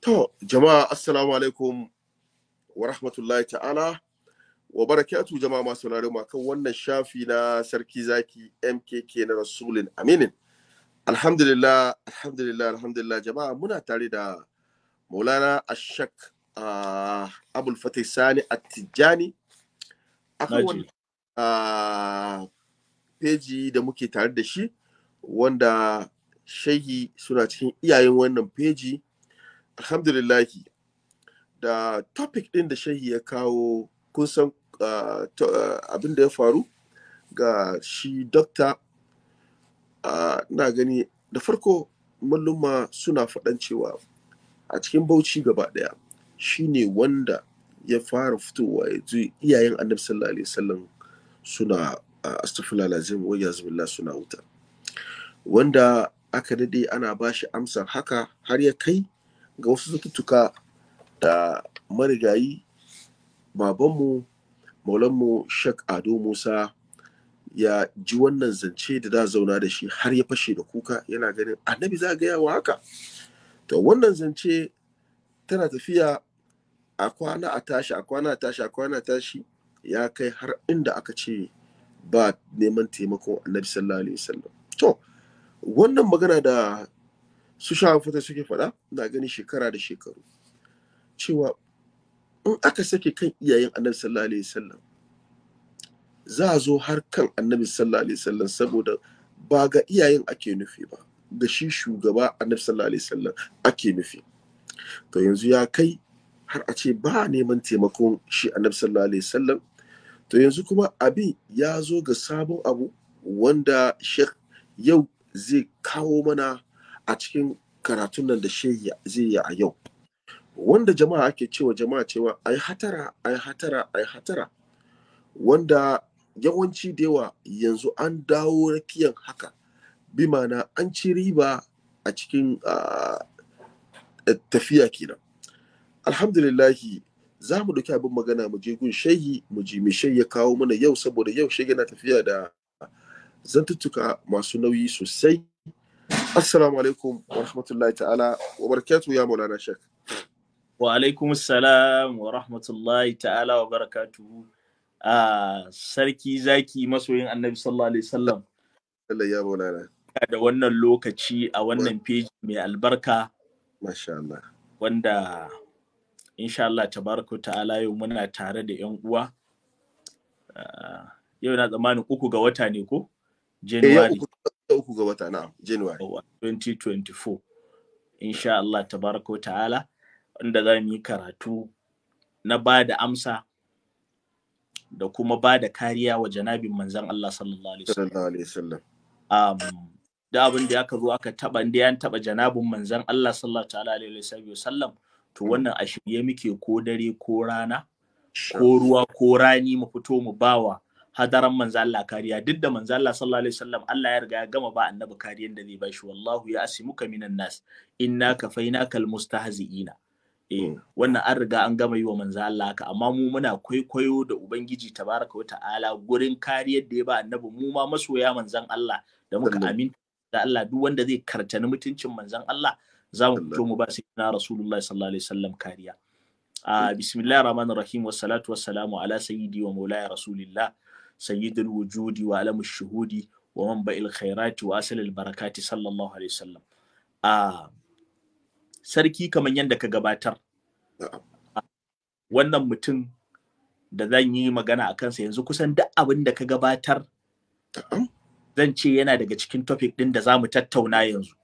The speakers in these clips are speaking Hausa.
To, jama'a assalamu alaikum wa rahmatullahi ta'ala wa barakatu jama'a masu ma kan wannan shafi na sarki zaki MKK na Rasulin Aminin. Alhamdulillah, alhamdulillah, alhamdulillah jama'a muna tare da Maulana Ashak uh, Abul Fatih Sani Attijani kan wani uh, ah, peji da muke tare da shi wanda shehi suna cikin iyayen wannan peji. alhamdulillahi da topic ɗin da shahi ya kawo kun san ah, ah, abin da ya faru ga shi dokta ah, na gani da farko malluma suna faɗan cewa a cikin bauchi gaba ɗaya ne wanda ya fara fitowa ya ji iyayen annabi sallallahu alaihi wasallam suna astaghfirullah lazim wa yazbillah suna wuta wanda aka dade ana bashi amsar haka har ya kai ga wasu zututtuka da marigayi babanmu maulanmu shak ado musa ya ji wannan zance da da zauna da shi har ya fashe da kuka yana ganin annabi za gaya wa haka to wannan zance tana tafiya a kwana a tashi a kwana a tashi a kwana a tashi ya kai har inda aka ce ba neman taimako annabi sallallahu alaihi wasallam to wannan magana da su sha ta suke faɗa da gani shekara da shekaru cewa in aka sake kan iyayen annabi sallallahu alaihi wasallam za a zo har kan annabi sallallahu alaihi wasallam saboda ba ga iyayen ake nufi ba ga shi shugaba annabi sallallahu alaihi wasallam ake nufi to yanzu ya kai har a ce ba neman taimakon shi annabi sallallahu alaihi wasallam to yanzu kuma abin ya zo ga sabon abu wanda shek yau zai kawo mana a cikin karatun nan da shehi zai yi a yau wanda jama'a ake cewa jama'a cewa ai hatara ai hatara ai hatara wanda yawanci da yawa yanzu an dawo rakiyan haka bi mana an ci riba a cikin tafiya kenan alhamdulillahi za mu ɗauki abin magana mu je gun shehi mu ji me shehi ya kawo mana yau saboda yau shehi yana tafiya da zantuttuka masu nauyi sosai Assalamu alaikum wa rahmatullahi ta'ala wa barakatuhu ya Maulana Shek. Wa alaikum salam wa rahmatullahi ta'ala wa barakatuhu. A ah, sarki zaki masoyin Annabi sallallahu alaihi wasallam. Allah ya Maulana. Da wannan lokaci a wannan feji mai albarka. Masha Allah. Wanda insha Allah tabaraka ta'ala yau muna tare da yan uwa. Ah, yau na tsammanin uku ga wata ne ko? Eh, January. uku ga wata na January. 2024. Insha Allah tabaraka ta'ala inda za mu yi karatu na ba da amsa da kuma ba da kariya wa janabin manzan Allah sallallahu alaihi wasallam. Um, da abin da aka zo aka taba inda an taba janabin manzan Allah sallallahu alaihi wasallam to wannan a shirye muke ko dare ko rana ko ruwa ko rani mu fito mu bawa hadaran manzo Allah kariya duk da manzo Allah sallallahu alaihi wasallam Allah ya riga ya gama ba annabi kariyan da zai ba shi wallahu ya asimuka minan nas inna kafainaka almustahzi'ina eh hmm. wannan an riga an gama yi wa manzo Allah haka amma mu muna kwaikwayo da ubangiji tabaraka wa ta'ala gurin kariyar da ya ba annabi mu ma masoya manzon Allah da muka amin da Allah duk wanda zai kartani mutuncin manzon Allah za mu fito mu ba sai na rasulullahi sallallahu alaihi wasallam kariya ah, hmm. bismillahir rahmanir rahim wassalatu wassalamu ala sayyidi wa maulaya rasulillah سيد wujudi wa الشهود ومنبع wa man ba'il صلى wa asalil barakati sallallahu alaihi wasallam a sarki kamar yadda ka gabatar wannan mutum da zan yi magana a kansa yanzu kusan duk abin da ka gabatar zan ce yana daga cikin topic din da za mu tattauna yanzu.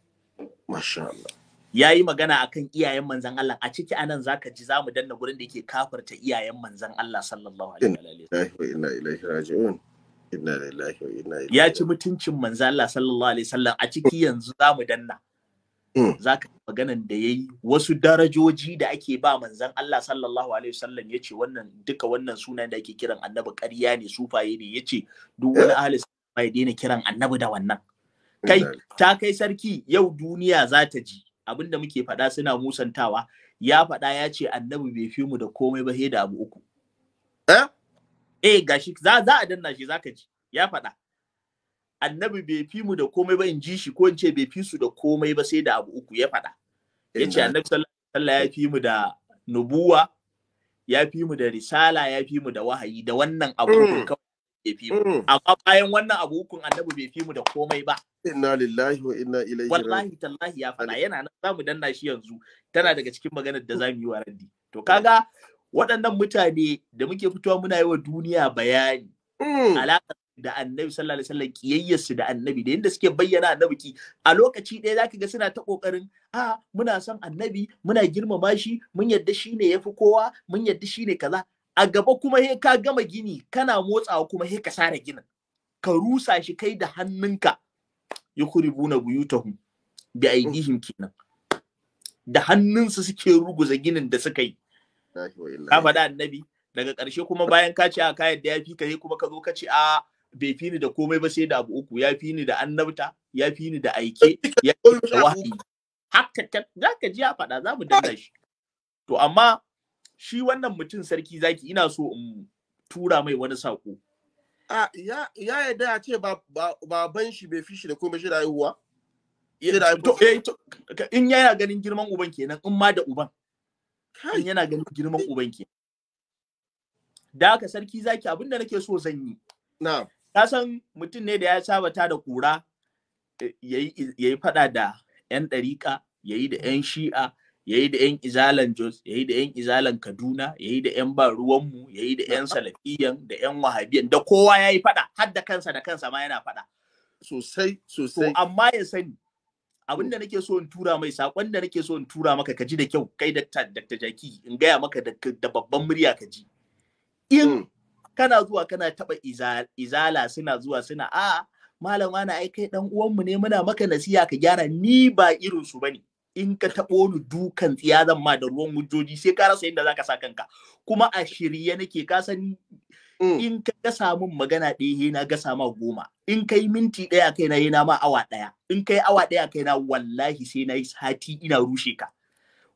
Masha Allah. ya yi magana akan iyayen manzan Allah a ciki anan ka ji za mu danna gurin da yake kafarta iyayen manzan Allah sallallahu alaihi wa inna ilaihi raji'un inna lillahi wa inna ilaihi ya ci mutuncin manzan Allah sallallahu alaihi wasallam a ciki yanzu za mu danna Za hmm. zaka maganan da yayi wasu darajoji da ake ba manzan Allah sallallahu alaihi wasallam yace wannan duka wannan sunan da ake kiran annabi ƙarya ne sufaye ne yace duk wani ahli ya daina kiran annabi da wannan kai ta kai sarki yau duniya za ta ji abin da muke faɗa suna musantawa ya faɗa ya ce annabi bai fi mu da komai ba sai da abu uku eh eh gashi za za a danna shi zaka ji ya faɗa annabi bai fi mu da komai ba in ji shi ko in ce bai fi su da komai ba sai da abu uku ya faɗa ya ce annabi sallallahu alaihi wasallam ya fi mu da nubuwa ya fi mu da risala ya fi mu da wahayi da wannan abu hmm. kawai fi mu mm. amma bayan wannan abu hukun annabi bai fi mu da komai ba inna lillahi wa inna ilaihi wallahi tallahi ya faɗa yana nan zamu danna shi yanzu tana daga cikin maganar da zamu yi wa randi to mm. kaga waɗannan mutane da muke fitowa muna yi wa duniya bayani mm. alaƙa da annabi sallallahu alaihi wasallam kiyayyarsu da annabi da yadda suke bayyana annabi ki a lokaci ɗaya zaka ga suna ta ƙoƙarin. a muna son annabi muna girmama shi mun yadda shine yafi kowa mun yadda shine kaza a gaba kuma he ka gama gini kana motsawa kuma he ka share ginin ka rusa shi kai da hannunka yukribuna buyutahum bi aidihim kenan da hannunsu suke ruguza ginin da suka yi ka faɗa annabi daga ƙarshe kuma bayan ka ce a kayan da ya fi ka kuma ka zo ka ce a bai fi ni da komai ba sai da abu uku ya fi ni da annabta ya fi ni da aike ya fi ni da wahayi haka za ka ji ya faɗa za mu danna shi to amma shi wannan mutum sarki zaki ina so in tura mai wani sako a ya ya ya ce ba baban shi bai fishi da komai shi da haihuwa eh, in yana ganin girman uban kenan in ma da uban in yana ganin girman eh. uban kenan da haka sarki zaki abinda nake so zan yi na'am ka san mutum ne da ya ta da kura eh, ya yi fada da 'yan ɗariƙa ya yi da 'yan shi'a yayi da yan izalan Jos yayi da yan izalan Kaduna yayi da yan ba ruwanmu yayi da yan salafiyan da yan wahabiyan da kowa yayi fada har da kansa da kansa ma yana fada sosai sosai to amma ya sani abin da nake so in tura mai sakon da nake so in tura maka ka ji da kyau kai da Dr. jaki in gaya maka da babban murya kaji. ji in mm. kana zuwa kana taɓa izala suna zuwa suna a malama na ai kai dan uwanmu ne muna maka nasiha ka gyara ni ba irin su bane in ka taɓo ni dukan tsiya ma da ruwan wujoji sai ka rasa yadda zaka sa kanka kuma a shirye nake ka san mm. in ka gasa min magana ɗaya he na gasa ma goma in kai minti ɗaya kai na na ma awa ɗaya in kai awa ɗaya kai na wallahi sai na yi sati ina rushe ka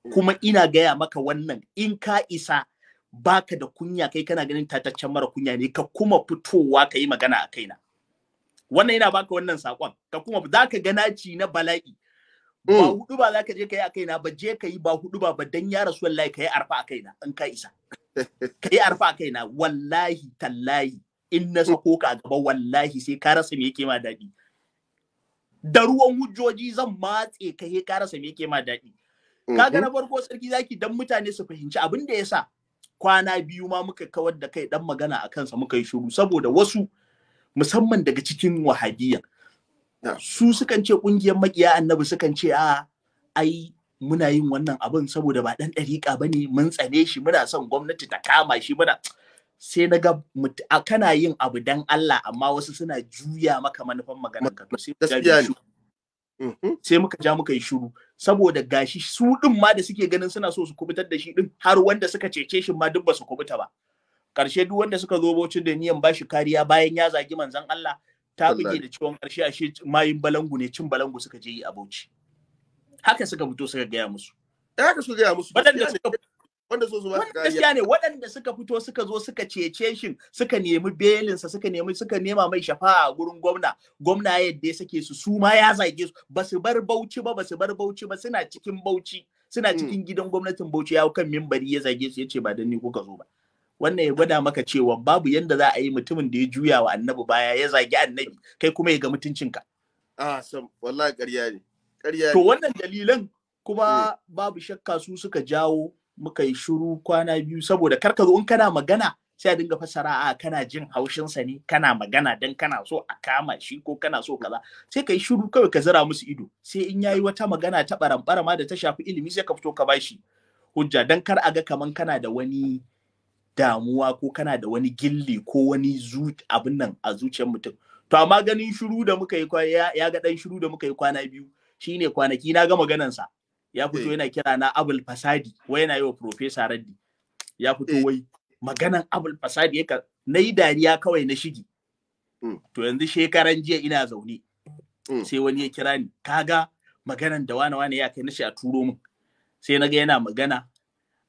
mm. kuma ina gaya maka wannan in ka isa baka da kunya kai kana ganin tataccen mara kunya ne ka kuma fitowa ka yi magana a kaina wannan ina baka wannan sakon ka kuma za ka gana ci na bala'i ba mm. hudu ba za ka je ka yi a kaina ba je ka yi ba hudu ba ba dan ya rasu wallahi ka yi arfa a kaina in ka isa ka yi arfa a kaina wallahi tallahi in na mm. sako ka gaba wallahi sai ka rasa me yake ma daɗi da ruwan hujjoji zan matse ka yi ka rasa me yake ma daɗi kaga mm-hmm. na farko sarki zaki dan mutane su fahimci abin da ya sa. kwana biyu ma muka kawar da kai dan magana a kansa muka yi shiru saboda wasu musamman daga cikin wahadiyya. su sukan ce kungiyar makiya annabi sukan ce a ai muna yin wannan abin saboda ba dan dariƙa bane mun tsane shi muna son gwamnati ta kama shi muna sai na ga kana yin abu dan Allah amma wasu suna juya maka manufan maganar ka mm-hmm. sai muka ja muka yi shiru saboda gashi su din ma da suke ganin suna so su kubutar da shi din har wanda suka cece shi ma duk ba su kubuta ba karshe duk wanda suka zo bocin da niyan shi kariya bayan ya zagi manzon Allah ta buge da ciwon ƙarshe shi mayin balangu ne cin balangu suka je yi a Bauchi haka suka fito suka gaya musu eh haka suka gaya musu wanda suka wanda so su ba ka gaskiya ne waɗanda suka fito suka zo suka cece shi suka nemi bailin sa suka nemi suka nema mai shafa'a a gurin gwamna gwamna yadda ya sake su su ma ya zage su Ba su bar Bauchi ba ba su bar Bauchi ba suna cikin Bauchi suna hmm. cikin gidan gwamnatin Bauchi ya kan mimbari ya zage su yace ba dan ni kuka zo ba wannan ya gwada maka cewa babu yadda za a yi mutumin da ya juya wa annabi baya ya zagi annabi kai kuma ya ga mutuncinka ah sam wallahi ƙarya ne to wannan dalilan kuma eh. babu shakka su suka jawo muka yi shiru kwana biyu saboda karka zo in kana magana sai a dinga fassara a kana jin haushinsa ne kana magana dan kana so a kama shi ko kana so kaza sai ka yi shiru kawai ka zira musu ido sai in yayi wata magana ta barambara ma da ta shafi ilimi sai ka fito ka bashi hujja dan kar a ga kaman kana da wani damuwa ko kana da wani gilli ko wani abin nan a zuciyar mutum to amma ganin shiru da muka yi ya ga dan shiru da muka yi kwana biyu shine kwanaki na ga maganansa ya fito eh. yana kira na abul fasadi wai yana yi wa professor raddi ya fito eh. wai maganan abul fasadi yaka na yi dariya kawai na shige. Mm. to yanzu shekaran jiya ina zaune mm. sai wani ya kira ni kaga maganan da wane wane ya kai na shi a turo min sai na ga yana magana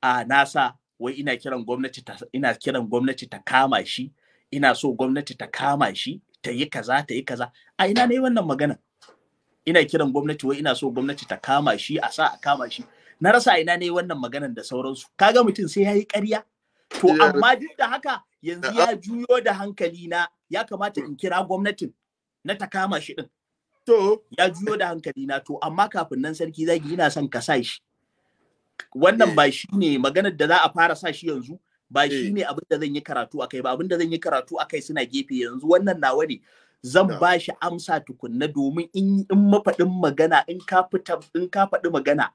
a nasa wai ina kiran gwamnati ta ina kiran gwamnati ta kama shi ina so gwamnati ta kama shi ta yi kaza ta yi kaza a ina ne wannan magana ina kiran gwamnati wai ina so gwamnati ta kama shi a sa a kama shi na rasa ina ne wannan maganan da sauransu kaga mutum sai ya yi ƙarya to amma duk da haka yanzu uh-huh. ya juyo da hankali na ya kamata in kira gwamnatin na ta kama shi din to ya juyo da hankali na to amma kafin nan sarki zagi ina son ka sa shi wannan eh. ba shi ne maganar da za a fara sa shi yanzu ba eh. shi ne abin da zan yi karatu a kai ba abin da zan yi karatu a kai suna gefe yanzu wannan nawa ne zan ba shi amsa tukunna domin in mafaɗin magana in ka faɗi magana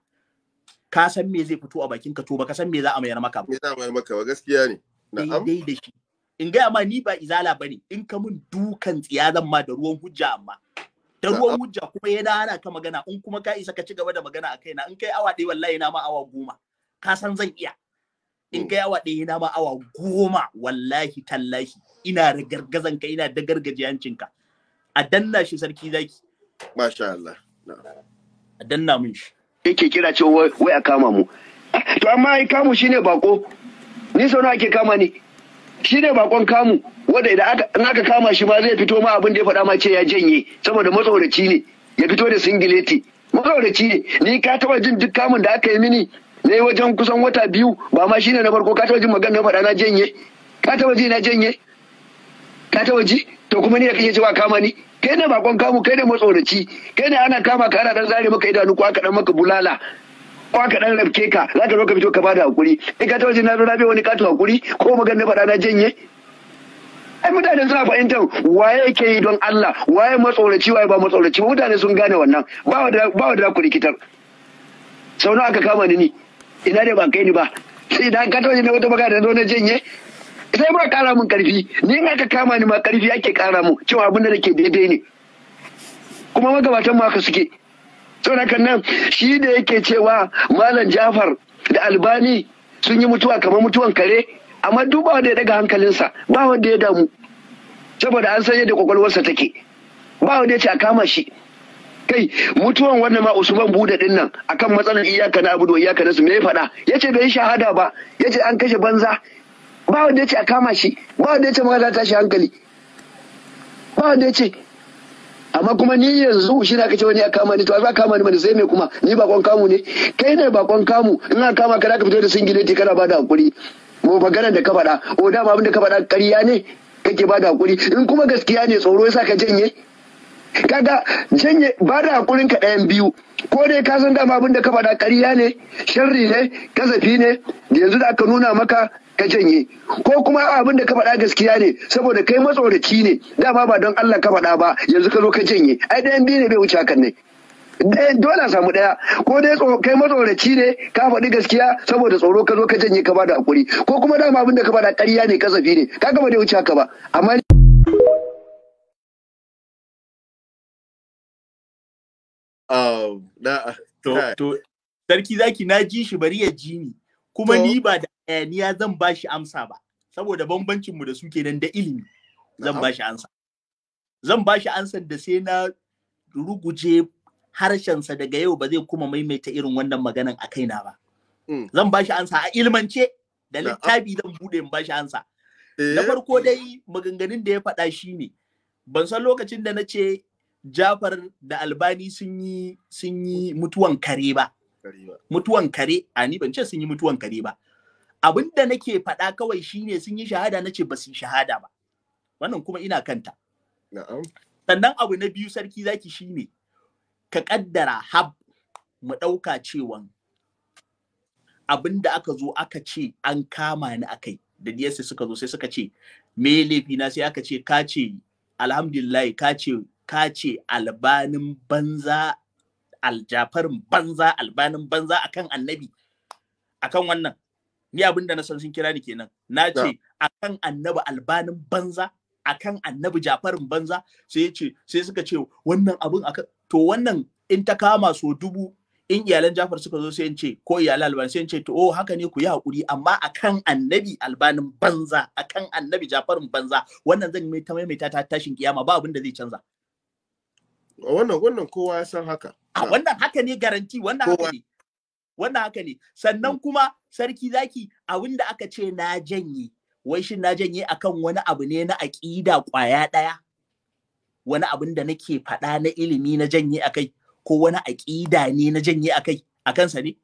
ka san me zai fito a bakin ka to baka san me za a mayar maka ba. Me za a mayar maka ba gaskiya ne. Daidai eh, da shi. In gaya ma ni ba izala ba ne in ka mun dukan tsiya zan ma da ruwan hujja amma. da ruwan hujja kuma ya dana ka magana in kuma ka isa ka ci gaba da magana a kaina in kai awa ɗaya wallahi na ma awa goma ka san zan iya in mm. kai awa ɗaya na ma awa goma wallahi tallahi ina ragargazan ka ina da gargajiyancin ka a danna shi sarki zaki masha Allah a danna mun shi yake kira cewa wai a kama mu to amma ai kamu shine bako ni sau nawa ake kama ni shi ne bakon kamu wanda idan aka kama shi ma zai fito ma abin da ya faɗa ma ce ya janye saboda matsoraci ne ya fito da singileti matsoraci ne ni ka taɓa jin duk kamun da aka yi mini ne wajen kusan wata biyu ba ma shine na farko ka taɓa jin magana na faɗa na janye ka taɓa ji na janye ka taɓa ji to kuma ni da kake cewa kama ni kai ne bakon kamu kai ne matsoraci kai ne ana kama ka ana dan zare maka idanu ko aka dan maka bulala ko aka dan rabke ka za ka zo ka fito ka bada hakuri in ka ta waje na zo na bai wani katon hakuri ko magana faɗa na janye ai mutane suna fahimtar waye yake yi don Allah waye matsoraci waye ba matsoraci ba mutane sun gane wannan ba wa da ku rikitar sau nawa aka kama ni ni ina ne ba kai ni ba sai idan ka tawaje na wata magana da zo na janye sai ba kara min karfi ni in aka kama ni ma karfi ake kara mu cewa abin da nake daidai ne kuma magabatan ma haka suke don kan nan shi da yake cewa malam jafar da albani sun yi mutuwa kamar mutuwan kare amma duba wanda ya daga hankalinsa ba wanda ya damu saboda an san yadda kwakwalwarsa take ba wanda ya ce a kama shi kai mutuwan wannan ma usman buda din nan akan matsalar iyaka na abudu iyaka na su me ya faɗa yace bai shahada ba yace an kashe banza ba wanda ya ce a kama shi ba wanda ya ce ma za ta shi hankali ba wanda ya ce amma kuma ni yanzu shi na kace wani ya kama ni to ba kama ni mana sai me kuma ni bakon kamu ne kai ne bakon kamu ina kama ka da ka fito da singileti kana ba da hakuri mu maganar da ka faɗa o da ma abin da ka faɗa ƙarya ne kake ba da hakuri in kuma gaskiya ne tsoro yasa ka janye kaga janye ba da hakurin ka ɗayan biyu ko dai ka san dama abin da ka faɗa ƙarya ne sharri ne kasafi ne yanzu da aka nuna maka ka janye ko kuma abin da ka faɗa gaskiya ne saboda kai matsoraci ne dama ba don Allah ka faɗa ba yanzu ka zo ka janye ai ɗayan biyu ne bai wuce hakan ne dole a samu ɗaya ko dai kai matsoraci ne ka faɗi gaskiya saboda tsoro ka zo ka janye ka bada hakuri ko kuma dama abin da ka faɗa ƙarya ne kasafi ne ka gaba da wuce haka ba amma oh, sarki zaki na ji shi bari ya ji ni kuma ni ba da ayaniya zan ba shi amsa ba saboda bambancin mu da su kenan da ilimi zan ba shi amsa zan ba shi amsa da sai na ruguje harshensa daga yau ba zai kuma maimaita irin wannan maganan a kaina ba mm. zan ba shi amsa a ilmance da littafi zan bude in ba shi amsa na eh. farko dai maganganun da ya faɗa shi ne ban san lokacin da na ce Jafar da Albani sun yi mutuwan kare ba mutuwan kare a ni ban ce sun yi mutuwan kare ba abin da nake faɗa kawai shine sun yi shahada nace ba su yi shahada ba wannan kuma ina kanta na'am sannan abu na biyu sarki zaki shine ka kaddara hab mu ɗauka cewan abin da aka zo aka ce an kama ni akai da DSS suka zo sai suka ce me laifi na sai aka ce ka ce alhamdulillah ka ce ka ce albanin banza aljafarin banza albanin banza akan annabi akan wannan ni abin da na san sun kira ni kenan na ce akan annabi albanin banza akan annabi jafarin banza sai ya ce sai suka ce wannan abin akan to wannan in ta kama so dubu in iyalan Jafar suka zo sai ce ko iyalan Albani sai ce to oh haka ne ku yi hakuri amma akan annabi Albanin banza akan annabi Jafarin banza wannan zan mai ta maimaita ta tashin kiyama ba abin da zai canza wannan wannan kowa ya san haka a wannan haka ne garanti wannan haka ne wannan haka ne sannan mm. kuma sarki zaki abin da aka ce na janye wai shin na janye akan wani abu ne na aƙida ƙwaya ɗaya wani abin da nake faɗa na ilimi na janye akai ko wani aƙida ne na janye akai akan sa ne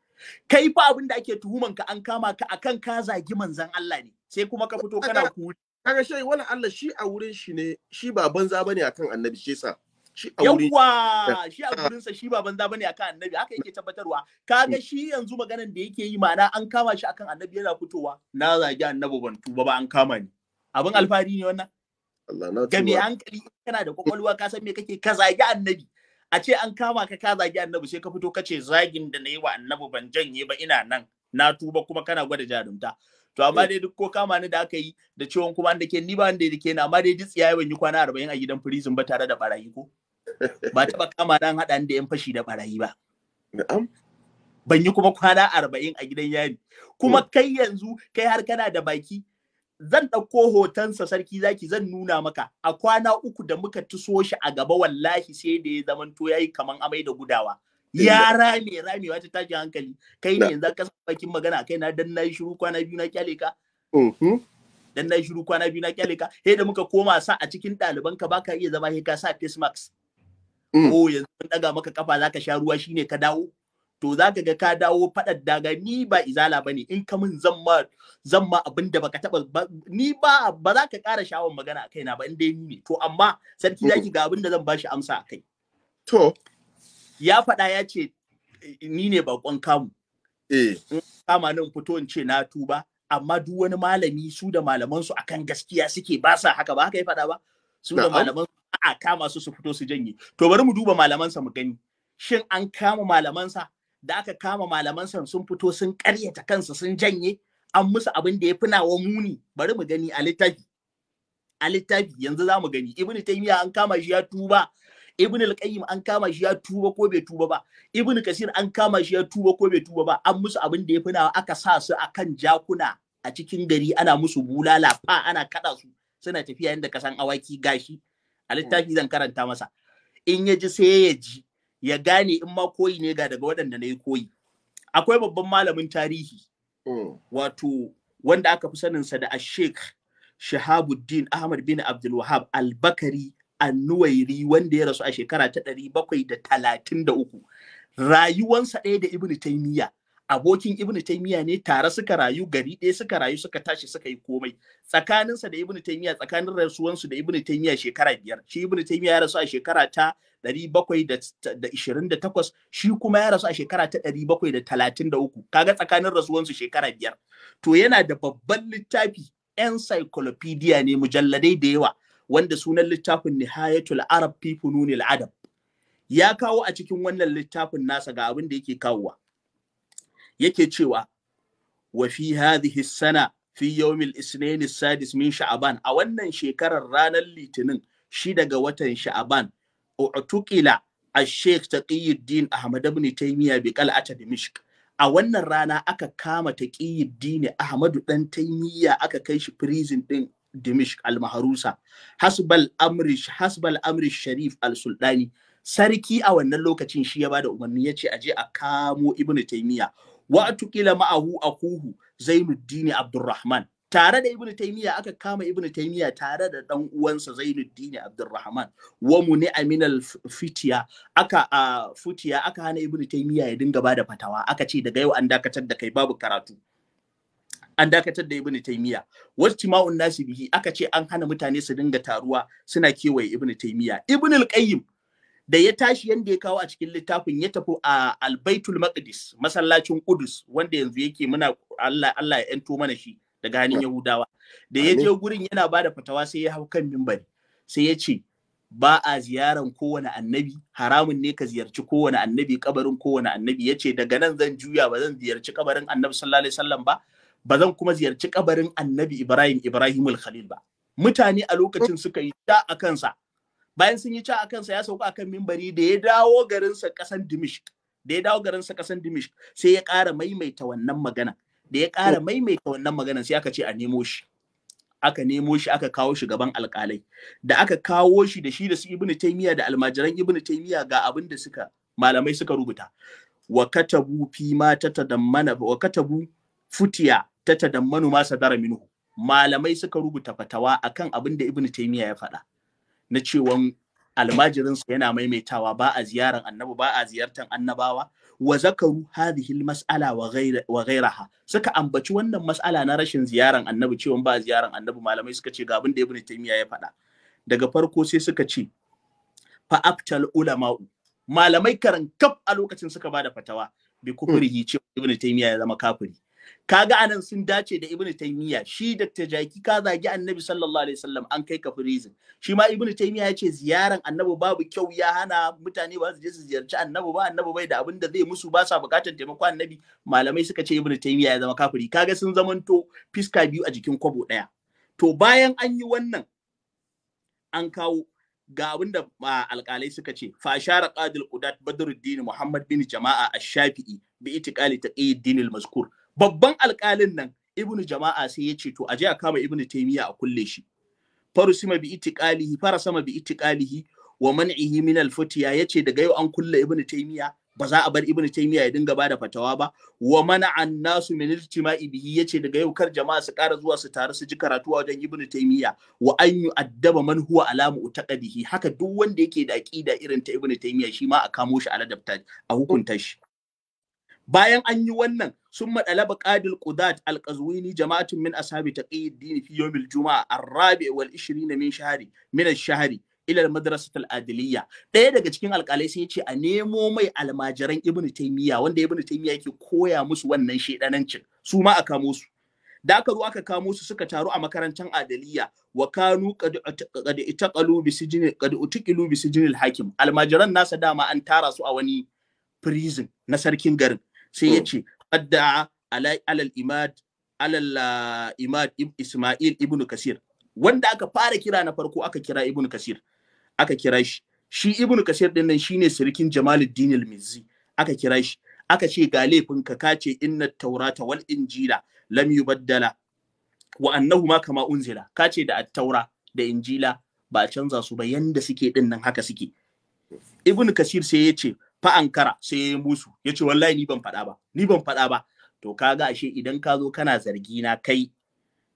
kai fa abin da ake tuhuman ka an kama ka akan ka zagi manzon Allah ne sai kuma ka fito kana kuri kaga shi wani Allah shi a wurin shi ne shi ba banza bane akan annabi shi sa. yawwa shi a shi ba banza bane akan annabi haka yake tabbatarwa kaga shi yanzu maganan da yake yi ma'ana an kama shi akan annabi yana fitowa na zagi annabi ban tuba ba an kama ni abin alfahari ne wannan Allah na tuba hankali kana da kwakwalwa ka san me kake ka zagi annabi a ce an kama ka ka zagi annabi sai ka fito ka ce zagin da na yi wa annabi ban janye ba ina nan na tuba kuma kana gwada jarumta to amma eh. dai duk ko kama ni da aka yi da ciwon kuma an da ke ni ba wanda da ke na amma dai duk tsiyaye ban yi kwana 40 a gidan prison ba tare da barayi ko ba taɓa kama dan haɗa da yan fashi da barayi ba ban yi kuma kwana arba'in a gidan yari kuma hmm. kai yanzu kai har kana da baki zan ɗauko hotonsa sarki zaki zan nuna maka a kwana uku da muka tuso shi a gaba wallahi sai da ya zamanto yayi kaman amai da gudawa ya rame rame ta tashin hankali kai ne yanzu ka bakin magana kai na dan nayi shiru kwana biyu na kyale ka mm-hmm. dan nayi shiru kwana biyu na kyale ka he da muka koma sa a cikin ɗaliban ka baka iya zama he ka sa face mask ko mm. oh, yanzu mun ɗaga maka kafa zaka sha ruwa shine ka dawo to zaka ga ka dawo fadar daga ni ba izala bane in ka min zan ma zan ma abin da baka taba ni ba ba za ka ƙara shawon magana a kaina ba in dai ni ne to amma sarki zaki ga abin da zan bashi amsa a kai to ya faɗa ya ce ni ne bakon kamu eh kama nan fito in ce na tuba amma duk wani malami su da malaman su akan gaskiya suke ba sa haka ba haka ya faɗa ba su da malaman su a kama su su fito su janye to bari mu duba malamansa mu gani shin an kama malamansa da aka kama malamansa sun fito sun karyata kansa sun janye an musu abin da ya fina wa muni bari mu gani a littafi a littafi yanzu za mu gani ibn taymiya an kama shi ya tuba ibn al an kama shi ya tuba ko bai tuba ba ibn kasir an kama shi ya tuba ko bai tuba ba an musu abin da ya fina aka sa su akan jakuna a cikin gari ana musu bulala fa ana kada su suna tafiya yadda kasan awaki gashi a littafi zan karanta masa in ya ji sai ya ji ya gane in ma koyi ne ga daga waɗanda na yi koyi akwai babban malamin tarihi hmm. wato wanda aka fi saninsa da ashek shahabuddin ahmad bin abdulwahab albakari annuwairi wanda ya rasu a shekara ta ɗari bakwai da talatin da uku rayuwansa ɗaya da ibnu taimiyya abokin ibn taymiya ne tare suka rayu gari ɗaya suka rayu suka tashi suka yi komai tsakaninsa da ibn taymiya tsakanin rasuwansu da ibn taymiya shekara biyar shi ibn taymiya ya rasu a shekara ta 728 shi kuma ya rasu a shekara ta 733 kaga tsakanin rasuwansu shekara biyar to yana da babban littafi encyclopedia ne mujalladai da yawa wanda sunan littafin nihayatul arab fi fununil adab ya kawo a cikin wannan littafin nasa ga abin da yake kawowa yake cewa wa fi hadhihi sana fi yawmil isnain sadis min sha'aban a wannan shekarar ranar litinin shi daga watan sha'aban u'tuqila ash-shaykh taqiyuddin ahmad ibn taymiya bi qal'ati dimishq a wannan rana aka kama taqiyuddin ahmad dan taymiya aka kai shi prison din dimishq al-maharusa hasbal amri hasbal amri sharif al-sultani sarki a wannan lokacin shi ya bada umarni ya ce aje a kamo ibn taymiya kila atukila ma'ahu akuhu Zainuddin Abdurrahman tare da Ibn Taymiya aka kama Ibn Taymiya tare da dan uwansa Zainuddin Abdurrahman wa muni aminal fitiya aka a fitiya aka hana Ibn Taymiya ya dinga bada fatawa aka ce daga yau an dakatar da kai babu karatu an dakatar da Ibn Taymiyyah Wasu nasi bihi aka ce an hana mutane su dinga taruwa suna kewaye Ibn Taymiya Ibn al-Qayyim da ya tashi yanda ya kawo a cikin littafin ya tafi a albaitul maqdis masallacin kudus wanda yanzu yake muna Allah Allah ya yanto mana shi daga hannun yahudawa da ya je gurin yana bada fatawa sai ya hau kan mimbari sai ya ce ba a ziyaran kowane annabi haramun ne ka ziyarci kowane annabi kabarin kowane annabi ya ce daga nan zan juya ba zan ziyarci kabarin annabi sallallahu alaihi wasallam ba ba zan kuma ziyarci kabarin annabi ibrahim ibrahimul khalil ba mutane a lokacin hm. suka yi ta a kansa bayan sun yi ca a kansa ya sauka akan mimbari da ya dawo garinsa kasan dimishk da ya dawo garinsa kasan dimishk sai ya ƙara maimaita wannan magana da ya ƙara maimaita wannan magana sai aka ce a nemo shi aka nemo shi aka kawo shi gaban alƙalai da aka kawo shi da shi da su ibnu taymiya da almajiran ibnu taymiya ga abin da suka malamai suka rubuta wa katabu fi ma tatadammana wa katabu futiya tatadammanu ma sadara minhu malamai suka rubuta fatawa akan abin da ibnu taymiya ya faɗa na cewan almajirinsa yana maimaitawa ba a ziyarar annabi ba a ziyartar annabawa wa zakaru hadhihi almas'ala wa ghayraha suka ambaci wannan mas'ala na rashin ziyarar annabi cewa ba a ziyarar annabi malamai suka ce ga abin da ibn taymiya ya faɗa daga farko sai suka ce fa aftal ulama'u malamai karan kaf a lokacin suka ba da fatawa bi kufrihi hmm. cewa ibn taymiya ya zama kafiri kaga anan sun dace da ibnu taymiya shi dr jaki ka zagi annabi sallallahu alaihi wasallam an kai ka prison shi ma ibnu taymiya ya ce ziyaran annabi babu kyau ya hana mutane ba su je su ziyarci annabi ba annabi bai da abin da zai musu ba sa bukatar taimakon annabi malamai suka ce ibnu taymiya ya zama kafiri kaga sun zamanto fiska biyu a jikin kwabo daya to bayan an yi wannan an kawo ga abin da alkalai suka ce fa shara qadil qudat badruddin muhammad bin jama'a ash-shafi'i bi itiqali ta al-mazkur babban alƙalin nan ibnu jama'a sai ya ce to aje a kama ibnu Taimiya a kulle shi sima bi itiqalihi farasama bi itiqalihi wa man'ihi min al-futiya yace daga yau an kulle ibnu Taimiya, ba za a bar ibnu Taimiya ya dinga bada fatawa ba wa mana'a nasu min ijtima'i bihi yace daga yau kar jama'a su ƙara zuwa su taru su ji karatu a wajen ibnu Taimiya? wa an addaba man huwa alamu utaqadihi haka duk wanda yake da aqida irin ta ibnu Taimiya shi ma a kamo shi a ladabta a hukunta shi bayan an yi wannan sun maɗala qadil qudat al jama'atun min ashabi taqiyuddin fi yawmil juma'a ar wal 20 min shahri min ash-shahri ila madrasat ɗaya daga cikin alƙalai sai ce a nemo mai almajiran ibnu taymiya wanda ibnu taymiya yake koya musu wannan shedanancin su ma a kamo da aka zo aka kamo su suka taru a makarantar adaliya wa kanu qad itaqalu bi sijni qad utiqilu bi hakim almajiran nasa dama an tara su a wani prison na sarkin garin sai ya mm. ce adda'a alal imad ah, isma'il ibnu kasir wanda aka fara kira na farko aka kira ibnu kasir aka kira shi shi ibnu kasir din nan shine sirkin jamaluddin al-mizzi aka kira shi aka ce ga laifin ka kace inna taurata wal injila lam yubaddala wa annahuma kama unzila kace da at-taura da injila ba a canza su ba yanda suke din nan haka suke ibnu kasir sai ya ce fa ankara sai ya musu ya ce wallahi ni ban faɗa ba ni ban faɗa ba to kaga ashe idan ka zo kana zargi na kai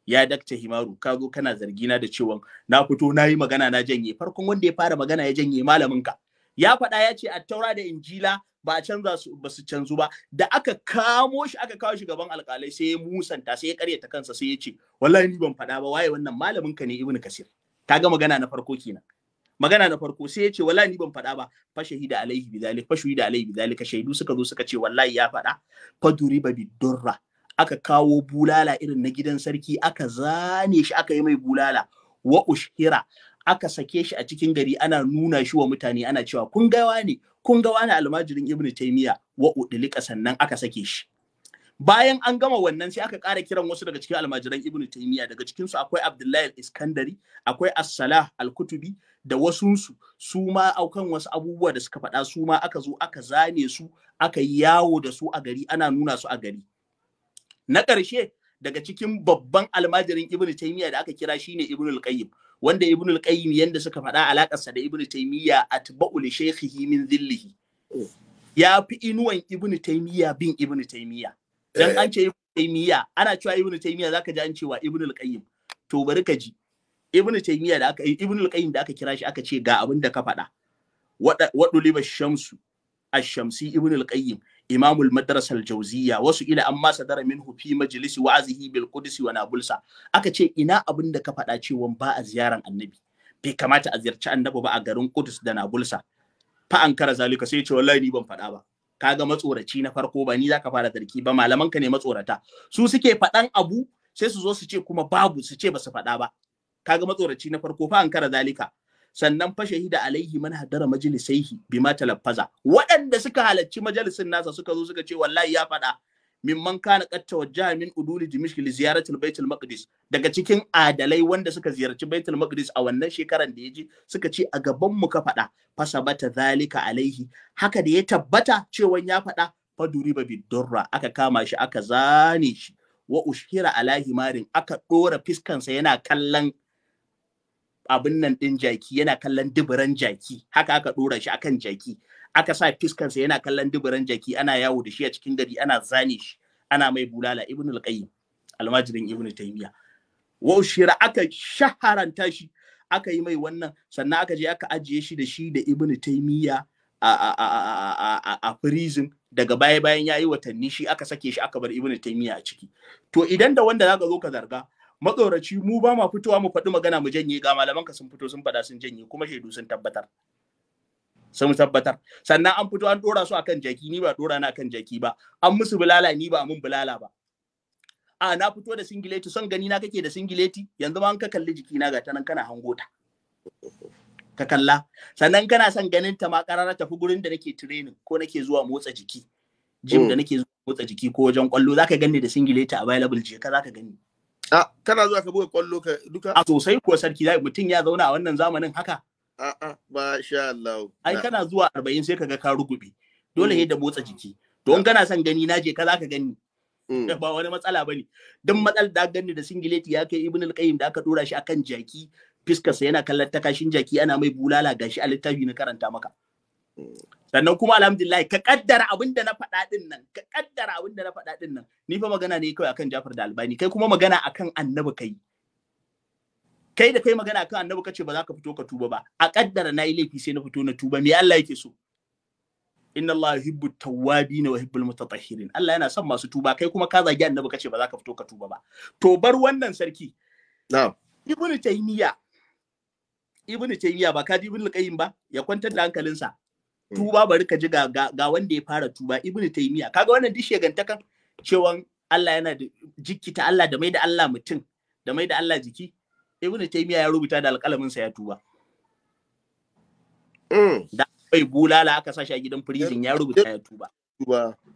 ya dakta himaru ka zo kana zargi na da cewa na fito na yi magana na janye farkon wanda ya fara magana ya janye malamin ka ya faɗa ya ce attaura da injila ba a canza su ba su canzu ba da aka kamo shi aka kawo shi gaban alƙalai sai ya musanta sai ya karyata kansa sai ya ce wallahi ni ban faɗa ba waye wannan malamin ka ne ibnu kasir kaga magana na farko kenan magana na farko sai ya ce wallahi ni ban faɗa ba fa shahida alaihi bidhalik fa shahida alaihi bidhalika shaidu suka zo suka ce wallahi ya faɗa fa duriba bidurra aka kawo bulala irin na gidan sarki aka zane shi aka yi mai bulala wa ushira aka sake shi a cikin gari ana nuna shi wa mutane ana cewa kun gawa ne kun gawa wani almajirin ibnu taymiya wa udlika sannan aka sake shi bayan an gama wannan sai aka ƙara kiran wasu daga cikin almajiran ibn taymiya daga cikin su akwai abdullahi iskandari akwai as-salah al-kutubi da wasunsu su ma aukan wasu abubuwa da suka faɗa su ma aka zo aka zane su aka yi yawo da su a gari ana nuna su a gari na ƙarshe daga cikin babban almajirin ibnu taymiya da aka kira shine ibn al-qayyim wanda ibn al-qayyim yanda suka faɗa alakarsa da ibnu taymiya atba'u li shaykhihi min dhillihi ya fi inuwan ibnu taymiya bin ibnu taymiya dan eh. an ce ibnu taymiya ana cewa ibnu taymiya zaka ji an cewa ibnu al-qayyim to bari ka ji ibnu taymiya da aka ibnu qayyim da aka kira shi aka ce ga abin da ka faɗa wadu liba shamsu ash-shamsi ibnu al-qayyim imamu al-madrasa al-jawziyya wasu ila amma sadara minhu fi majlisi wa'azihi bil qudsi wa nabulsa aka ce ina abin da ka faɗa cewa ba a ziyaran annabi bai kamata a ziyarci annabi ba a garin Qudus da Nabulsa fa an zalika sai ya ce wallahi ni ban faɗa ba kaga matsoraci na farko ba ni zaka fara tarki ba malaman ka ne matsorata su suke faɗan abu sai su zo su ce kuma babu su ce ba su faɗa ba kaga matsoraci na farko fa an kara zalika sannan fa shahida alaihi man hadara majlisaihi bima talaffaza waɗanda suka halarci majalisin nasa suka zo suka ce wallahi ya faɗa mimman kana katta wajja min uduli dimishki li ziyarati baitul maqdis daga cikin adalai wanda suka ziyarci baitul maqdis a wannan shekaran da yaji suka ce a gaban mu ka faɗa fasabata zalika alaihi haka da ya tabbata cewa ya faɗa ba bidurra aka kama shi aka zane shi wa ushira ala himarin aka dora fiskansa yana kallon abin nan din jaki yana kallon duburan jaki haka aka dora shi akan jaki aka sa fiskansa yana kallon duburan jaki ana yawo da shi a cikin gari ana zane shi ana mai bulala ibn al-qayyim almajirin ibn taymiya wa ushira aka shaharanta shi aka yi mai wannan sannan aka je aka ajiye shi da shi da ibn taymiya a prison daga baya bayan yayi watanni shi aka sake shi aka bar ibn taymiya a ciki to idan da wanda zaka zo ka zarga matsoraci mu ba ma fitowa mu faɗi magana mu janye ga malaman ka sun fito sun faɗa sun janye kuma shaidu sun tabbatar sun tabbatar sannan an fito an dora su akan jaki ni ba dora na akan jaki ba an musu bulala ni ba mun bulala ba a na fito da singileti son gani na kake da singileti yanzu ma an ka kalli jiki na gata nan kana hango ta ka kalla sannan kana son ganin ta ma karara tafi gurin da nake training ko nake zuwa motsa jiki gym da mm. nake zuwa motsa jiki ko wajen kwallo zaka gani da singileti available je ka zaka gani a kana zuwa ka buga kwallo ka duka a sosai ko sarki mutum ya zauna a wannan zamanin haka a'a ba sha Allah ai kana zuwa arba'in sai kaga ka rugubi dole ne mm. da motsa jiki don kana son gani na je ka zaka gani mm. ba wani matsala bane dan matsal da gani da singileti ya kai ibn al-qayyim da aka dora shi akan jaki fiskarsa yana kallon takashin jaki ana mai bulala gashi a littafi na karanta maka mm. sannan kuma alhamdulillah ka kaddara abin da na faɗa nan ka kaddara abin da na faɗa din nan ni fa magana ne kawai akan Jafar da Albani kai kuma magana akan Annabi kai kai da kai magana kan annabi kace ba za ka fito ka tuba ba a kaddara na yi laifi sai na fito na tuba me Allah yake so inna Allah yuhibbu tawwabin wa yuhibbul mutatahhirin Allah yana son masu tuba kai kuma ka zagi annabi kace ba za ka fito ka tuba ba to bar wannan sarki na'am ibn taymiya ibn taymiya ba ka ji ibnu qayyim ba ya kwantar da hankalinsa hmm. tuba bari ka ji ga ga wanda ya fara tuba ibnu taymiya kaga wannan dishe gantakan cewa Allah yana da jikita Allah da mai da Allah mutum da mai da Allah jiki ibn Taymiyyah ya rubuta da alƙalamin sa ya tuba mm. da bai bulala aka sashi a gidan prison ya rubuta ya tuba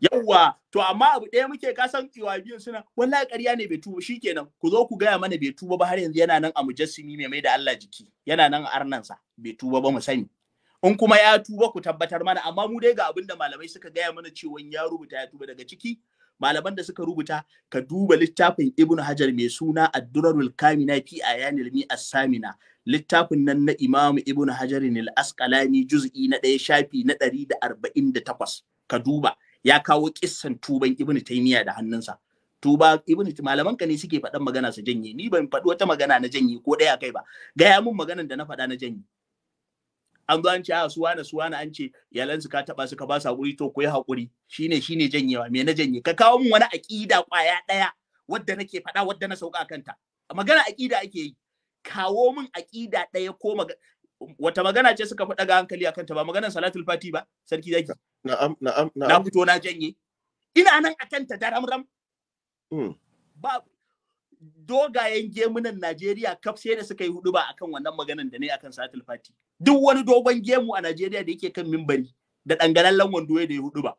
yawwa to amma abu ɗaya muke ka san biyan suna wallahi ƙarya ne bai tuba shikenan ku zo ku gaya mana bai tuba ba har yanzu yana nan a mujassimi mai mai da Allah jiki yana nan a arnansa bai tuba ba mu sani in kuma ya tuba ku tabbatar mana amma mu dai ga abin da malamai suka gaya mana cewa ya rubuta ya tuba daga ciki malaman da suka rubuta ka duba littafin ibnu hajar mai suna ad-durarul kamina fi ayanil mi as-samina littafin nan na imam ibnu hajar al-asqalani juz'i na ɗaya shafi na 148 ka duba ya kawo kissan tuban ibnu taymiya da hannunsa tuba ibn malaman ka ne suke faɗan magana su janye ni ban faɗi wata magana na janye ko ɗaya kai ba gaya mun maganan da na faɗa na janye an zo an ce a ah, suwana suwana an ce iyalansu ka taba su ka ba su hakuri to ku yi hakuri shine shine janyewa me na janye ka kawo min wani aƙida ƙwaya ɗaya wadda nake faɗa wadda na sauka kanta magana aƙida ake yi kawo min aƙida ɗaya ko wata magana ce suka faɗa ga hankali a kanta ba maganar salatul fati ba sarki zaki na'am na'am na'am na fito na janye ina nan akan da daram ram hmm. ba dogayen gemunan Najeriya kaf sai da suka yi hudu ba akan wannan maganan da ne akan Satul Fati. Duk wani dogon gemu a Najeriya da yake kan mimbari da dangalallen wando da ya hudu ba.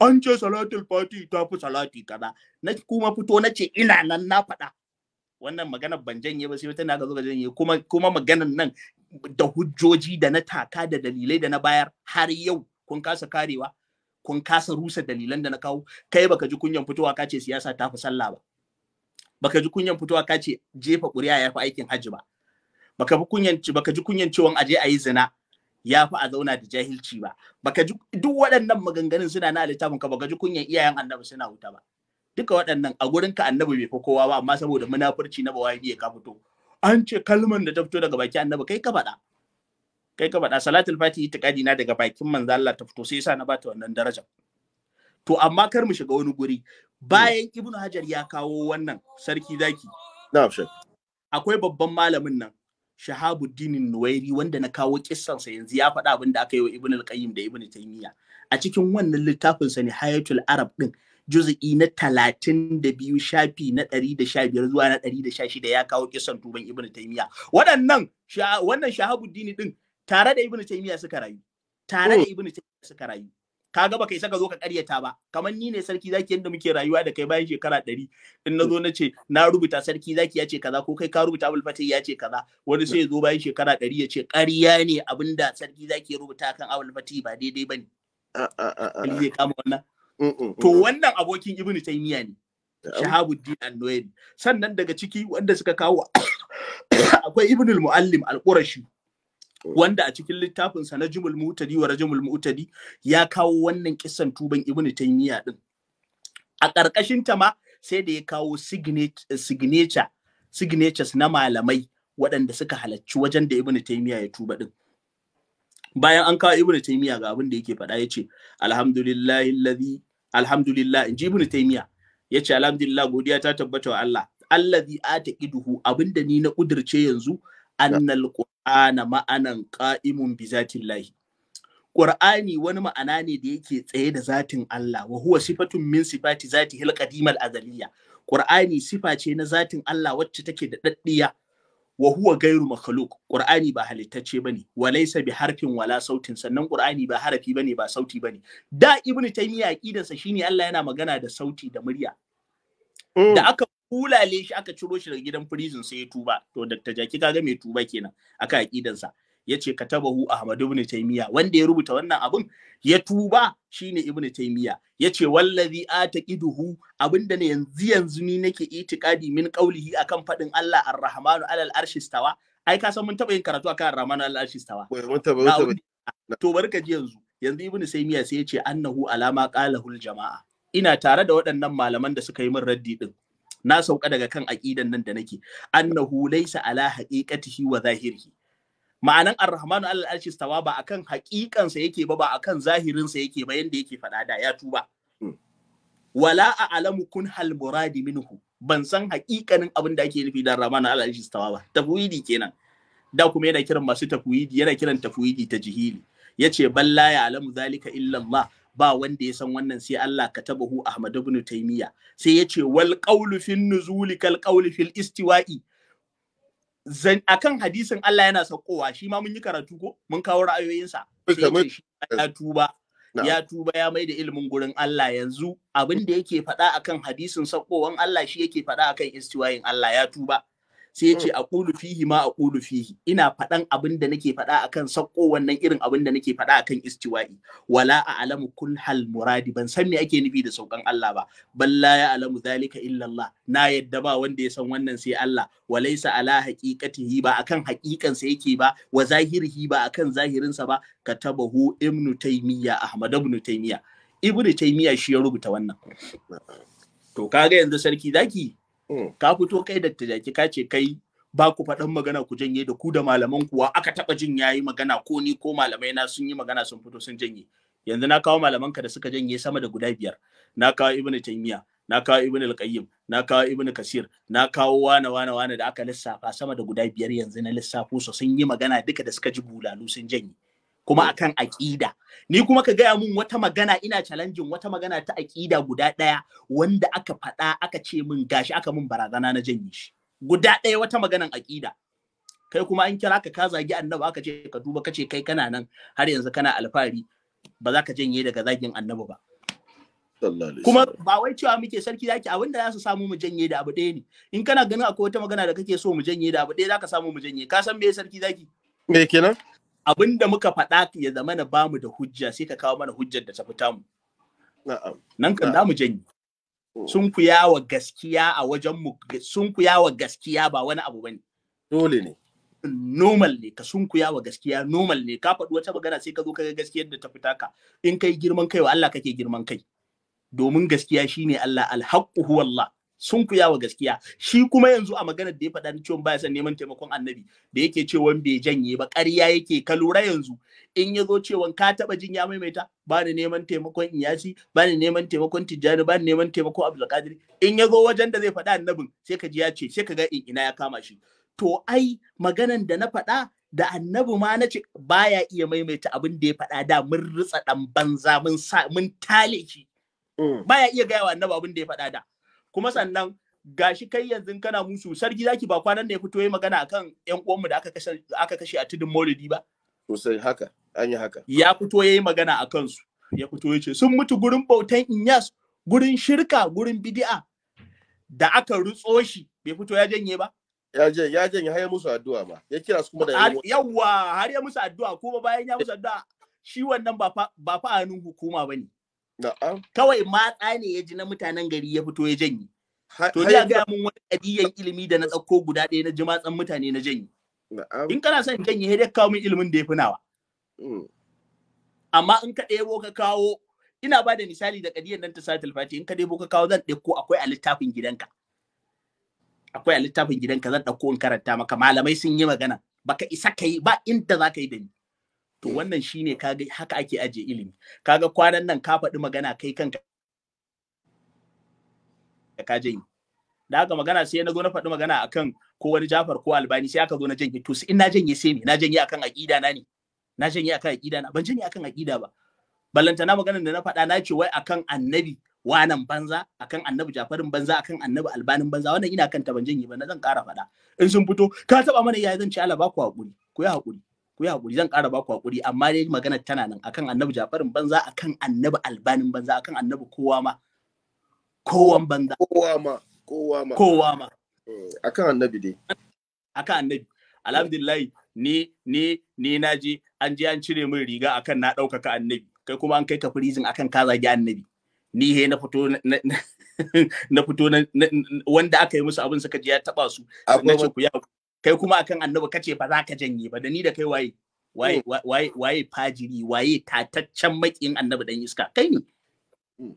An ce Salatul Fati ta fi salati kaza. Na kuma fito na ce ina nan na faɗa. Wannan maganar ban janye ba sai wata na ga janye kuma kuma maganar nan da hujjoji da na taka da dalilai da na bayar har yau kun kasa karewa kun kasa rusa dalilan da na kawo kai baka ji kunyan fitowa ka ce siyasa ta fi sallah ba. baka ji kunyan fitowa ka ce jefa ƙuri'a ya fi aikin hajji ba baka fi kunyan baka ji kunyan cewa aje a yi zina ya fi a zauna da jahilci ba baka ji duk waɗannan maganganun suna na littafin ka baka ji kunyan iyayen annabi suna wuta ba duka waɗannan a gurin ka annabi bai fi kowa ba amma saboda munafurci na Bawa ya ka fito an ce kalman da ta fito daga baki annabi kai ka faɗa kai ka faɗa salatul fatihi na daga bakin manzo Allah ta fito sai yasa na bata wannan darajar to amma kar mu shiga wani guri bayan ibnu hajar ya kawo wannan sarki zaki na'am akwai babban malamin nan shahabuddin nuwairi wanda na kawo kissansa yanzu ya faɗa abin da aka yi wa ibn alqayyim da ibn taymiya a cikin wannan littafin sa ne hayatul arab din juz'i na 32 shafi na 115 zuwa na 116 ya kawo kissan tuban ibn taymiya waɗannan wannan shahabuddin din tare da ibnu taymiya suka rayu tare da oh. ibn taymiya suka rayu kaga baka isa ka zo ka karyata ba kamar ni ne sarki zaki yanda muke rayuwa da kai bayan shekara ɗari in na zo na ce na rubuta sarki zaki ya ce kaza ko kai ka rubuta abul fatih ya ce kaza wani sai ya zo bayan shekara ɗari ya ce ƙarya ne abinda sarki zaki ya rubuta kan abul fatih ba daidai ba ne. zai kama wannan. Mm, mm, to mm, wannan abokin ibnu taymiya ne. shahabuddin annoyed sannan daga ciki wanda suka kawo akwai ibnul muallim al-qurashi wanda a cikin littafinsa na jumul mutadi wa rajumul mutadi ya kawo wannan kisan tuban ibnu taymiya din a ƙarƙashin ta ma sai da ya kawo signature signatures na malamai waɗanda suka halarci wajen da ibnu taymiya ya tuba din bayan an kawo ibnu taymiya ga abin da yake faɗa yace alhamdulillahi alladhi alhamdulillah inji ibnu taymiya yace alhamdulillah godiya ta tabbata wa Allah allazi ataqiduhu abinda ni na kudirce yanzu annal qur'ana ma'anan qa'imun bi zatillahi qur'ani wani ma'ana ne da yake tsaye da zatin Allah wahuwa sifatun min sifati zati hil qadimal azaliya qur'ani sifa na zatin Allah wacce take da daddiya wahuwa huwa gairu makhluq qur'ani ba halittacce bane wa laysa bi harfin wala sautin sannan qur'ani ba harafi bane ba sauti bane da ibnu taymiya aqidansa shine Allah yana magana da sauti da murya da aka kulale shi aka ciro shi daga gidan prison sai ya tuba to Dr. Jaki kaga mai tuba kenan aka aqidansa yace katabahu Ahmad ibn Taymiya wanda ya rubuta wannan abun ya tuba shine ibn Taymiya yace wallazi ataqiduhu abinda ne yanzu yanzu ni nake itikadi min qaulihi akan fadin Allah ar alal arshi ai ka san mun taba yin karatu akan ar alal arshi stawa to barka ji yanzu yanzu ibn Taymiya sai yace annahu alama qalahul jama'a ina tare da waɗannan malaman da suka yi min raddi din na sauka daga kan aqidan nan da nake annahu laysa ala haqiqatihi wa zahirihi ma'anan arrahmanu rahmanu alal arshi stawa ba akan haƙiƙansa yake ba ba akan zahirinsa yake ba yanda yake faɗa da ya tuba hmm. wala a alamu kun hal muradi minhu ban san haƙiƙanin abin da ake nufi da rahmanu alal arshi stawa ba tafwidi kenan da kuma yana kiran masu tafwidi yana kiran tafwidi ta jihili yace ballaya, alamu, ya'lamu zalika illa Allah ba wanda ya san wannan sai Allah ka hu Ahmad ibn Taymiya sai ya ce wal qawlu fil nuzuli kal qawli fil istiwa'i akan hadisin Allah yana saukowa shi ma mun yi karatu ko mun kawo ra'ayoyinsa eh, ya tuba ya tuba ya mai da ilimin gurin Allah yanzu abin da yake faɗa akan hadisin saukowan Allah shi yake faɗa akan istiwa'in Allah ya tuba sai ya ce ƙulu mm. fihi ma a ƙulu fihi ina faɗan abin da nake faɗa akan sakko wannan irin abin da nake faɗa akan istiwa'i wala a a'lamu kun hal muradi ban san me ake nufi da saukan Allah ba balla ya alamu zalika illallah. na yadda ba wanda ya san wannan sai Allah walaysa ala haqiqatihi ba akan sa yake ba wa zahirihi ba akan zahirinsa ba katabahu ibnu taymiya ahmad ibn taymiya ibnu taymiya shi ya rubuta wannan to kaga yanzu sarki zaki Mm. ka fito kai da tijaki ka ce kai ba ku faɗan magana ku janye da ku da malaman wa aka taɓa jin yayi magana ko ni ko malamai na sun yi magana sun fito sun janye yanzu na kawo malaman ka da suka janye sama da guda biyar na kawo ibnu taymiya na kawo ibnu al na kawo ibnu kasir na kawo wana wana wana da aka lissafa sama da guda biyar yanzu na lissafo su sun yi magana duka da suka ji bulalu sun janye kuma akan aƙida ni kuma ka gaya mun wata magana ina challenge wata magana ta aƙida guda ɗaya wanda aka faɗa aka ce mun gashi aka mun barazana na janye shi guda ɗaya wata maganan aƙida kai kuma an kira ka ka zagi annabi aka ce ka duba ka ce kai kana nan har yanzu kana alfahari ba za ka janye daga zagin annabi ba kuma ba wai cewa muke sarki zaki abin da za su samu mu janye da abu ɗaya ne in kana ganin akwai wata magana da kake so mu janye da abu ɗaya za ka samu mu janye ka san me sarki zaki me kenan abin da muka faɗa ya zama na mu da hujja sai ka kawo mana hujjar da ta fita mu nan kan za mu janye mm. sun kuyawa gaskiya a wajen mu sun kuyawa gaskiya ba wani abu bane dole ne normal ne ka ku yawa gaskiya normal ne ka faɗi wata magana sai ka zo kaga gaskiyar da ta fita ka in kai girman kai wa Allah kake girman kai domin gaskiya shine Allah alhaqqu huwa Allah sun kuya wa gaskiya shi kuma yanzu a maganar da ya faɗa na cewa baya son neman taimakon annabi da yake cewa bai janye ba ƙarya yake ka lura yanzu in ya zo cewa ka taɓa jin ya maimaita ba ni neman taimakon iyasi ba ni neman taimakon tijjani ba ni neman taimakon abdulkadir in ya zo wajen da zai faɗa annabin sai ka ji ya ce sai ka ga in ina ya kama shi to ai maganan da na faɗa da annabi ma na ce baya iya maimaita abin da ya faɗa da mun ritsa ɗan banza mun sa mun tale shi mm. baya iya gaya wa annabi abin da ya faɗa da kuma sannan gashi kai yanzu kana musu sarki zaki ba kwanan da ya fito yi magana akan yan uwanmu da aka kashe aka kashe a tudun maulidi ba sosai haka an yi haka ya fito yayi magana a kansu ya fito yace sun mutu gurin bautan inyas gurin shirka gurin bid'a da aka rutso shi bai fito ya janye ba ya je ya janye har ya musu addu'a ba ya kira su kuma da yawa har ya musu addu'a kuma bayan ya musu addu'a shi wannan ba fa ba fa hannun hukuma bane Kawai matsa ne ya ji na mutanen gari ya fito ya janye. To ya ga mun wani ƙadiyyar ilimi da na tsakko guda ɗaya na ji matsan mutane na janye. In kana son janye sai dai kawo min ilimin da ya fi nawa. Mm. Amma in ka ɗebo ka kawo ina ba da misali da ƙadiyyar nan ta sa fati in ka ɗebo ka kawo zan ɗauko akwai a littafin gidanka. Akwai a littafin gidanka zan ɗauko in karanta maka malamai sun yi magana. Baka isa ka yi ba inda za ka yi da ni. to wannan shine kaga haka ake aje ilimi kaga kwanan nan ka faɗi magana kai kanka ka janye da haka magana sai na zo na faɗi magana akan ko wani Jafar ko Albani sai aka zo na janye to in na janye sai me na janye akan aqida na ne na janye akan aqida na ban janye akan aqida ba ballantana maganar da na faɗa na ce wai akan annabi wanan banza akan annabi jafarin banza akan annabi albanin banza wannan ina kanta ban janye ba na zan ƙara faɗa in sun fito ka taɓa mana iyaye zan ci Allah ba ku haƙuri ku yi haƙuri ku yi hakuri zan ƙara baku hakuri amma dai magana tana nan akan annabi jafarin banza akan annabi albanin banza akan annabi kowa ma kowan banza kowa ma kowa ma kowa ma eh, akan annabi dai akan annabi alhamdulillah ni ni ni naji an je an cire min riga akan na ɗaukaka annabi kai kuma an kai ka prison akan ka zagi annabi ni he na fito na fito wanda aka yi musu abin suka je ya taba su na ce ku ya kai kuma akan annabi kace ba za ka janye ba da ni da kai waye waye waye waye fajiri waye tataccen makin annabi dan iska kai ne mm.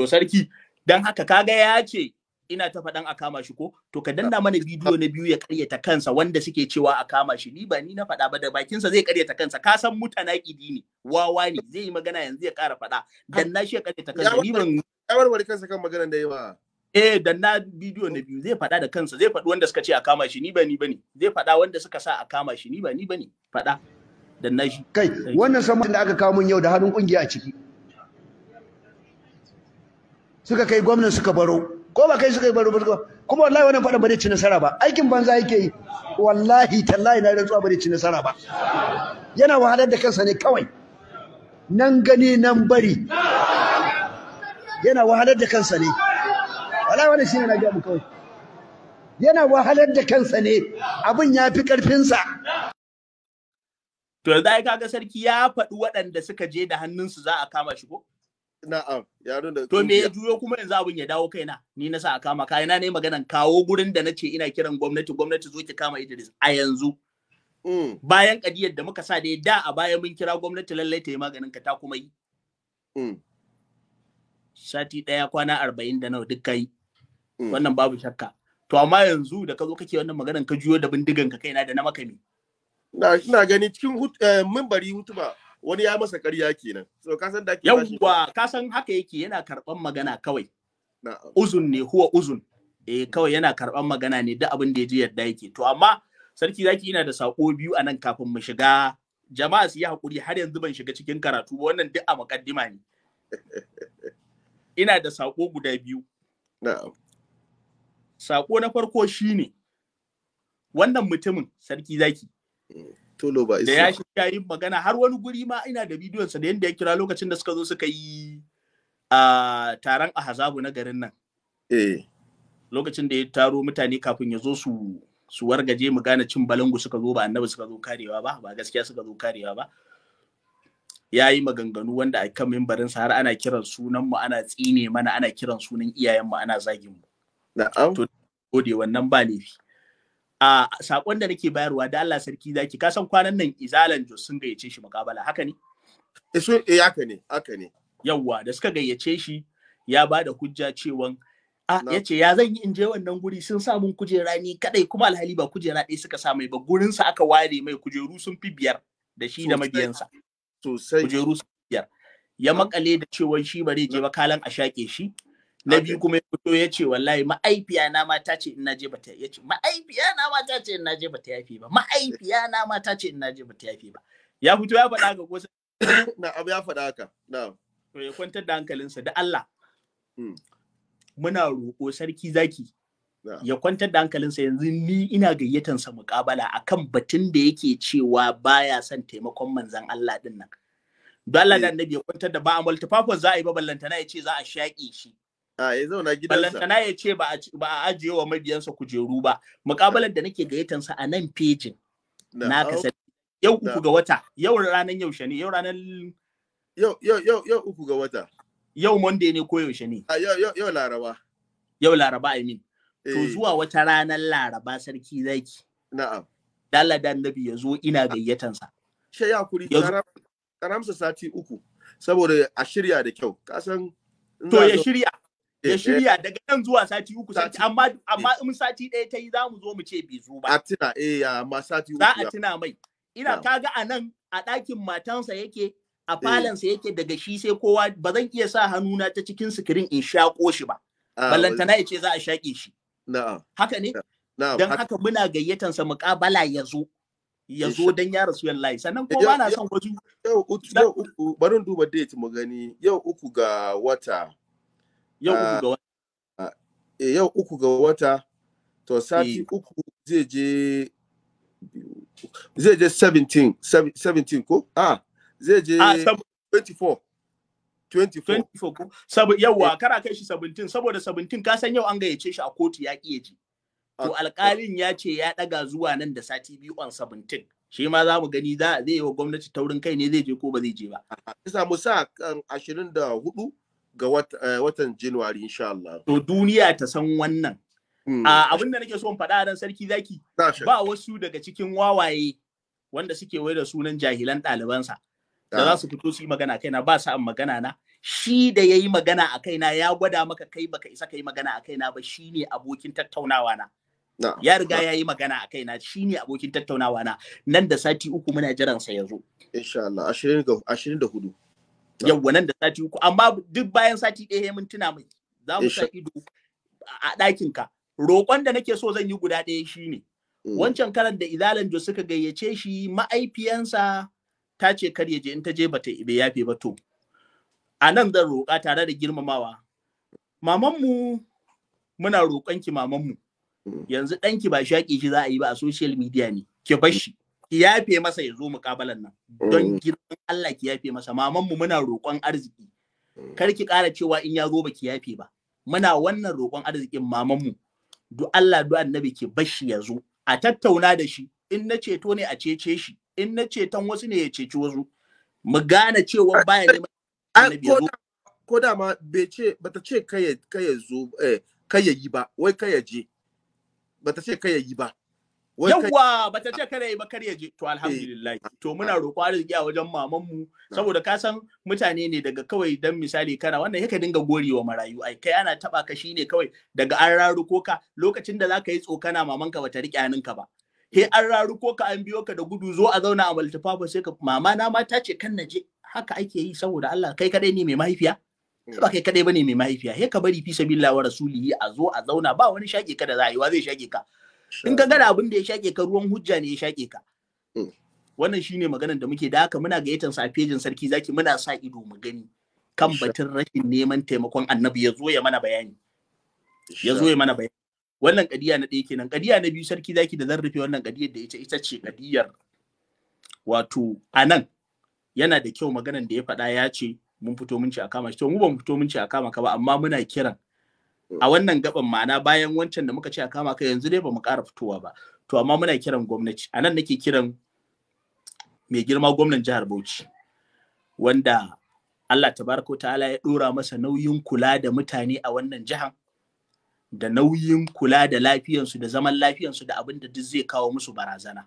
to sarki dan haka kaga ya ce ina ta faɗan a kama shi ko to ka danna mana bidiyo na biyu ya karyata kansa wanda suke cewa a kama shi ni ba ni na faɗa ba da bakinsa zai karyata kansa ka san mutana kidi ne wawa ne zai yi magana yanzu ya ƙara faɗa danna shi ya karyata kansa ni ban warware kansa kan maganar da yawa eh da na bidiyo na biyu zai faɗa da kansa zai faɗi wanda suka ce a kama shi ni ba ni bane zai faɗa wanda suka sa a kama shi ni ba ni bane faɗa da na shi kai wannan saman da aka kawo mun yau da hannun kungiya a ciki suka kai gwamnan suka baro ko ba kai suka yi baro ba kuma wallahi wannan faɗan ba zai ci nasara ba aikin banza yake yi wallahi tallahi na rantsuwa ba zai ci nasara ba yana wahalar da kansa ne kawai nan gani nan bari yana wahalar da kansa ne wani shine na ga kawai yana wahalar da kansa ne abin ya fi ƙarfinsa. To yanzu ai kaga sarki ya faɗi waɗanda suka je da hannunsu za a kama shi ko? Na'am, ya To me ya juyo kuma yanzu abin ya dawo kaina? Ni na sa a kama kai na ne maganan kawo gurin da nace ina kiran gwamnati gwamnati zo ki kama Idris a yanzu. Mm. Bayan kadiyar da muka sa dai da a bayan mun kira gwamnati lallai ta yi maganin ka ta kuma yi. Mm. Sati ɗaya kwana arba'in da nawa duk kayi? Mm. wannan babu shakka to amma yanzu da ka zo kake wannan magana ka juyo da bindigan ka kaina da na makami na ina gani cikin eh, mimbari hutuba wani ya masa ƙarya kenan so ka san da ke yawa ka san haka yake yana karban magana kawai uzun ne huwa uzun eh kawai yana karban magana ne da abin da ya ji yadda yake to amma sarki zaki ina da sako biyu a nan kafin mu shiga jama'a su yi hakuri har yanzu ban shiga cikin karatu ba wannan duk a mukaddima ne ina da sako guda biyu na'am Sako na farko shine wannan mutumin sarki zaki. Tolo Da ya shiga yin magana har wani guri ma ina da bidiyon sa da yanda ya kira lokacin da suka zo suka yi a taron hazabu na garin nan. Eh. Lokacin da ya taro mutane kafin ya zo su su wargaje mu gane cin balangu suka zo ba annabi suka zo karewa ba ba gaskiya suka zo karewa ba ya yi maganganu wanda a kan mimbarinsa har ana kiran sunan mu ana tsine mana ana kiran sunan iyayen mu ana zagin mu Na'am. To gode wannan ba laifi. A sakon da nake bayarwa da Allah sarki zaki ka san kwanan nan izalan Jos sun gayyace shi mukabala haka ne? Eh eh haka ne, haka ne. Yawwa da suka gayyace shi ya ba da hujja cewa a ya ce ya zan yi in je wannan guri sun sa mun kujera ni kadai kuma alhali ba kujera ɗaya suka sa mai ba gurinsa aka ware mai kujeru sun fi biyar da shi da mabiyansa. Sosai. Kujeru sun fi biyar. Ya makale da cewa shi bare je ba kalan a shaƙe shi. na biyu kuma ya fito ya ce wallahi ma'aifiya na mata ta ce in naje bata ya ce ma'aifiya na mata ta ce in naje bata yafi ba ma'aifiya na mata ta ce in naje bata yafi ba ya fito ya faɗa ga ko na abu ya faɗa haka na to ya kwantar da hankalinsa da Allah hmm. muna roƙo sarki zaki ya kwantar da hankalinsa yanzu ni ina sa muƙabala akan batun da yake cewa baya son taimakon manzon Allah din nan don Allah da eh. annabi ya kwantar da ba a multifafon za a yi ba ballantana ya ce za a shaƙe shi a ya zauna gidansa ballantana ya ce ba a ajiye wa mabiyansa kujeru ba mukabalar da nake gayyatansa a nan fejin na ka yau uku ga wata yau ranar yaushe ne yau ranar yau yau yau uku ga wata yau monday ne ko yaushe ne yau laraba yau laraba i mean to eh. zuwa wata ranar laraba sarki zaki na'am dalla da annabi ya zo ina gayyatansa shi ya kuri karamsa sati uku saboda a shirya da kyau kasan to ya shirya ya eh, eh. shirya daga nan zuwa sati uku sati amma amma eh. in sati ɗaya ta yi za mu zo mu ce bai zo ba a tuna eh amma sati uku za a tuna mai ina kaga a nan a ɗakin matansa yake a falansa yake daga shi sai kowa ba zan iya sa hannuna ta cikin sikirin in shaƙo shi ba ah, ballantana ya ce za a shaƙe shi haka ne don haka muna gayyatansa muƙabala ya zo ya zo don ya rasu yan layi sannan ko ba na son wasu yau uku barin duba date mu gani yau uku ga wata yau ah, uku ga wata ah, eh, yau uku ga wata to sati eh. uku zai je zai je 17 17 ko a ah, zai je 24 24 ko sabu yawa eh. kara kai shi 17 saboda 17 ka san yau an gayyace shi a kotu ya ki ji to alƙalin ya ce ya daga zuwa nan da sati biyu on 17 shi ma za mu gani za zai yi wa gwamnati taurin kai ne zai je ko ba zai je ba. Isa mu sa kan 24 ga eh, watan January insha Allah. To duniya ta san wannan. Hmm. Ah, abin da nake so in faɗa dan sarki zaki ba wasu daga cikin wawaye wanda suke wai da sunan jahilan ɗalibansa. Da ah. za su fito su yi magana kaina ba sa magana na. Shi da yayi magana a kaina ya gwada maka kai baka isa ka yi magana a kaina ba shi abokin tattaunawa na. Ya riga ya yi magana a kaina shi abokin tattaunawa na nan da sati uku muna jiransa ya zo. Insha Allah ashirin da hudu. yau nan da sati uku amma duk bayan sati ɗaya mun tuna mai za mu eh, sa ido a ɗakin ka roƙon da nake so zan yi guda ɗaya shi ne. Mm. wancan karan da idalan jo suka gayyace shi ma'aifiyansa ta ce kar ya je in ta je bata bai yafe ba to a nan zan roƙa tare da girmamawa mamanmu muna roƙon ki mamanmu mm. yanzu ɗanki ba shaƙi shi za a yi ba a social media ne ki bar shi ki yafe masa ya zo mukabalan nan don mm. girman Allah ki yafe masa maman mu muna roƙon arziki mm. kar ki ƙara cewa in ya zo ba ki yafe ba muna wannan roƙon arzikin maman mu du Allah du annabi ki bashi ya zo a tattauna da shi in na ceto ne a cece shi in na ceton wasu ne ya ceci wasu mu gane cewa baya neman annabi ya zo ko da ma bai ce bata ce kai kai zo eh kai yi ba wai kai je bata ce kai yi ba yawwa bata ce kare ba kare je to alhamdulillah eh. to muna roƙo arziki a wajen maman mu saboda ka san mutane ne daga kawai dan misali kana wannan yake dinga gorewa marayu ai kai ana taba ka shine kawai daga an raruko ka lokacin da zaka yi tsokana maman ka bata rike ka ba he an raruko ka an biyo ka da gudu zo a zauna a maltifafa sai ka mama na ma ta ce kan naje haka ake yi saboda Allah kai kadai ne mai mahaifiya mm. ba kai kadai bane mai mahaifiya he ka bari fi sabilillah wa rasulihi a zo a zauna ba wani shaki ka da zai wa zai shaki ka in ka gada abin da ya shaƙe ka ruwan hujja ne ya shaƙe ka mm. wannan shine maganar da muke da haka muna gayyatar sa fejin sarki zaki muna sa ido mu gani kan batun rashin neman taimakon annabi ya zo ya mana bayani ya zo ya mana bayani wannan kadiya na ɗaya kenan kadiya na biyu sarki zaki da zan rufe wannan kadiyar da ita ita ce kadiyar wato anan yana da kyau maganar da ya faɗa ya ce mun fito mun ci a kama shi to mu ba mu fito mun ci a kama ka ba amma muna kiran a wannan gaban ma'ana bayan wancan da muka ce a kama kai yanzu dai ba mu ƙara fitowa ba to amma muna kiran gwamnati a nan nake kiran mai girma gwamnan jihar Bauchi wanda Allah tabaraka ta'ala ya ɗora masa nauyin kula da mutane a wannan jihar da nauyin kula da lafiyansu da zaman lafiyansu da abin da duk zai kawo musu barazana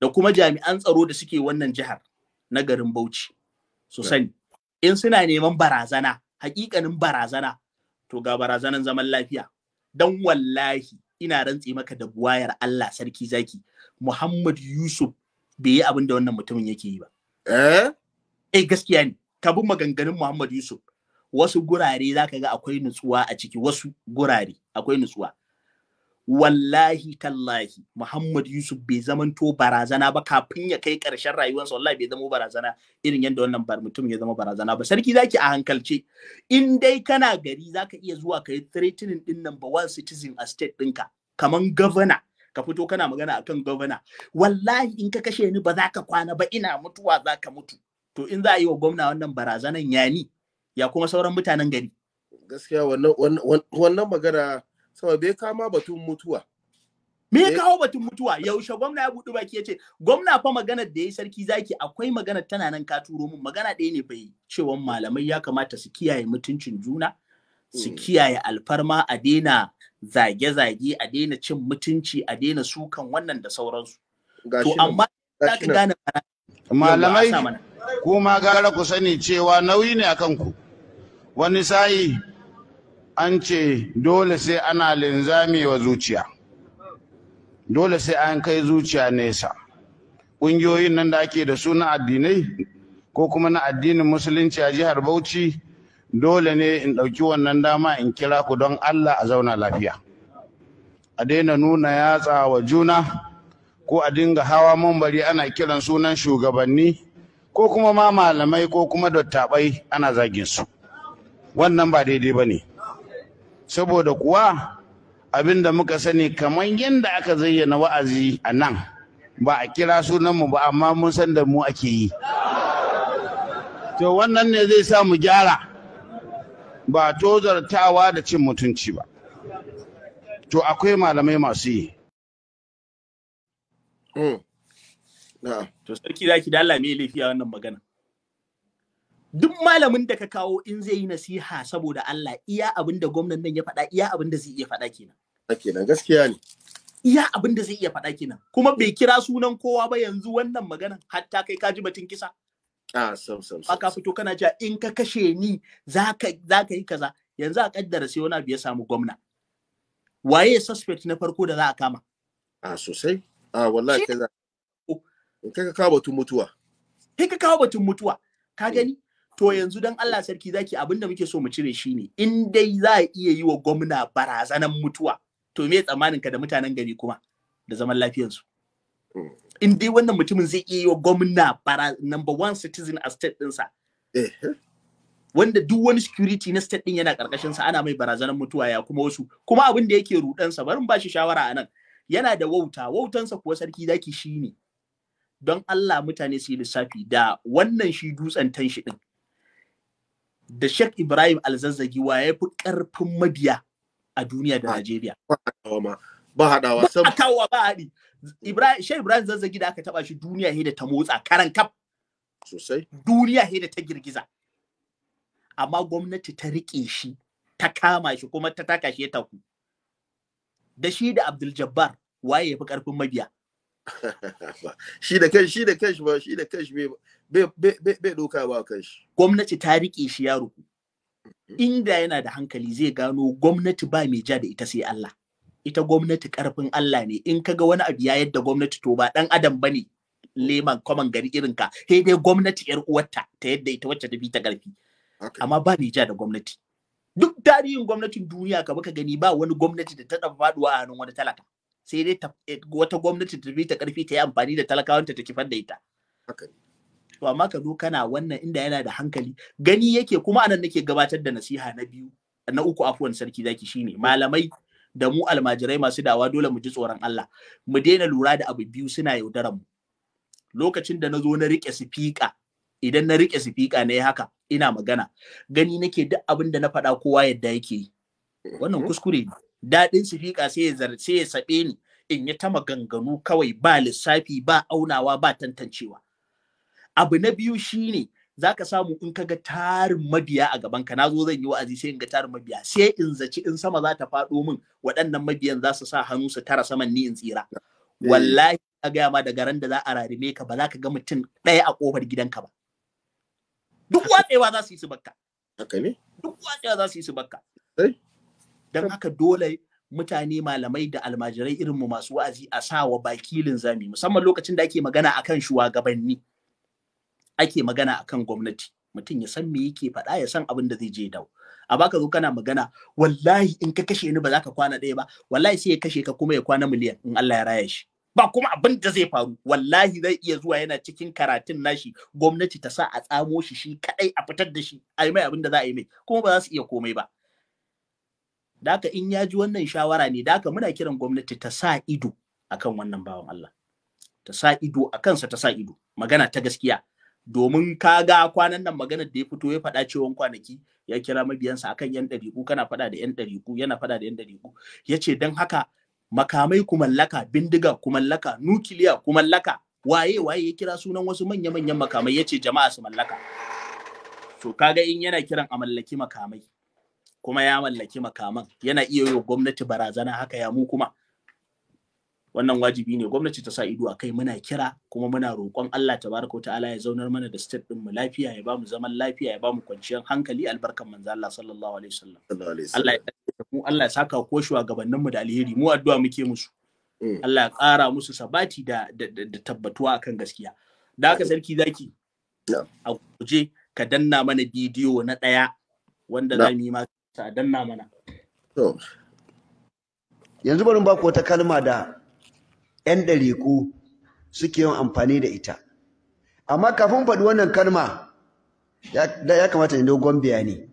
da kuma jami'an tsaro da suke wannan jihar na garin Bauchi su sani in suna neman barazana hakikanin barazana to ga barazanan zaman lafiya dan wallahi ina rantse maka da buwayar Allah sarki zaki Muhammad Yusuf bai yi abin da wannan mutumin yake yi ba eh eh gaskiya ne ka bi maganganun Muhammad Yusuf wasu gurare zaka ga akwai nutsuwa a ciki wasu gurare akwai nutsuwa wallahi tallahi Muhammad Yusuf bai zamanto barazana ba kafin ya kai ƙarshen rayuwarsa wallahi bai zama barazana irin yadda wannan bar mutum ya zama barazana ba sarki zaki a hankalce in dai kana gari zaka iya zuwa kai threatening din number one citizen a state ɗinka kaman governor ka fito kana magana akan governor wallahi in ka kashe ni ba za ka kwana ba ina mutuwa za ka mutu to in za a yi wa gwamna wannan barazanan yani ya kuma sauran mutanen gari gaskiya wannan wannan magana sama bai kama batun mutuwa me ya eh. kawo batun mutuwa yaushe gwamna ya budu baki yace ce gwamna fa maganar da ya sarki zaki akwai maganar tana nan ka turo mun magana ɗaya ne bai cewa malamai ya kamata su kiyaye mutuncin juna su hmm. kiyaye alfarma a daina zage-zage a daina cin mutunci a daina sukan wannan da sauransu to amma zaka gane malamai kuma gara ku sani cewa nauyi ne akan ku wani sa'i an ce dole sai ana linzami wa zuciya dole sai an kai zuciya nesa ƙungiyoyin nan da ake da su na addinai ko kuma na addinin musulunci a jihar bauchi dole ne in ɗauki wannan dama in kira ku don allah a zauna lafiya a daina nuna yatsa wa juna ko a dinga hawa mambari ana kiran sunan shugabanni ko kuma ma malamai ko kuma dattabai ana zagin su wannan ba daidai ba ne saboda kuwa abin da muka sani kamar yadda aka zayyana wa'azi a nan ba a kira sunanmu ba amma mun san da mu ake yi to wannan ne zai sa mu gyara ba tozartawa da cin mutunci ba to akwai malamai masu yi to hmm. sarki zaki da Allah mai lafiya wannan magana duk malamin da ka kawo in zai yi nasiha saboda Allah iya abin da gwamnan nan ya faɗa iya abin da zai iya faɗa kenan kenan gaskiya ne iya abin da zai iya faɗa kenan kuma bai kira sunan kowa ba yanzu wannan maganan hatta kai ka ji batun kisa a sam sam sam. aka fito kana cewa in ka kashe ni zaka zaka yi kaza yanzu a kaddara sai wani abu ya samu gwamna waye suspect na farko da za a kama a sosai a wallahi kai za in kai ka kawo batun mutuwa kai ka kawo batun mutuwa ka eh. gani to yanzu don Allah sarki zaki abin da muke so mu cire shi ne in dai za a iya yi wa gwamna barazanan mutuwa to me tsammanin ka da mutanen gari kuma da zaman lafiyarsu in dai wannan mutumin zai iya yi wa gwamna bara number one citizen a state ɗinsa wanda duk wani security na state ɗin yana karkashin sa ana mai barazanan mutuwa ya kuma wasu kuma abin da yake rudansa barin ba shi shawara a nan yana da wauta wautansa kuwa sarki zaki shi ne. don Allah mutane su yi lissafi da wannan shi dutsen tanshi din da Sheikh Ibrahim Alzazzagi wa ya fi ƙarfin mabiya a duniya da Najeriya. Ba haɗawa ba Ba haɗawa ba haɗi. Ibrahim Sheikh Ibrahim Zazzagi da aka taɓa shi duniya he da ta motsa karan kaf. Sosai. Duniya he da ta girgiza. Amma gwamnati ta riƙe shi ta kama shi kuma ta taka shi ya taku. Da shi da Abdul Jabbar waye ya fi ƙarfin mabiya. shi da shi da ba shi da bai doka ba gwamnati ta rike shi ya ruku mm-hmm. inda yana da hankali zai gano gwamnati ba mai ja da ita sai Allah ita gwamnati karfin Allah ne in ka ga wani abu ya yadda gwamnati to ba ɗan adam ne leman kwaman gari irin ka sai dai gwamnati yar uwarta ta yadda ita wacce ta bi ta karfi amma ba mai ja da gwamnati duk tarihin gwamnatin duniya ka baka gani ba wani gwamnati da ta dan faɗuwa a hannun wani talaka sai dai eh, wata gwamnati ta bi ta karfi ta yi amfani da talakawanta ta kifar da ita to amma ka zo kana wannan inda yana da hankali gani yake kuma anan nake gabatar da nasiha na biyu na uku afuwan sarki zaki shine malamai da mu almajirai masu dawa dole mu ji tsoron Allah mu daina lura da abu biyu suna yaudarar mu lokacin da na zo na rike sifika idan na rike sifika na yi haka ina magana gani nake duk abin da na faɗa kowa yadda yake yi wannan eh. kuskure ne daɗin sifika sai ya zarce ya saɓe ni in yi ta maganganu kawai ba lissafi ba aunawa ba tantancewa abu na biyu shine za ka samu in ka ga tarin mabiya a gaban ka nazo zan yi wa'azi sai in ga tarin mabiya sai in zaci in sama za ta faɗo min waɗannan mabiyan za su sa hannu su tara saman ni in tsira eh. wallahi a gaya ma daga ran da za a rarime ka ba za ka ga mutum ɗaya a ƙofar gidanka ba duk watsewa za su yi su bakka haka ne duk watsewa za su yi su bakka eh. don haka dole mutane malamai da almajirai irin mu masu wa'azi a sa wa bakilin zami musamman lokacin da ake magana akan shugabanni ake magana akan gwamnati mutum ya san me yake faɗa ya san abin da zai je dau a baka zo kana magana wallahi in ka kashe ni ba za ka kwana ɗaya ba wallahi sai ya kashe ka kuma ya kwana miliyan in Allah ya raya shi ba kuma abin da zai faru wallahi zai iya zuwa yana cikin karatun nashi gwamnati ta sa a tsamo shi shi kadai a fitar da shi a yi mai abin da za a yi mai kuma ba za su iya komai ba Daka in ya ji wannan shawara ne, daka muna kiran gwamnati ta sa ido akan wannan bawan Allah. Ta sa ido a kansa ta sa ido, magana ta gaskiya. Domin ka ga kwanan nan maganar da ya fito ya faɗa cewa kwanaki ya kira mabiyansa akan yan ɗariƙu kana faɗa da yan ɗariƙu yana faɗa da yan ɗariƙu. Ya ce don haka makamai ku mallaka, bindiga ku mallaka, nukiliya ku mallaka, waye waye ya kira sunan wasu manya-manyan makamai ya ce jama'a su mallaka. To kaga in yana kiran a mallaki makamai. kuma ya mallaki makaman yana iya yi gwamnati barazana haka ya mu kuma wannan wajibi ne gwamnati ta sa ido a kai muna kira kuma muna roƙon Allah tabaraka ta'ala ya zaunar mana da state din mu lafiya ya bamu zaman lafiya ya bamu kwanciyar hankali albarkan manzo Allah sallallahu alaihi wasallam Allah ya mu Allah ya saka ko shugabannin mu da alheri mu addu'a muke musu mm. Allah ya ƙara musu sabati da da tabbatuwa akan gaskiya da haka sarki zaki a guje ka danna mana bidiyo na ɗaya wanda za mu yi ma ta danna mana to yanzu barin ba wata kalma da yan ɗariku suke yin amfani da ita amma kafin faɗi wannan kalma ya kamata in dogon bayani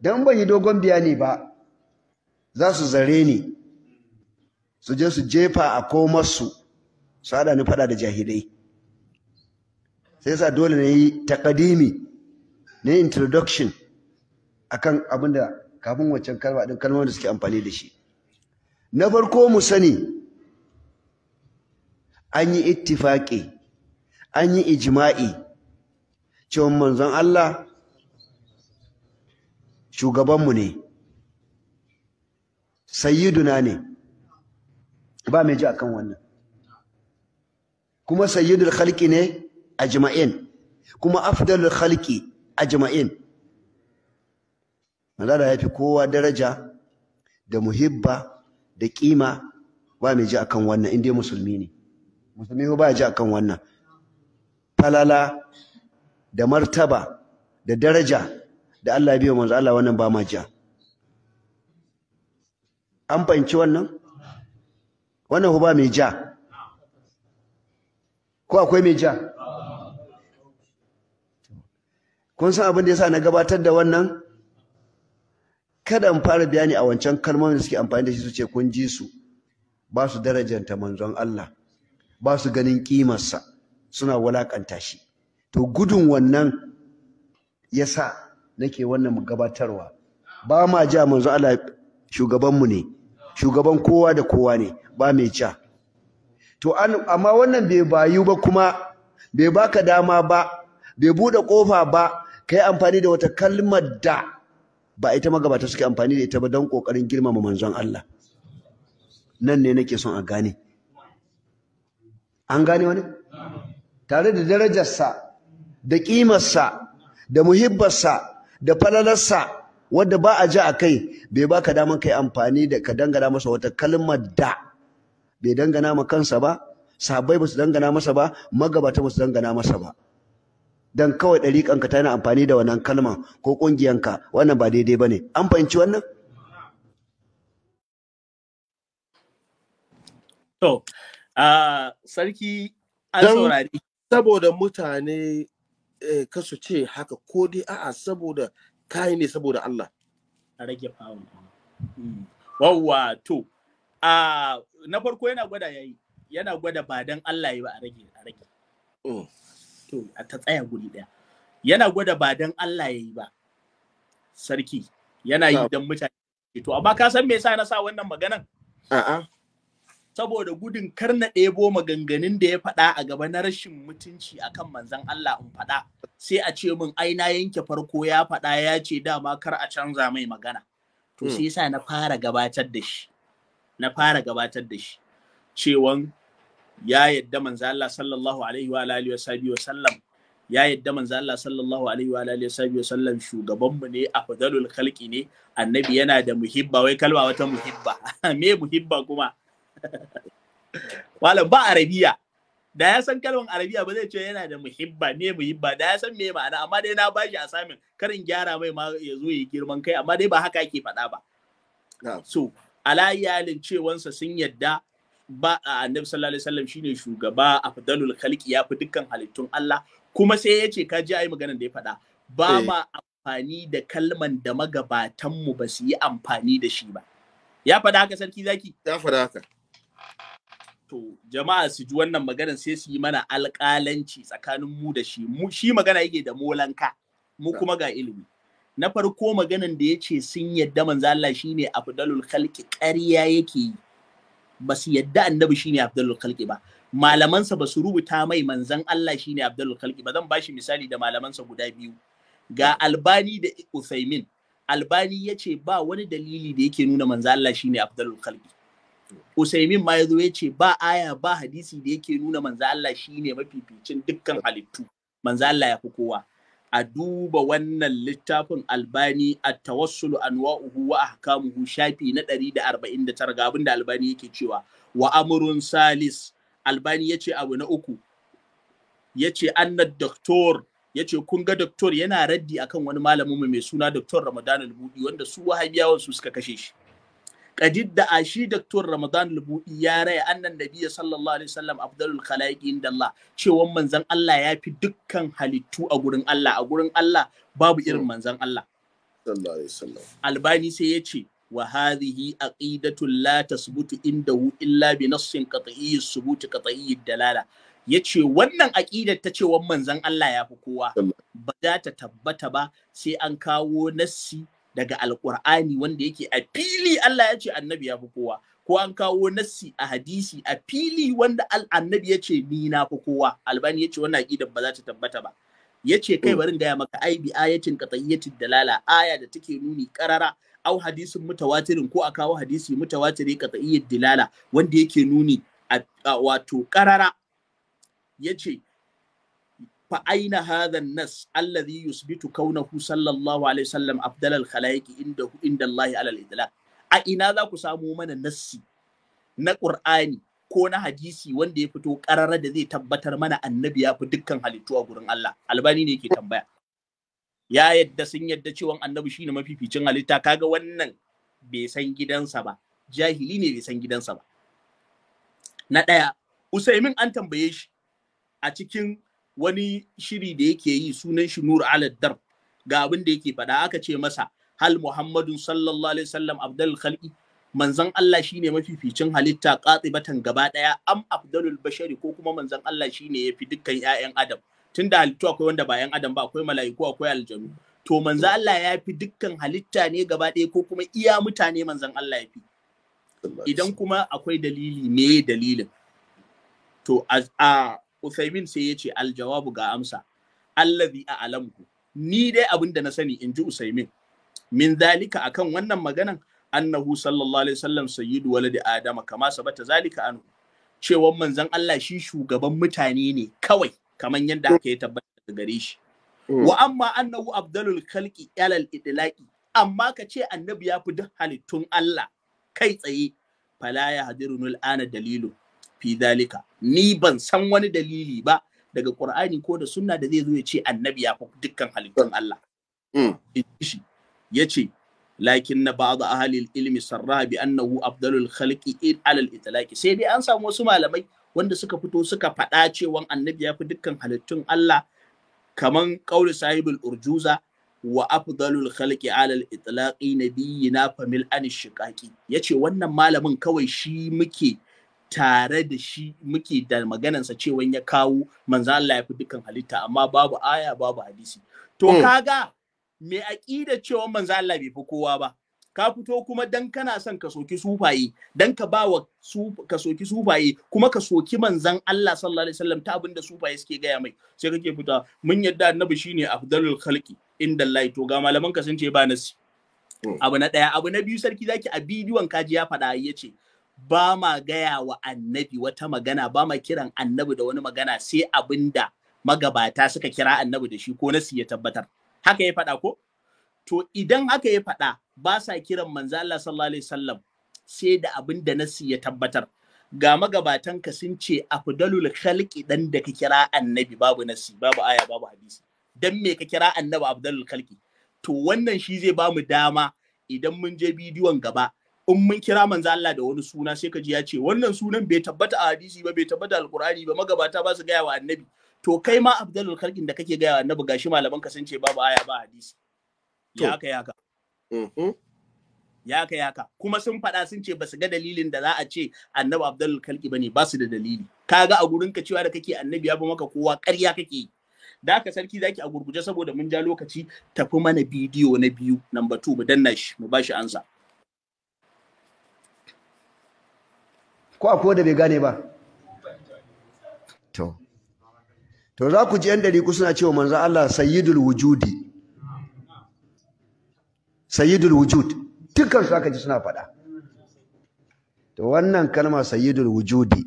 Don ban yi dogon bayani ba za su zare ni su je su jefa a komarsu su haɗa ni faɗa da jahilai sai sa dole na yi takadimi na introduction akan abin da kafin waccan kalma din kalmar da suke amfani da shi na farko mu sani an yi ittifaqi an yi ijma'i cewa manzon Allah shugabanmu ne sayyiduna ne ba mai ji akan wannan kuma sayyidul khalqi ne ajma'in kuma afdalul khalqi ajma'in Allah ya fi kowa daraja da muhibba da kima ba mai ji akan wannan in dai musulmi ne musulmi ba ya ji akan wannan falala da martaba da daraja da Allah ya biyo manzo Allah wannan ba ma ja an fahimci wannan wannan ba mai ja ko akwai mai ja kun san abin da yasa na gabatar da wannan kada mu fara bayani a wancan kalmomin da suke amfani da shi su ce kun ji su ba su darajanta manzon Allah ba su ganin kimarsa suna walakanta shi to gudun wannan yasa nake wannan gabatarwa ba ma ja manzon Allah shugabanmu ne shugaban kowa da kowa ne ba mai ja to amma wannan bai bayu ba kuma bai baka dama ba bai bude kofa ba kai amfani da wata kalmar da ba ita magabata suke amfani da ita ba don ƙoƙarin girmama manzon Allah nan ne nake son a gane an gane wani tare da darajarsa da ƙimarsa da muhibbarsa da falalarsa wadda ba a ji a kai bai baka daman kai amfani da ka dangana masa wata kalmar da bai dangana ma kansa ba sahabbai ba su dangana masa ba magabata ba su dangana masa ba dan kawai ɗariƙanka yana amfani da wannan kalman ko ƙungiyanka wannan ba daidai ba ne an fahimci wannan to sarki an saurari saboda mutane eh, ka su ce haka ko dai a'a saboda kayi ne saboda Allah a rage fawon hmm. wawwa to na farko yana gwada yayi yana gwada ba dan Allah yi ba a rage a rage mm. to ta tsaya guri ɗaya yana gwada ba dan Allah ya yi ba sarki yana yi dan mutane to amma ka san me yasa na sa wannan maganan a'a saboda gudun kar na ɗebo maganganun da ya faɗa a gaba na rashin mutunci akan manzon Allah in faɗa sai a ce min ai na yanke farko ya faɗa ya ce dama kar a canza mai magana to hmm. sai yasa na fara gabatar da shi na fara gabatar da shi cewan ya yadda manzo Allah sallallahu alaihi wa alihi wa sallam ya yadda manzo Allah sallallahu alaihi wa alihi wa sallam shugaban mu ne afdalul khalqi ne annabi yana da muhibba wai kalma wata muhibba me muhibba kuma malam ba arabiya da ya san kalmar arabiya ba zai ce yana da muhibba me muhibba da ya san me ma'ana amma dai na bashi a samin karin gyara mai ma ya zo yi girman kai amma dai ba haka yake faɗa ba so ala iyalin cewansa sun yadda ba a annabi sallallahu alaihi wasallam shine shugaba afdalul khalqi ya fi dukkan halittun Allah kuma sai yace ka ji ayi maganar da ya faɗa ba eh. ma amfani da kalman da magabatan mu ba su yi amfani da shi ba ya faɗa haka sarki zaki ya faɗa haka to jama'a su ji wannan maganar sai su yi mana alƙalanci tsakanin mu da shi mu shi magana yake da molanka mu kuma ga ilimi na farko maganan da yace sun yadda manzo Allah shine afdalul khalqi ƙarya yake yi ba su yadda annabi shine Abdul Khalqi ba malamansa ba su rubuta mai manzan Allah shine Abdul Khalqi ba zan bashi misali da malamansa guda biyu ga Albani da Uthaymin Albani ya ce ba wani dalili da yake nuna manzan Allah shine Abdul Khalqi Usaimin ma ya zo ya ce ba aya ba hadisi da yake nuna manzan Allah shine mafificin dukkan halittu manzan Allah ya fi kowa a duba wannan littafin albani a tawassulu wa'uhu wa ahkamuhu shafi na 149 ga abin da albani yake cewa wa amrun salis albani ce abu na uku ya ce "Anna doktor ya ce kun ga doktor yana raddi akan wani malamin mai suna doktor Ramadan albudi wanda su wahabiyawan su suka kashe shi kadid da ashi daktar Ramadan Lubuɗi ya raya annan nabiya sallallahu alaihi wasallam afdalul khalaiqi indallah cewan manzon Allah ya fi dukkan halittu a gurin Allah a gurin Allah babu irin manzon Allah sallallahu alaihi wasallam albani sai ya ce wa hadhihi aqidatul la tasbutu indahu illa bi nassin qat'i subut qat'i dalala ya ce wannan aƙidar ta cewa manzan Allah ya fi kowa ba za ta tabbata ba sai an kawo nassi daga alkur'ani wanda yake a fili Allah ya ce annabi ya fi kowa ko an kawo nassi a hadisi a fili wanda annabi ya ce ni na fi kowa albani ya ce wannan aqidar ba za ta tabbata ba ya ce kai hmm. barin gaya maka ai bi ayatin qat'iyyatin dalala aya da take nuni karara au hadisin mutawatirin ko a kawo hadisi mutawatiri qat'iyyat dilala wanda yake nuni wato karara ya ce fa aina hadha nas alladhi yusbitu kaunahu sallallahu alaihi wasallam afdal al khalaiqi inda inda Allah ala al idlaq a ina za ku samu mana nassi na qur'ani ko na hadisi wanda ya fito karara da zai tabbatar mana annabi ya fi dukkan halittu a gurin Allah albani ne yake tambaya ya yadda sun yadda cewa annabi shine mafificin halitta Ka ga wannan bai san gidansa ba jahili ne bai san gidansa ba na ɗaya usaimin an tambaye shi a cikin wani shiri da yake yi sunan shi nur ala darb ga abin da yake faɗa aka ce masa hal muhammadun sallallahu alaihi wasallam abdul khalqi manzon Allah shine mafificin halitta qatibatan gaba daya am afdalul bashari ko kuma manzon Allah shine yafi dukkan ƴaƴan adam tunda halittu akwai wanda ba ƴan adam ba akwai mala'iku akwai aljanu to manzon Allah ya fi dukkan halitta ne gaba daya ko kuma iya mutane manzon Allah ya fi idan kuma akwai dalili me dalilin to a Uthaymin sai ya ce aljawabu ga amsa allazi a'lamku ni dai abin da na sani in ji Usaimin min zalika akan wannan maganan annahu sallallahu alaihi wasallam sayyidu waladi adama kama sabata zalika anhu cewa manzon Allah shi shugaban mutane ne kawai Kamar yadda aka yi tabbatar da gare shi mm. wa amma annahu abdalul khalqi alal idlaqi amma ka ce annabi ya fi duk halittun Allah kai tsaye fala ya hadirunul ana dalilu fi dalika ni ban san wani dalili ba daga Qur'ani ko da sunna da zai zo ya ce annabi ya fi dukkan halittun Allah hmm. shi ya ce lakin na ba'd ahli ilmi sarra bi annahu afdalul khalqi ala al sai dai an samu wasu malamai wanda suka fito suka faɗa cewa annabi ya fi dukkan halittun Allah kaman qauli sahibul urjuza wa afdalul khalqi ala al-itlaqi nabiyina famil an shiqaqi yace wannan malamin kawai shi muke tare da shi muke da maganansa cewan ya kawo manzo Allah ya fi dukan halitta amma babu aya babu hadisi to hmm. kaga me aqida cewa manzo Allah bai fi kowa ba ka fito kuma dan kana son ka soki sufaye dan ka ba wa ka soki sufaye kuma ka soki manzan Allah sallallahu alaihi wasallam ta abinda sufaye suke gaya mai sai kake fita mun yadda annabi shine afdalul khalqi inda Allah to ga malaman ka sun ce ba nasi hmm. abu na daya abu na biyu sarki zaki a bidiyon kaji ya faɗa yace ce ba ma gaya wa annabi wata magana ba ma kiran annabi da wani magana sai abinda magabata suka kira annabi da shi ko nasi ya tabbatar haka ya faɗa ko to idan haka ya faɗa ba sa kiran manzo Allah sallallahu alaihi wasallam sai da abinda da nasi ya tabbatar ga magabatan ka sun ce afdalul khalqi dan da ka kira annabi babu nasi babu aya babu hadisi dan me ka kira annabi afdalul khalqi to wannan shi zai bamu dama idan mun je bidiyon gaba in mun kira manzo Allah da wani suna sai ka ji ya ce wannan sunan bai tabbata a hadisi ba bai tabbata a alqur'ani ba magabata ba su gaya wa annabi to kai ma afdalul khalqin da kake gaya wa annabi gashi malaman ka sun ce babu aya ba hadisi ya ka mm-hmm. ya ka, ya ka ya ka, kuma sun faɗa sun ce ba su ga dalilin da za a ce annabi afdalul khalqi bane ba su da dalili kaga a gurin ka cewa da kake annabi ya bi maka kowa ƙarya kake yi da ka sarki zaki a gurguje saboda mun ja lokaci tafi mana bidiyo na biyu number 2 mu danna shi mu bashi ansa ko akwai da bai gane ba to to za ku ji yan dari ku suna cewa manzo Allah sayyidul wujudi sayyidul wujud dukkan su aka ji suna faɗa to wannan kalma sayyidul wujudi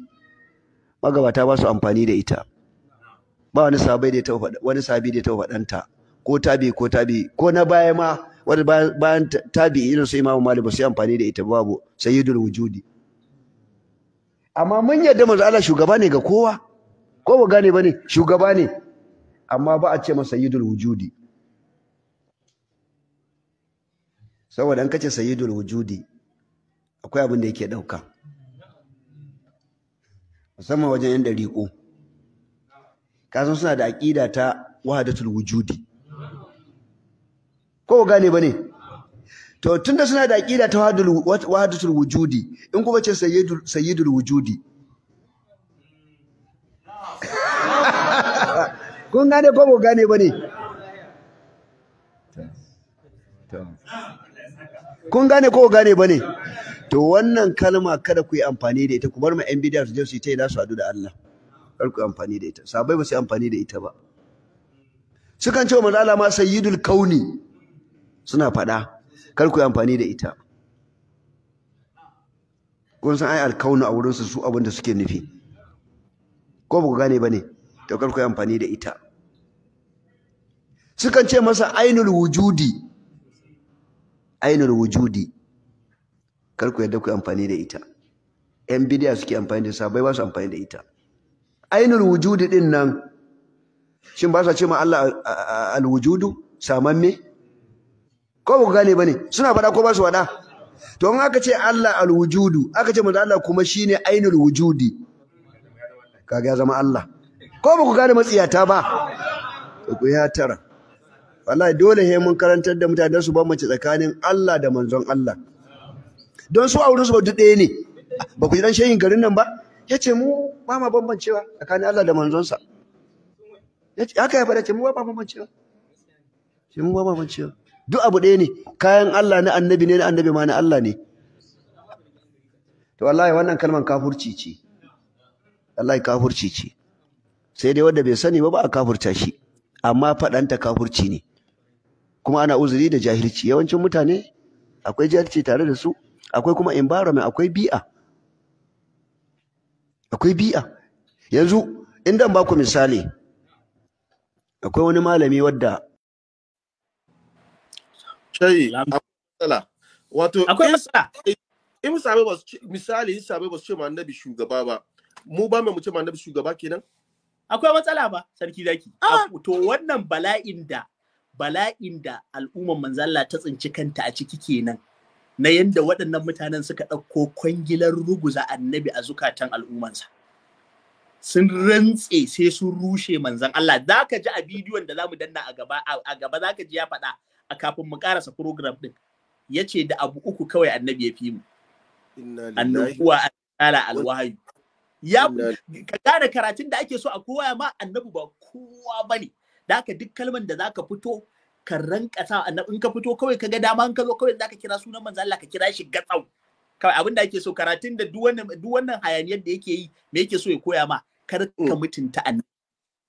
magabata ba su amfani da ita ba wani sabai da ya taɓa wani sabi da ya taɓa faɗanta ko tabi ko tabi ko na baya ma wani bayan tabi irin su Imam Malik ba su yi amfani da ita babu sayyidul wujudi amma mun yadda manzo Allah shugaba ne ga kowa ko ba gane bane shugaba ne amma ba a ce masa sayyidul wujudi saboda an kace sayyidul wujudi akwai abin da yake dauka musamman wajen yan dariƙo kasan suna da aqida ta wahadatul wujudi ko gane bane to tunda suna da aqida ta wahdatul wujudi in kuma ce sayyidul wujudi kun gane ko ba gane ba ne kun gane ko gane ba ne to wannan kalma kada ku yi amfani da ita ku bar ma yan bidiyar su je su yi ta yi nasu adu da Allah kar ku yi amfani da ita sabai ba su yi amfani da ita ba sukan ce wa manzo Allah ma sayyidul kauni suna faɗa kar ku yi amfani da ita kun san ai alkaunu a wurinsu su abin da suke nufi ko ba ku gane ba ne to kar ku yi amfani da ita sukan ce masa ainul wujudi ainul wujudi kar ku yadda ku yi amfani da ita yan bidiya suke amfani da sabai ba su amfani da ita ainul wujudi din nan shin ba sa ce ma Allah al-wujudu samamme ko ba ku gane bane suna faɗa ko ba su faɗa to in aka ce Allah alwujudu aka ce manzo Allah kuma shine ainul wujudi kaga ya zama Allah ko ba ku gane matsiyata ba ku ya tara wallahi dole he mun karantar da mutane su bambance tsakanin Allah da manzon Allah don su auren su ba duk ɗaya ne ba ku ji dan shehin garin nan ba yace mu ba ma bambancewa tsakanin Allah da manzon sa haka ya faɗa ce mu ba ma bambancewa ce mu ba ma bambancewa duk abu ɗaya ne kayan Allah na annabi ne na annabi ma na Allah ne to wallahi wannan kalman kafurci ce wallahi kafurci ce sai dai wanda bai sani ba ba a kafurta shi amma faɗanta kafurci ne kuma ana uzuri da jahilci yawancin mutane akwai jahilci tare da su akwai kuma environment akwai bi'a akwai bi'a yanzu in dan baku misali akwai wani malami wadda shayi matsala wato akwai matsala in sabai ba misali in sabai ba su ce ma annabi shugaba ba mu ba mu ce ma annabi shugaba kenan akwai matsala ba sarki zaki ah! to wannan bala'in da bala'in da al'umman manzalla ta tsinci kanta a ciki kenan na yadda waɗannan mutanen suka ɗauko kwangilar ruguza annabi a zukatan al'ummansa sun rantse sai sun rushe manzan Allah za ka ji a bidiyon da za mu danna a gaba za ka ji ya faɗa a kafin mu karasa program din ya ce da abu uku kawai annabi ya fi mu annabuwa ala alwahayu ya ka gane karatun da ake so a kowa ma annabi ba kowa bane da haka duk kalman da zaka fito ka ranka sa annabi in ka fito kawai ka ga dama in ka zo kawai zaka kira sunan manzo Allah ka kira shi gatsau kawai abin da ake so karatun da duk wannan duk wannan hayaniyar da yake yi me yake so ya koya ma kar ka hmm. mutunta annabi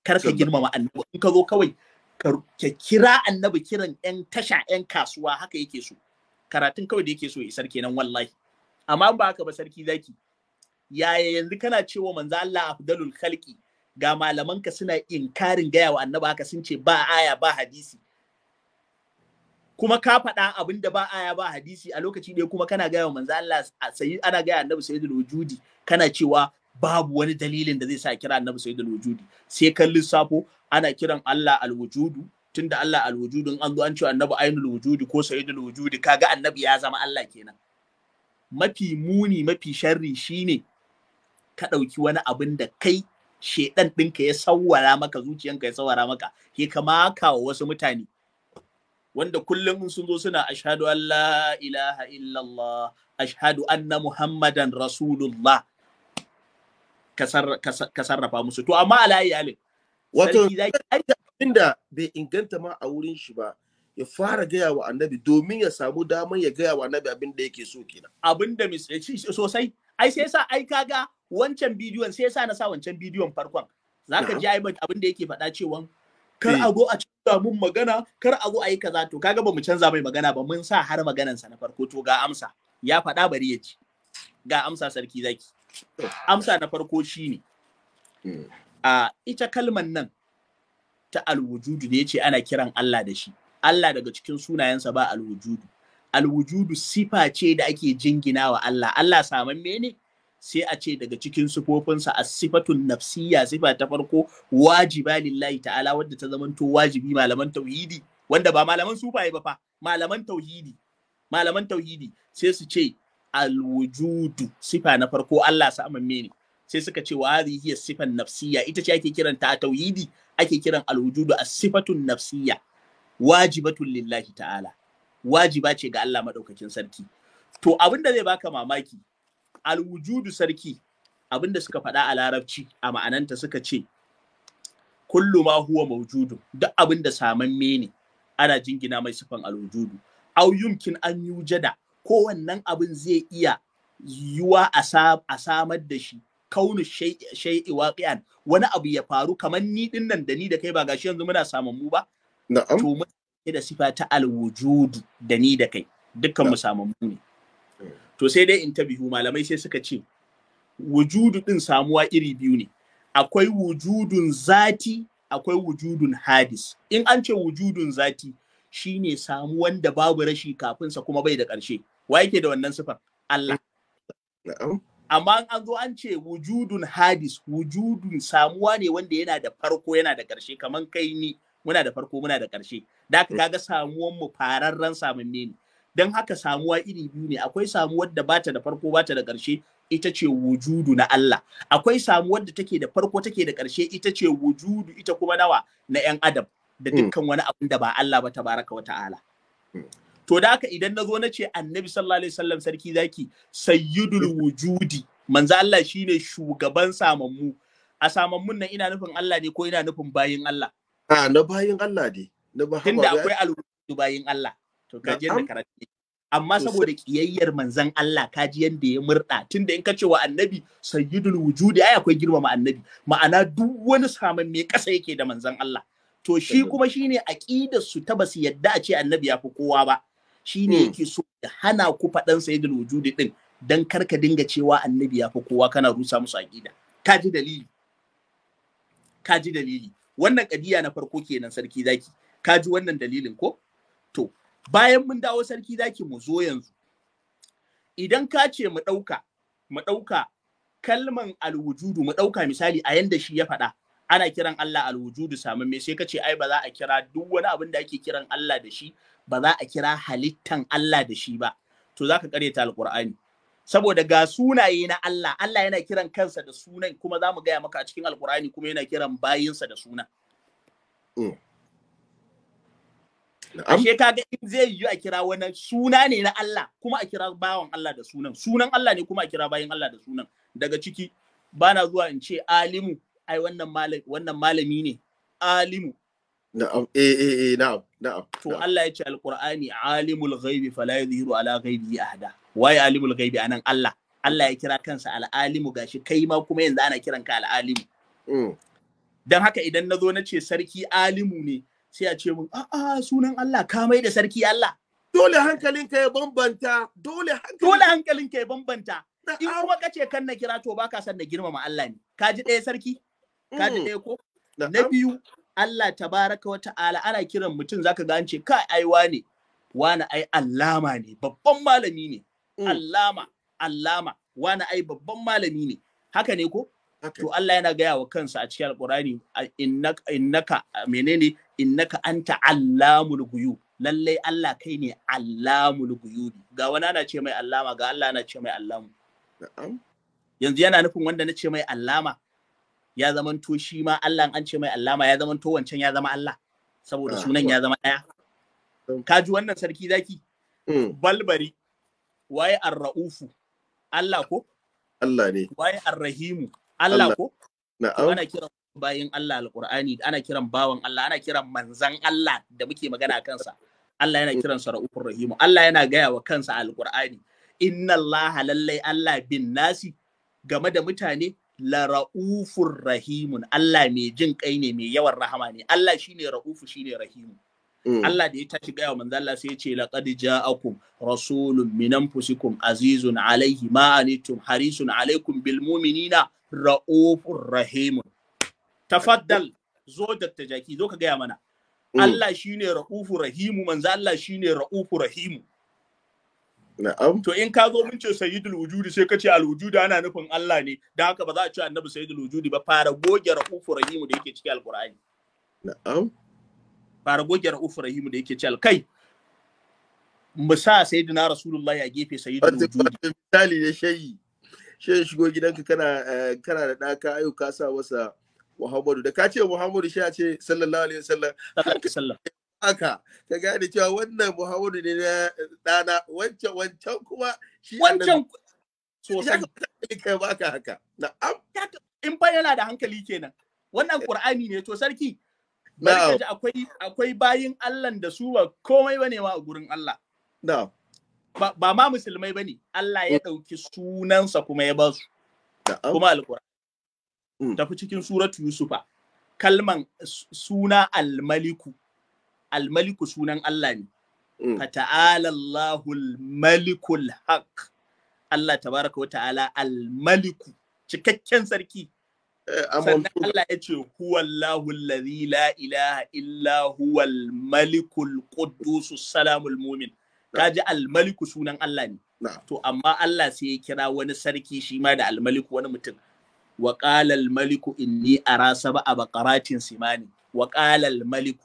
kar ka girmama annabi in ka zo kawai ka kira annabi kiran yan tasha yan kasuwa haka yake so karatun kawai da yake so isar kenan wallahi amma ba haka ba sarki zaki yaya yanzu kana cewa manzo Allah afdalul khalqi ga malamanka suna inkarin gaya wa annabi haka sun ce ba aya ba hadisi kuma ka faɗa abin ba aya ba hadisi a lokaci ɗaya kuma kana gaya wa manzo Allah ana gaya annabi sayyidul wujudi kana cewa babu wani dalilin da zai sa kira annabi sayyidul wujudi sai kan lissafo ana kiran Allah al-wujudu tunda Allah al in an zo an ce annabi ainul wujudi ko sayyidul wujudi kaga annabi ya zama Allah kenan mafi muni mafi sharri shine ka ɗauki wani abin da kai shedan ɗinka ya sawwara maka zuciyanka ya sawwara maka ke kama kawo wasu mutane wanda kullum sun zo suna ashhadu an la ilaha illallah ashhadu anna muhammadan rasulullah ka sarrafa musu to amma ala iyalin wato inda bai inganta ma a wurin shi ba ya fara gaya wa annabi domin ya samu damar ya gaya wa annabi abin da yake so kenan abin da sosai ai sai sa ai kaga wancan bidiyon sai sa na sa wancan bidiyon farkon zaka ji ai abin da yake faɗa cewa kar eh. a go a canza mun magana kar a go a yi kaza to kaga ba mu canza mai magana ba mun sa har maganan sa na farko to ga amsa ya faɗa bari ya ji ga amsa sarki zaki amsa na farko shine hmm. a ita kalman nan ta alwujudu da yace ana kiran Allah da shi Allah daga cikin sunayensa ba alwujudu alwujudu sifa ce da ake jingina wa Allah Allah samamme ne sai a ce daga cikin sufofinsa a sifatun nafsiyya sifa ta farko wajiba lillahi ta'ala wadda ta zamanto wajibi malaman tauhidi wanda ba malaman sufaye ba fa malaman tauhidi malaman tauhidi sai su ce alwujudu sifa na farko Allah sa amma ne sai suka ce wa hadhihi sifan nafsiyya ita ce ake kiranta tauhidi ake kiran alwujudu as-sifatun nafsiyya wajibatun lillahi ta'ala wajiba ce ga Allah madaukakin sarki to abinda zai baka mamaki alwujudu sarki abinda suka faɗa a larabci a ma'ananta suka ce kullu ma huwa mawjudu duk abinda samamme ne ana jingina mai sifan alwujudu au yumkin an yujada ko abin zai iya yiwa a samar da shi kaunu shay'i waqi'an wani abu ya faru kamar ni din nan da ni da kai ba gashi yanzu muna samun mu ba na'am to mun da sifa ta alwujud da ni da kai dukkan mu samun mu ne eh. to sai dai interview malamai sai suka ce wujudu din samuwa iri biyu ne akwai wujudun zati akwai wujudun hadis in an ce wujudun zati shine samu wanda babu rashi kafinsa kuma bai da ƙarshe wa yake da wannan sifan Allah amma an zo an ce wujudun hadis wujudun samuwa ne wanda yana da farko yana da ƙarshe kaman kai ni muna da farko muna da ƙarshe da ka kaga samuwan mu fararren samunne ne don haka samuwa iri biyu ne akwai samuwar da bata da farko bata da ƙarshe ita ce wujudu na Allah akwai samuwar da take da farko take da ƙarshe ita ce wujudu ita kuma nawa na 'yan adam da mm. dukkan wani abin da ba Allah ba tabaraka wa ta'ala mm. to da haka idan na zo na ce annabi sallallahu alaihi wasallam sarki zaki sayyidul mm. wujudi manzo Allah shine shugaban samammu a samammun nan ina nufin Allah ne ko ina nufin bayin Allah a na bayin Allah ne na ba tunda akwai alwudu bayin Allah to ka je da karatu amma saboda kiyayyar manzon Allah ka ji yanda ya murda tunda in ka ce wa annabi sayyidul wujudi ai akwai girmama annabi ma'ana duk wani samamme kasa yake da manzon Allah to shi kuma shine aqidar su ta basu yadda a ce annabi ya fi kowa ba shine hmm. yake so ya hana ku faɗan sayyidul wujudi din dan kar ka dinga cewa annabi ya fi kowa kana rusa musu aqida ka ji dalili ka ji dalili wannan kadiya na farko kenan sarki zaki ka ji wannan dalilin ko to bayan mun dawo sarki zaki mu zo yanzu idan ka ce mu ɗauka mu ɗauka kalman alwujudu mu ɗauka misali a yanda shi ya faɗa ana kiran Allah alwujudu samun me sai kace ai ba za a kira duk wani abin da ake kiran Allah da shi ba za a kira halittan Allah da shi ba to zaka ta alqur'ani saboda ga sunaye na Allah Allah yana kiran kansa da sunan kuma za mu gaya maka a cikin alqur'ani kuma yana kiran bayinsa da suna mm. Ashe kaga in zai yi a kira wani suna ne na Allah kuma a kira bawan Allah da sunan sunan Allah ne kuma a kira bayan Allah da sunan daga ciki bana zuwa in ce alimu ai wannan malami wannan malami ne alimu na'am eh, eh eh na'am na'am to Allah ya ce alqur'ani alimul ghaibi fala yuzhiru ala ghaibihi ahada waye alimul ghaibi anan Allah Allah ya kira kansa al'alimu gashi kai ma kuma yanzu ana kiran ka al'alimu mm. dan haka idan na zo na ce sarki alimu ne sai a ce mun a'a sunan Allah ka mai da sarki Allah dole hankalinka ya bambanta dole hankalinka dole hankalinka ya bambanta in kuma kace kan na kira to baka san na girmama Allah ne ka ji ɗaya sarki ka ji ɗaya mm. ko na biyu Allah tabaraka wa ta'ala ana kiran mutum zaka ga an ka ai wane, wani ai allama ne babban malami ne mm. allama allama wani ai babban malami ne haka ne ko to Allah yana gaya wa kansa a cikin alqurani innaka innaka menene innaka anta allamul guyu. lallai Allah kai ne allamul guyu ga wani ana ce mai allama ga Allah ana ce mai allamu yanzu yana nufin wanda na ce mai allama ya zamanto shi ma Allah an ce mai allama ya zamanto wancan ya zama Allah saboda ah, sunan ya zama ɗaya. Ka ji wannan sarki zaki? Hmm. Balbari, waye ar-ra'ufu, Allah ko? Allah ne. Waye ar-rahimu, Allah ko? Na'am. Ana kiran bayin Allah alƙur'ani, ana kiran bawan Allah, ana kiran manzan Allah da muke magana kansa. Allah yana kiran hmm. kiransa ra'ufur rahimu. Allah yana gaya wa kansa alƙur'ani. Inna Allah lallai Allah bin nasi game da mutane la ra'ufur rahimun Allah mai jin kai ne mai yawan rahama ne Allah shine ra'ufu shine rahimu mm. Allah da ya tashi gaya wa manzo Allah sai ya ce laqad ja'akum rasulun min anfusikum azizun alayhi ma anitum harisun alaykum bil mu'minina ra'ufur rahimun tafaddal zo dakta jaki zo ka gaya mana mm. Allah shine ra'ufu rahimu manzo Allah shine ra'ufu rahimu Na'am. To in ka zo mun ce sayyidul wujudi sai ka ce al wujudi ana nufin Allah ne. Dan haka ba za a ce annabi sayyidul wujudi ba fara goge ra'ufu rahimu da yake cikin alqur'ani. Na'am. Fara goge ra'ufu rahimu da yake cikin kai. Mu sa sayyidina rasulullahi a gefe sayyidul wujudi. Misali ne shayi. Shi shigo gidanka kana eh, kana da ɗaka ayo ka sa wasa Muhammadu da ka ce Muhammadu shi a ce sallallahu alaihi wasallam. Sallallahu alaihi wasallam. haka ka gane cewa wannan muhammadu ne na dana wancan wancan kuma shi wancan sosai kai baka haka na'am in fa yana da hankali kenan wannan qur'ani ne to sarki na'am akwai akwai bayin Allah da su ba komai bane ma a gurin Allah na'am ba ma musulmai bane Allah ya dauki sunansa kuma ya ba su kuma alqur'ani mm. tafi cikin suratu yusufa kalman suna almaliku almaliku sunan Allah ne mm. fata'ala Allahul malikul haq Allah tabaraka wa ta'ala almaliku cikakken sarki eh, sannan Allah ya ce huwallahu alladhi la ilaha illa huwal malikul quddus salamul mumin kaji almaliku sunan Allah ne to amma Allah sai ya kira wani sarki shi ma da almaliku wani mutum wa maliku almaliku inni ara sab'a baqaratin simani wa qala maliku.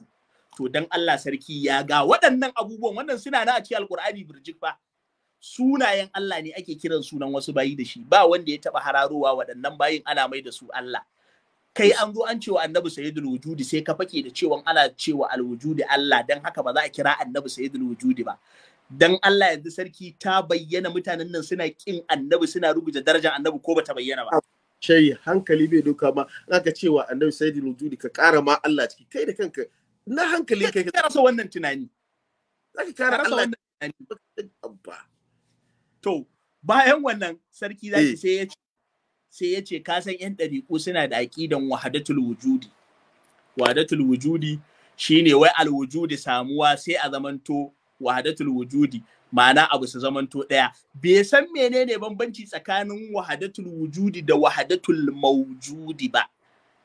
to dan Allah sarki ya ga waɗannan abubuwan wannan suna na a cikin alkur'ani birjik fa sunayen Allah ne ake kiran sunan wasu bayi da shi ba wanda ya taba hararowa waɗannan bayin ana mai da su Allah kai an zo an cewa annabi sayyidul wujudi sai ka fake da cewa ana cewa alwujudi Allah dan haka ba za a kira annabi sayyidul wujudi ba dan Allah yanzu sarki ta bayyana mutanen nan suna kin annabi suna rubuta darajar annabi ko ta bayyana ba shayi hankali bai doka ma zaka cewa annabi sayyidul wujudi ka kara ma Allah ciki kai da kanka na hankali kai ka rasa wannan tunani zaka kara Allah tunani abba to bayan wannan sarki zaki eh. sai ya ce sai ya ce ka san yan dariku suna da aƙidan wahadatul wujudi wahadatul wujudi shine wai alwujudi samuwa sai a zamanto wahadatul wujudi ma'ana abu su zamanto ɗaya Be san menene bambanci tsakanin wahadatul wujudi da wahadatul maujudi ba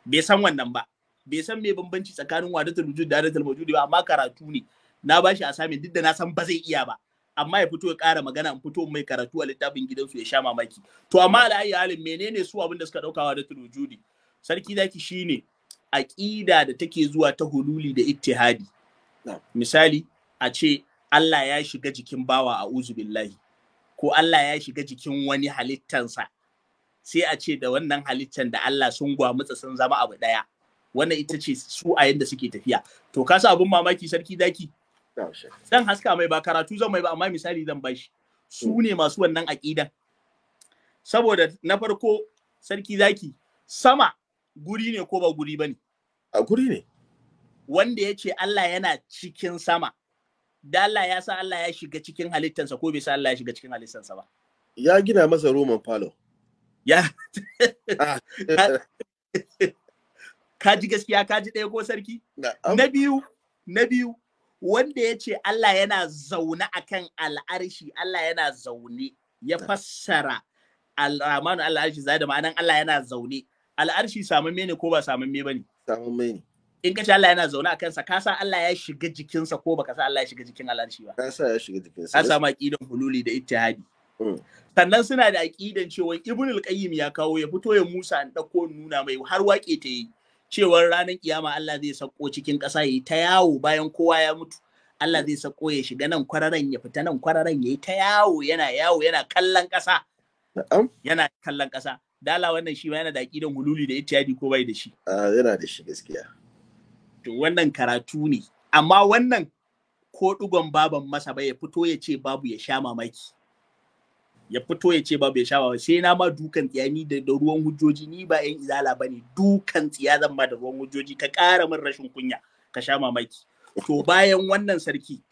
Be san wannan ba bai san me bambanci tsakanin wadatul wujud da wadatul mawjud ba amma karatu ne na bashi asami duk da na san ba zai iya ba amma ya fito ya kara magana in fito mai karatu a littafin gidansu ya sha mamaki to amma da ayi halin menene su abin da suka dauka wadatul wujudi sarki zaki shine aqida da take zuwa ta hululi da ittihadi misali a ce Allah ya shiga jikin bawa a billahi ko Allah ya shiga jikin wani halittansa sai a ce da wannan halittan da Allah sun gwamutsa sun zama abu ɗaya wannan ita ce su a yadda suke tafiya to ka sa abin mamaki sarki zaki dan haska mai ba karatu zan mai ba amma misali zan bashi su ne masu wannan aƙidan saboda na farko sarki zaki sama guri ne ko ba guri bane a guri ne wanda ya ce Allah yana cikin sama da Allah ya sa Allah ya shiga cikin halittansa ko bai sa Allah ya shiga cikin halittansa ba ya gina masa Roman Palo ya ah. ka ji gaskiya ka ji ɗaya ko sarki na biyu na biyu wanda ya ce Allah yana zaune a kan al'arshi Allah yana zaune ya fassara al'amanu al'arshi zai da ma'anan Allah yana zaune al'arshi samun ne ko ba samun me bane samun ne in ka Allah yana zaune a kansa ka sa Allah ya shiga jikinsa ko baka sa Allah ya shiga jikin al'arshi ba ka sa ya shiga jikinsa ka samu aƙidan hululi da ittihadi mm. sannan suna da aƙidan cewa ibnul qayyim ya kawo ya fito ya Musa an dauko nuna mai har waƙe ta yi cewar ranar kiyama Allah zai sako cikin ƙasa yi ta yawo bayan kowa ya mutu Allah zai sako ya shiga nan kwararan ya fita nan kwararan ya yi ta yawo yana yawo yana kallon ƙasa yana kallon ƙasa dala wannan shi ma yana da aƙidan hululi da ittihadi ko bai da shi yana da shi gaskiya to wannan karatu ne amma wannan ko dugon baban masa ba ya fito ya ce babu ya sha mamaki ya fito ya ce babu ya sha ba sai na ma dukan tsiya ni da ruwan hujjoji ni ba yan izala ba ne dukan tsiya zan ba da ruwan hujjoji ka kara min rashin kunya ka sha mamaki to bayan wannan sarki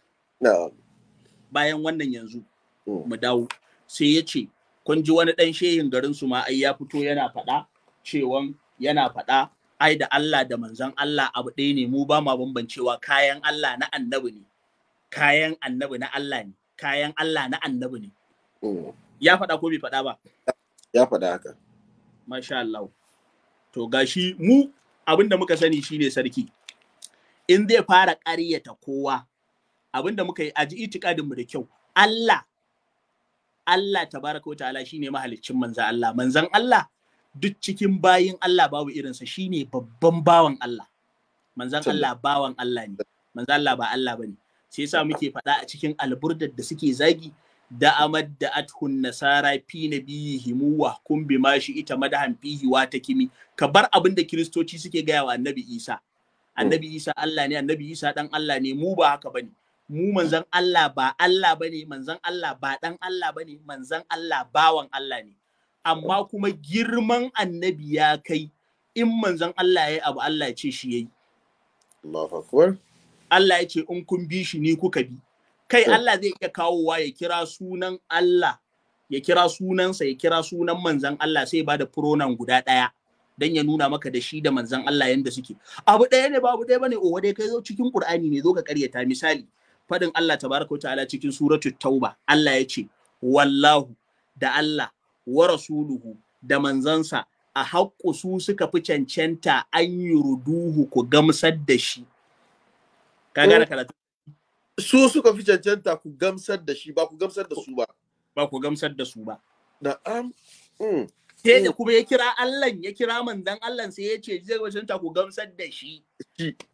bayan wannan yanzu mm. mu dawo sai ya ce kun ji wani ɗan shehin garin su ma ai ya fito yana faɗa cewan yana faɗa ai da Allah da manzon Allah abu ɗaya ne mu ba ma bambancewa kayan Allah na annabi ne kayan annabi na Allah ne kayan Allah na annabi ne mm. ya faɗa ko bai faɗa ba ya faɗa haka masha Allah to gashi mu abin da muka sani shine sarki in zai fara ƙaryata kowa abin da muka yi aji itikadin mu da kyau Allah Allah tabaraka wa ta'ala shine mahaliccin manzan Allah manzan Allah duk cikin bayin Allah babu irinsa shine babban bawan Allah manzan Allah bawan Allah ne manzan Allah ba Allah bane sai yasa muke faɗa a cikin alburdar da suke zagi amad da athun nasara fi nabiyihimu wa kun bi mashi ita madahan fihi wa takimi ka bar abin da kiristoci suke gaya wa annabi isa annabi hmm. isa Allah ne annabi isa dan Allah ne mu ba haka bane mu manzan Allah ba Allah bane manzan Allah ba dan Allah bane manzan Allah bawan Allah ne amma kuma girman annabi ya kai in manzan Allah ya abu Allah ya ce shi yayi Allahu akbar Allah ya ce in kun bi shi ni kuka bi kai Allah zai iya kawowa ya kira sunan Allah ya kira sunansa ya kira sunan manzan Allah sai ba da pronoun guda ɗaya dan ya nuna maka da shi da manzan Allah yanda suke abu ɗaya ne babu ɗaya bane owa dai kai zo cikin Qur'ani ne zo ka karyata misali fadin Allah tabaraka ta'ala cikin suratul tauba Allah ya ce wallahu da Allah wa rasuluhu da manzansa a haƙƙu su suka fi cancanta an yi ruduhu ku gamsar da shi ka gane karatu su suka fi cancanta ku gamsar da shi ba ku gamsar da su ba ba ku gamsar da su ba na'am mm. sai da mm. kuma ya kira Allah ya kira manzon Allah sai ya ce zai cancanta ku gamsar da shi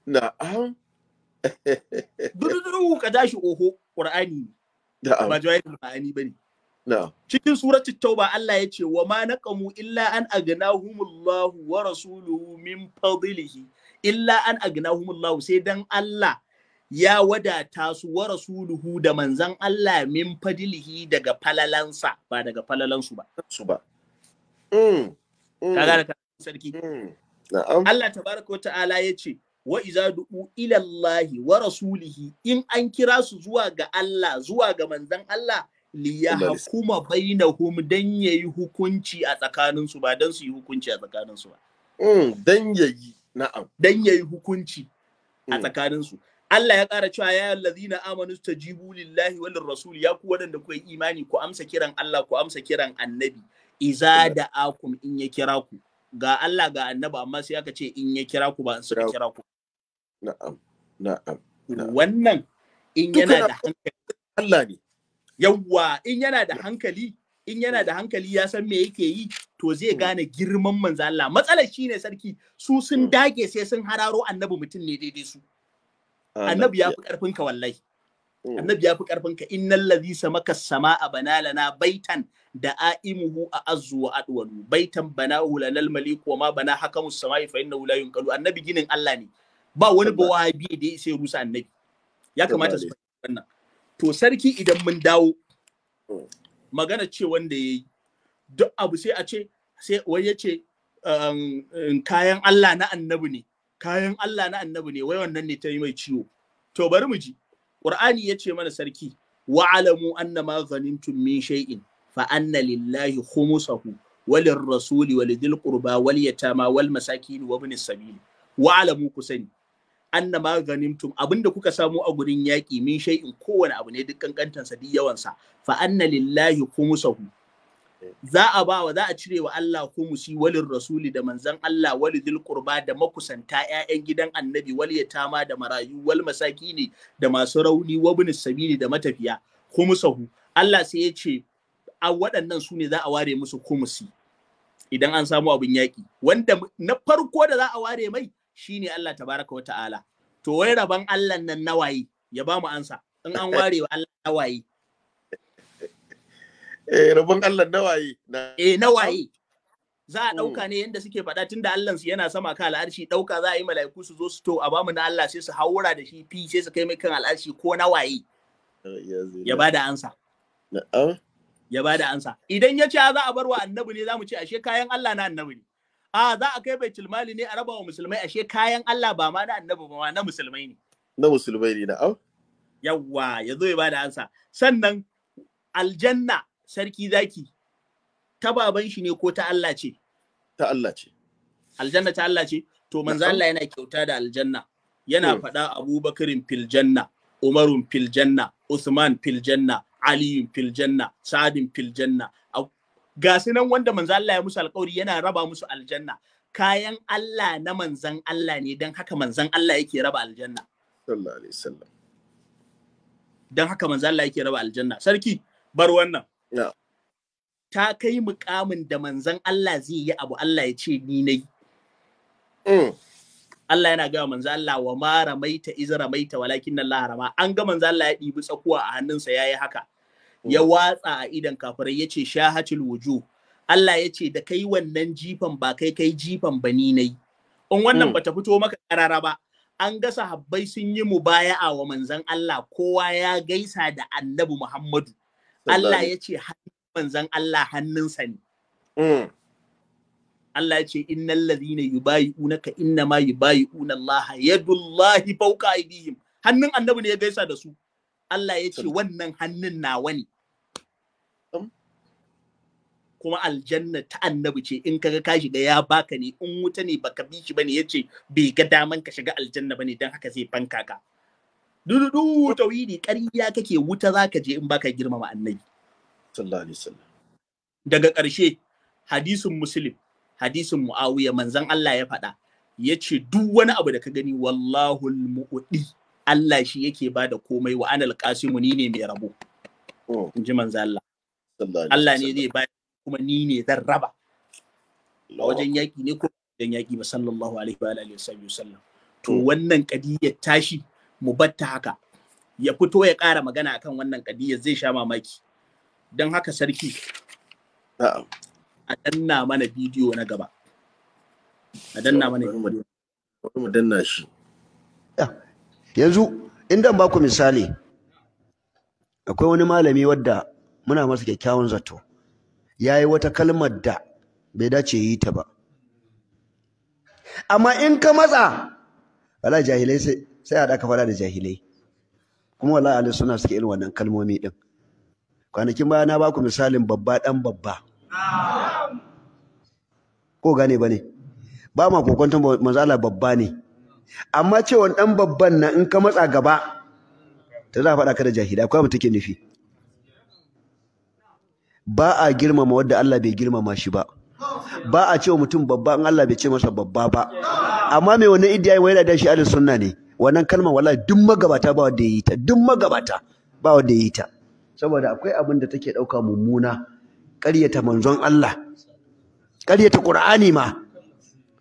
na'am dudu ka tashi oho qur'ani ba da ma'ani bane cikin surati tauba Allah ya ce wa ma naqamu illa an agnahumullahu wa rasuluhu min fadlihi illa an agnahumullahu sai dan Allah ya wadata su wa rasuluhu da manzan Allah min fadilihi daga falalansa ba daga falalansu ba su ba mm. mm. ka sarki mm, Allah tabaraka wa ta'ala ya ce wa iza du'u ila Allah wa rasulihi in an kira su zuwa ga Allah zuwa ga manzan Allah li ya hukuma bainahum dan yayi hukunci a tsakaninsu ba dan su yi hukunci a tsakaninsu ba mm, dan yayi na'am dan yayi hukunci a mm. tsakaninsu Allah ya ƙara cewa ya allazina amanu tajibu lillahi wani rasul ya ku waɗanda ku imani ku amsa kiran Allah ku amsa kiran annabi iza da akum in ya kira ku ga Allah ga annabi amma sai aka ce in ya kira ku ba ka kira ku na'am na'am wannan in yana da hankali Allah ne yawwa in yana da hankali in yana da hankali ya san me yake yi to zai mm. gane girman manzo Allah matsalar shine sarki su sun mm. dage sai sun hararo annabi mutum ne daidai su Ah, hmm. annabi ya fi karfin ka wallahi annabi ya fi karfin ka innal ladhi samaka samaa na baitan da aimuhu a azu wa adwalu baitan banahu lanal malik wa ma bana hakamu samai fa innahu la yunqalu annabi ginin Allah ne ba wani bawabi da ya sai rusa annabi ya kamata su wannan to sarki idan mun dawo hmm. magana ce wanda yayi duk abu sai a ce sai wai yace um, um, kayan Allah na annabi ne kayan Allah na annabi ne wai wannan ne ta yi mai ciwo to bari mu ji qur'ani ya ce mana sarki wa alamu anna ma ghanimtum min shay'in fa anna lillahi khumsahu walin rasuli walidil qurba wal yatama wal masakin wa ibn sabil wa alamu kusani anna ma ganimtum abinda kuka samu a gurin yaƙi min shay'in kowane abu ne duk kankantan sadi duk yawan sa fa anna lillahi za a ba wa za a cire wa Allah kumusi walin rasuli da manzan Allah wali dil qurba da makusanta ƴaƴan gidan annabi wal yatama da marayu wal masakini da masu rauni wa bin sabili da matafiya kumusahu Allah sai ya ce a waɗannan su ne za a ware musu kumusi idan an samu abin yaƙi wanda na farko da za a ware mai shine Allah tabaraka wa ta'ala to wai rabon Allah nan nawayi ya ba mu ansa in an ware wa Allah nawaye eh rabon Allah nawaye eh nawaye za a ɗauka mm. ne yadda suke faɗa tun da Allahnsu yana sama ka al'arshi ɗauka za a yi mala'iku su zo su to a bamu na Allah sai su haura da shi fi sai su kai mai kan al'arshi ko na waye ya ba da ansa ya ba da ansa idan ya ce za a bar wa annabi ne za mu ce ashe kayan Allah na annabi ne a za a kai bai tilmali ne a raba wa musulmai ashe kayan Allah ba ma na annabi ba ma na musulmai ne na musulmai ne na'am yawwa ya zo ya ba da ansa sannan aljanna sarki zaki ta baban shi ne ko ta Allah ce ta Allah ce aljanna ta Allah ce to manzo Allah yana kyauta da aljanna yana hmm. faɗa abubakarin filjanna umarun filjanna usman filjanna aliyun filjanna sadin filjanna ga su nan wanda manzo Allah ya musu alƙawari yana raba musu aljanna kayan Allah na manzan Allah ne don haka manzan Allah yake raba aljanna sallallahu alaihi wasallam don haka manzan Allah yake raba aljanna sarki bar wannan ta kai mukamin da manzan Allah zai yi abu Allah ya ce ni nayi. Mm. Allah yana gaya manzan Allah wa ma ramaita iz ramaita walakin Allah rama an ga manzan Allah ya ɗibi tsakuwa a hannunsa yi haka mm. ya watsa a idan kafirai ya ce shahatul wuju Allah ya ce da kai wannan jifan ba kai kai jifan ba ni nayi". In wannan mm. bata fito maka karara ba an ga sahabbai sun yi mubaya'a wa manzan Allah kowa ya gaisa da annabi Muhammadu. Allah ya ce manzan Allah hannunsa ne. Mm. Allah ya ce innal ladhina yubayi'unaka inna ma yubayi'una Allah yadullahi fawqa aydihim hannun annabi ne ya gaisa da su Allah ya ce wannan hannun nawa ne kuma aljanna ta annabi ce in kaga ka shiga ya baka ne in wuta ne baka bi shi bane ce bai ga daman ka shiga aljanna ne, dan haka zai fanka ka dududu tauhidi ƙarya kake wuta zaka je in baka girmama annabi sallallahu alaihi wasallam daga ƙarshe hadisin muslim hadisin muawiya manzon Allah ya faɗa yace duk wani abu da ka gani wallahul mu'di Allah shi yake bada komai wa anal qasimu ni ne mai rabo oh. in ji manzon Allah Allah ne zai bayar kuma ni ne zan raba a wajen yaƙi ne ko wajen yaƙi ba sallallahu alaihi wa alihi wasallam to hmm. wannan kadiyar tashi mu ta haka ya fito ya ƙara magana akan wannan kadiya zai sha mamaki don haka sarki a danna mana bidiyo na gaba a danna mana mu danna shi yanzu inda ba ku misali akwai wani malami wadda muna masa kyakkyawan zato ya yi wata kalmar da bai dace yi ta ba amma in ka matsa wala jahilai sai sai a da ka fada da jahilai kuma wallahi alai suna suke irin wannan kalmomi din kwanakin baya na ba ku misalin babba dan babba ko gane ba ne ba ma kokonton manzo babba ne amma cewa dan babban nan in ka matsa gaba ta za faɗa ka da jahilai akwai mu take nufi ba a girmama wadda Allah bai girmama shi ba ba a cewa mutum babba in Allah bai ce masa babba ba amma mai wannan idiyayin wai da shi ahlus sunna ne wannan kalmar wala duk magabata ba wanda yayi ta duk magabata ba wanda yayi ta saboda akwai abin da take dauka mummuna ƙaryata manzon Allah ƙaryata Qur'ani ma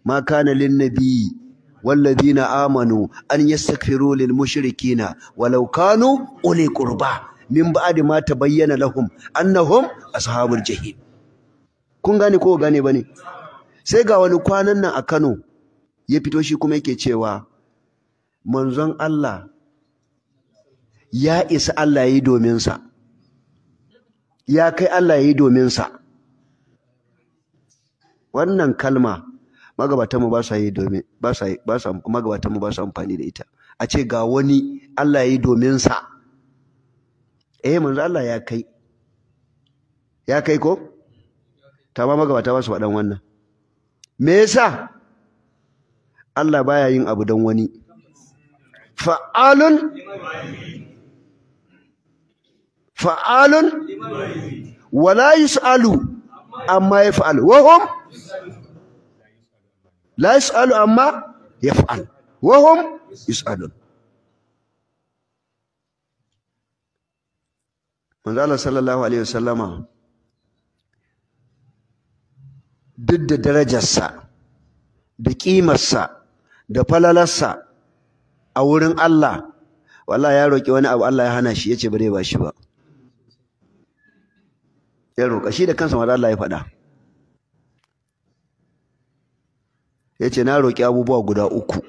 ma kana lin nabi والذين آمنوا أن يستغفروا للمشركين ولو كانوا أولي قربى من بعد ما تبين لهم أنهم أصحاب الجحيم kun gane ko gane bane sai ga wani kwanan nan a Kano ya fito shi kuma yake cewa manzon Allah ya isa Allah ya yi dominsa ya kai Allah ya yi dominsa wannan kalma magabatanmu ba sa yi domin ba sa ba sa magabatanmu ba sa amfani da ita a ce ga wani Allah ya yi dominsa eh manzon Allah ya kai ya kai ko ta ma magabata ba su faɗan wannan me yasa Allah baya yin abu don wani fa'alun fa'alun wala amma yaf'al wa hum amma yaf'al wa hum yus'alun manzo Allah sallallahu alaihi wasallama duk da darajarsa da ƙimarsa da falalarsa a wurin Allah wallahi ya roki wani abu Allah ya hana shi yace bare ba shi ba ya roka shi da kansa wanda Allah ya faɗa yace na roki abubuwa guda uku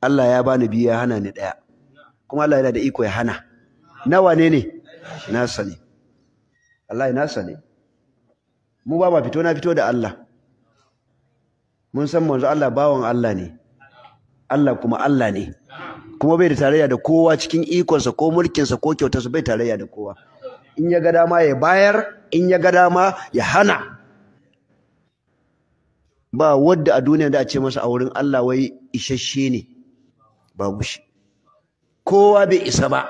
Allah ya bani biyu ya hana ni daya kuma Allah yana da iko ya hana nawa ne ne Na sani. Allah na sani. mu ba ba fito na fito da Allah mun san manzo Allah bawan Allah ne Allah kuma Allah ne kuma bai da tarayya da kowa cikin ikonsa ko mulkinsa ko kyautarsa bai tarayya da kowa in ya ga dama ya bayar in ya ga dama ya hana ba wadda a duniya da a ce masa a wurin Allah wai isasshe ne babu shi kowa bai isa ba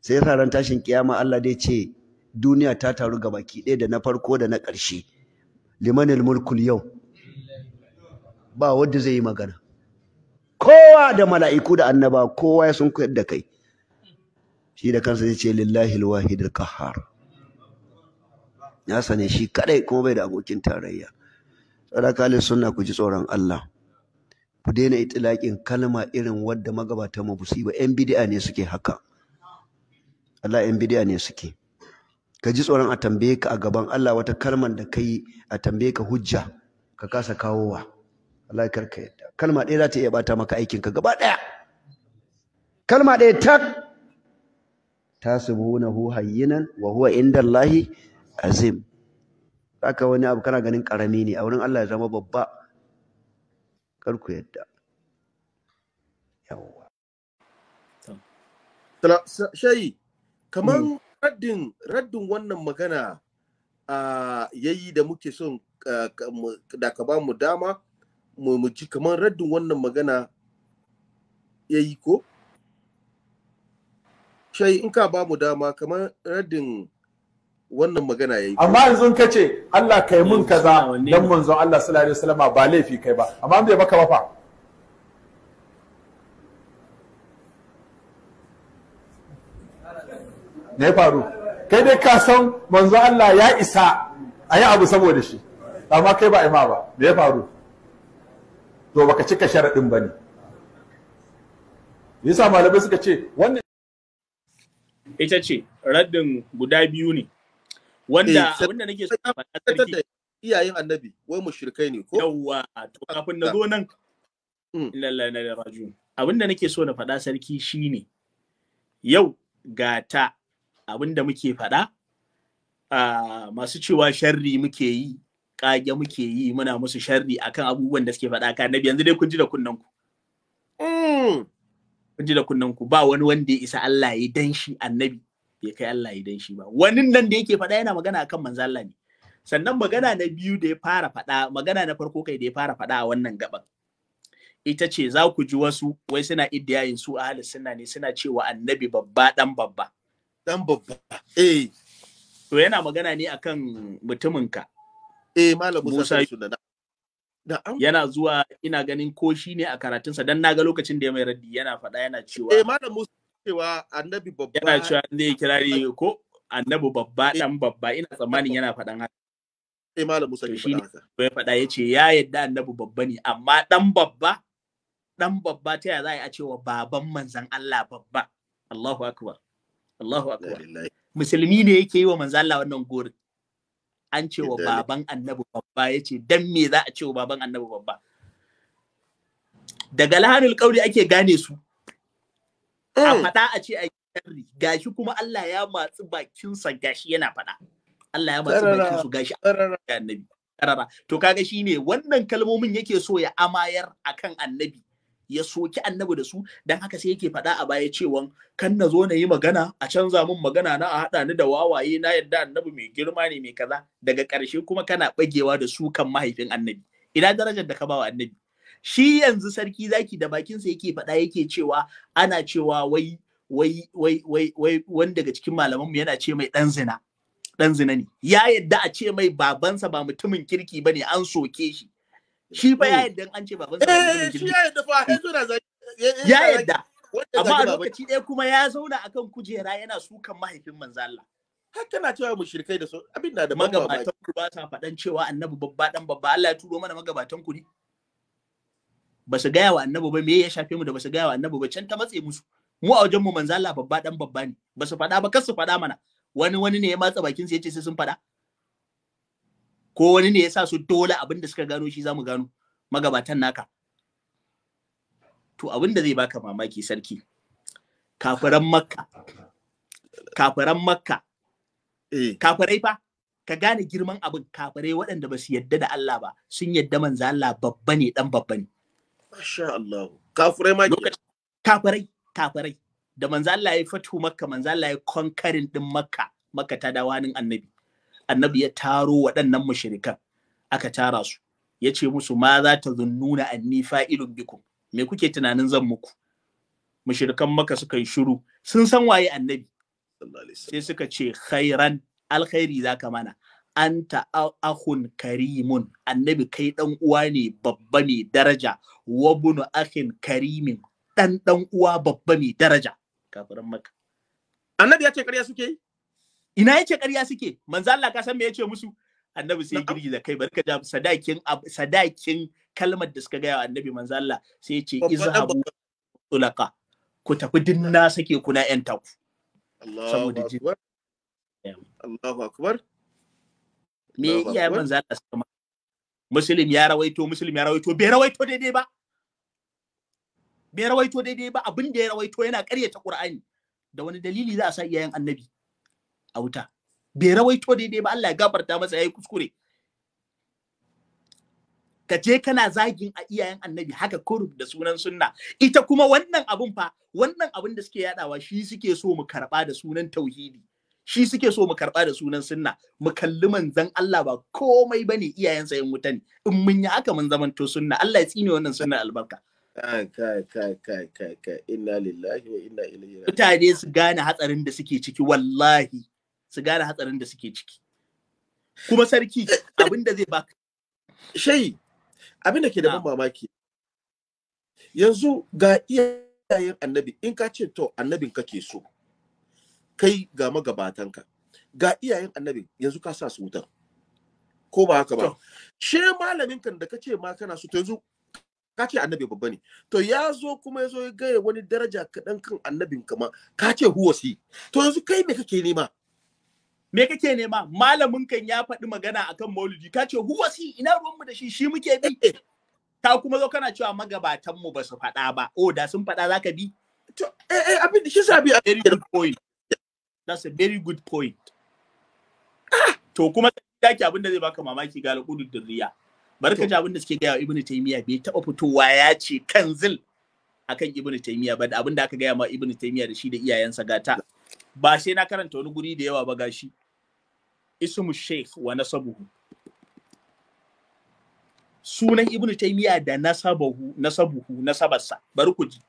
sai ya ran tashin kiyama Allah dai ce duniya ta taru ga baki ɗaya da na farko da na ƙarshe limanil mulkul yau ba wanda zai yi magana kowa da mala'iku da annaba kowa ya sun koyar da kai shi da kansa zai ce lillahi alwahid alqahhar ya sane shi kadai kuma bai da abokin tarayya sadaka sunna ku ji tsoron Allah ku daina itilakin kalma irin wadda magabatan mu ba yan bid'a ne suke haka Allah yan bid'a ne suke ka ji tsoron a tambaye ka a gaban Allah wata kalman da kai a tambaye ka hujja ka kasa kawowa wallahi karka yadda kalma ɗaya za ta iya bata maka aikin ka gaba ɗaya kalma ɗaya ta, ta na hu, hayyinan wa huwa indallahi azim haka wani abu kana ganin ƙarami ne a wurin Allah ya zama babba kar ku yadda yawwa shayi kaman hmm. raddin raddin wannan magana yayi da muke son eh, da ka ba mu dama mu kamar raddin wannan magana ya yi ko? Shai in ka ba mu dama kamar raddin wannan magana ya yi. ko. Amma yanzu ka ce Allah kai mun kaza don manzon Allah sallallahu alaihi salama ba laifi kai ba. Amma bai baka ba fa. Ne faru? Kai dai ka san manzon Allah ya isa a yi abu saboda shi. Amma kai ba ima ba. Me ya faru? to baka cika sharaɗin ba ne yasa malamai suka ce wannan ita ce raddin guda biyu ne wanda eh, abinda nake so a faɗa sarki iyayen annabi wai mushrikai ne ko yawa to kafin na zo nan mm. lallai na raju abinda nake so na faɗa sarki shine yau ga ta abinda muke faɗa ah, masu cewa sharri muke yi kage muke yi muna musu sharri akan abubuwan da suke faɗa ka nabi yanzu dai kun ji da kunnan ku hmm. kun ji da kunnan ku ba wani wanda ya isa Allah ya dan shi annabi bai kai Allah ya dan shi ba wani nan da yake faɗa yana magana akan manzo Allah ne sannan magana na biyu da ya fara faɗa magana na farko kai da ya fara faɗa a wannan gaban ita ce za ku ji wasu wai suna iddiyayin su ahli sunna ne suna cewa annabi babba dan babba dan babba eh to yana magana ne akan mutuminka eh malam Musa Sunana yana zuwa ina ganin ko shi ne a karatunsa dan naga lokacin da ya mai raddi yana faɗa yana cewa eh malam Musa cewa annabi babba yana cewa zai kirari ko annabi babba eh. dan babba ina tsammanin yana faɗan haka eh malam Musa shi ne ya faɗa yace ya yadda annabi babba ne amma dan babba dan babba ta yaya za a cewa baban manzan Allah babba Allahu akbar Allahu akbar musulmi ne yake yi wa manzan Allah wannan gori an ce wa baban annabi babba ya ce dan me za a ce wa baban annabi babba daga lahanul kauri ake gane su a eh. faɗa a ce a sharri gashi kuma Allah ya matsi bakinsa gashi yana faɗa Allah ya matsi bakinsu gashi annabi karara to kaga shine wannan kalmomin yake so ya amayar akan annabi ya soki annabi da su dan haka sai yake faɗa a baya cewa kan na zo na yi magana a canza mun magana na a haɗa ni da wawaye na yadda annabi mai girma ne mai kaza daga ƙarshe kuma kana bagewa da su kan mahaifin annabi ina darajar da ka ba wa annabi shi yanzu sarki zaki da bakinsa yake faɗa yake cewa ana cewa wai wai wai wai wai wani daga cikin malamanmu yana ce mai ɗan zina ɗan zina ne ya yadda a ce mai babansa ba mutumin kirki bane an soke shi shi fa ya eh. yadda an ce baban sa eh shi ya yadda fa ya zo da ya yadda amma a lokaci ɗaya kuma ya zauna akan kujera yana sukan mahaifin manzo har kana cewa mushrikai da su abin da da magabatan ku ba sa faɗan cewa annabi babba dan babba Allah ya turo mana magabatan ku ne ba su gaya wa annabi ba me ya shafe mu da ba su gaya wa annabi ba can ta matse musu mu a wajen mu manzo babba dan babba ne ba su faɗa ba kar su faɗa mana wani wani ne ya matsa bakin sa yace sai sun faɗa ko wani ne ya sa su dole abin da suka gano shi zamu gano magabatan naka to abin da zai baka mamaki sarki kafiran makka kafiran makka eh. kafirai fa ka gane girman abin kafirai waɗanda ba su yadda da Allah ba sun yadda manzo Allah babba ne dan babba ne masha Allah kafirai ma kafirai kafirai da manzo Allah ya fatu makka manzo Allah ya konkarin din makka makka ta dawanin annabi annabi ya taro waɗannan mushirikan aka tara su ya ce musu ma za ta zunnuna anni fa'ilun bikum me kuke tunanin zan muku Mushirikan maka suka yi shiru sun san waye annabi sai suka ce khairan alkhairi ka mana anta ahun karimun annabi kai ɗan uwa ne babba mai daraja Wabunu bunu karimin dan dan uwa babba mai daraja kafirin maka annabi ya ce karya suke yi ina yake ƙarya suke manzo Allah ka san me yace musu annabi sai girgiza kai barka da sadakin sadakin kalmar da suka gaya wa annabi manzo Allah sai yace izhabu tulaka ku tafi dinna sake kuna yan taku saboda ji Allahu akbar me iya manzo Allah suka ma muslim ya rawaito muslim ya rawaito bai rawaito daidai ba bai rawaito daidai ba abin da ya rawaito yana ƙaryata Qur'ani da wani dalili za a sa iyayen annabi a wuta bai rawaito daidai ba Allah ya gafarta masa yayi kuskure ka je kana zagin a iyayen annabi haka kurub da sunan sunna ita kuma wannan abun fa wannan abun da suke yadawa shi suke so mu karba da sunan tauhidi shi suke so mu karba da sunan sunna mu kalli manzon Allah ba komai bane sa yan wuta ne in mun yi haka mun zamanto sunna Allah ya tsine wannan sunna albarka kai kai kai kai kai inna lillahi wa inna ilaihi raji'un mutane su gane hatsarin da suke ciki wallahi su gane hatsarin da suke ciki kuma sarki abin da zai baka shayi abin da ke da ban mamaki yanzu ga iyayen annabi in ka ce to annabin kake so kai ga magabatanka ga iyayen annabi yanzu ka sa su wutar ko ba haka ba she malamin kan da kace ma kana so to yanzu ka ce annabi babba ne to ya zo kuma ya zo ya gaya wani daraja kaɗan kan annabin kama ka ce huwasi to yanzu kai me kake nema me kake nema malamin kan ya faɗi magana akan maulidi ka ce huwasi ina ruwanmu da shi shi muke bi ta kuma zo kana cewa magabatan mu ba su faɗa ba o da sun faɗa zaka bi to eh eh abin da shi sabi a very good point that's a very good point ah! to kuma daki abin da zai baka mamaki ga alƙudu dirriya barka ji abin da suke gaya wa ibnu taymiya bai taɓa fitowa ya ce kanzil akan ibnu taymiya ba da abin da aka gaya ma ibnu taymiya da shi da iyayensa gata ba sai na karanta wani guri da yawa ba gashi ismu sheikh wa nasabuhu sunan ibnu taymiya da nasabuhu nasabuhu nasabarsa bari ku ji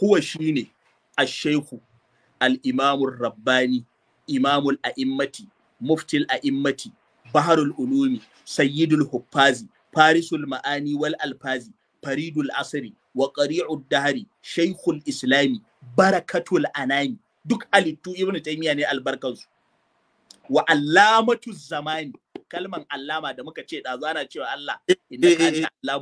huwa shine ash-shaykhu al-imamu rabbani imamul a'immati muftil a'immati baharul ulumi sayyidul huffazi farisul ma'ani wal alfazi faridul asri wa qari'ud dahri shaykhul islami barakatul anami duk alittu ibnu taimiya ne albarkansu wa alamatu zamani kalman allama da muka ce ɗazu ana cewa Allah inda ka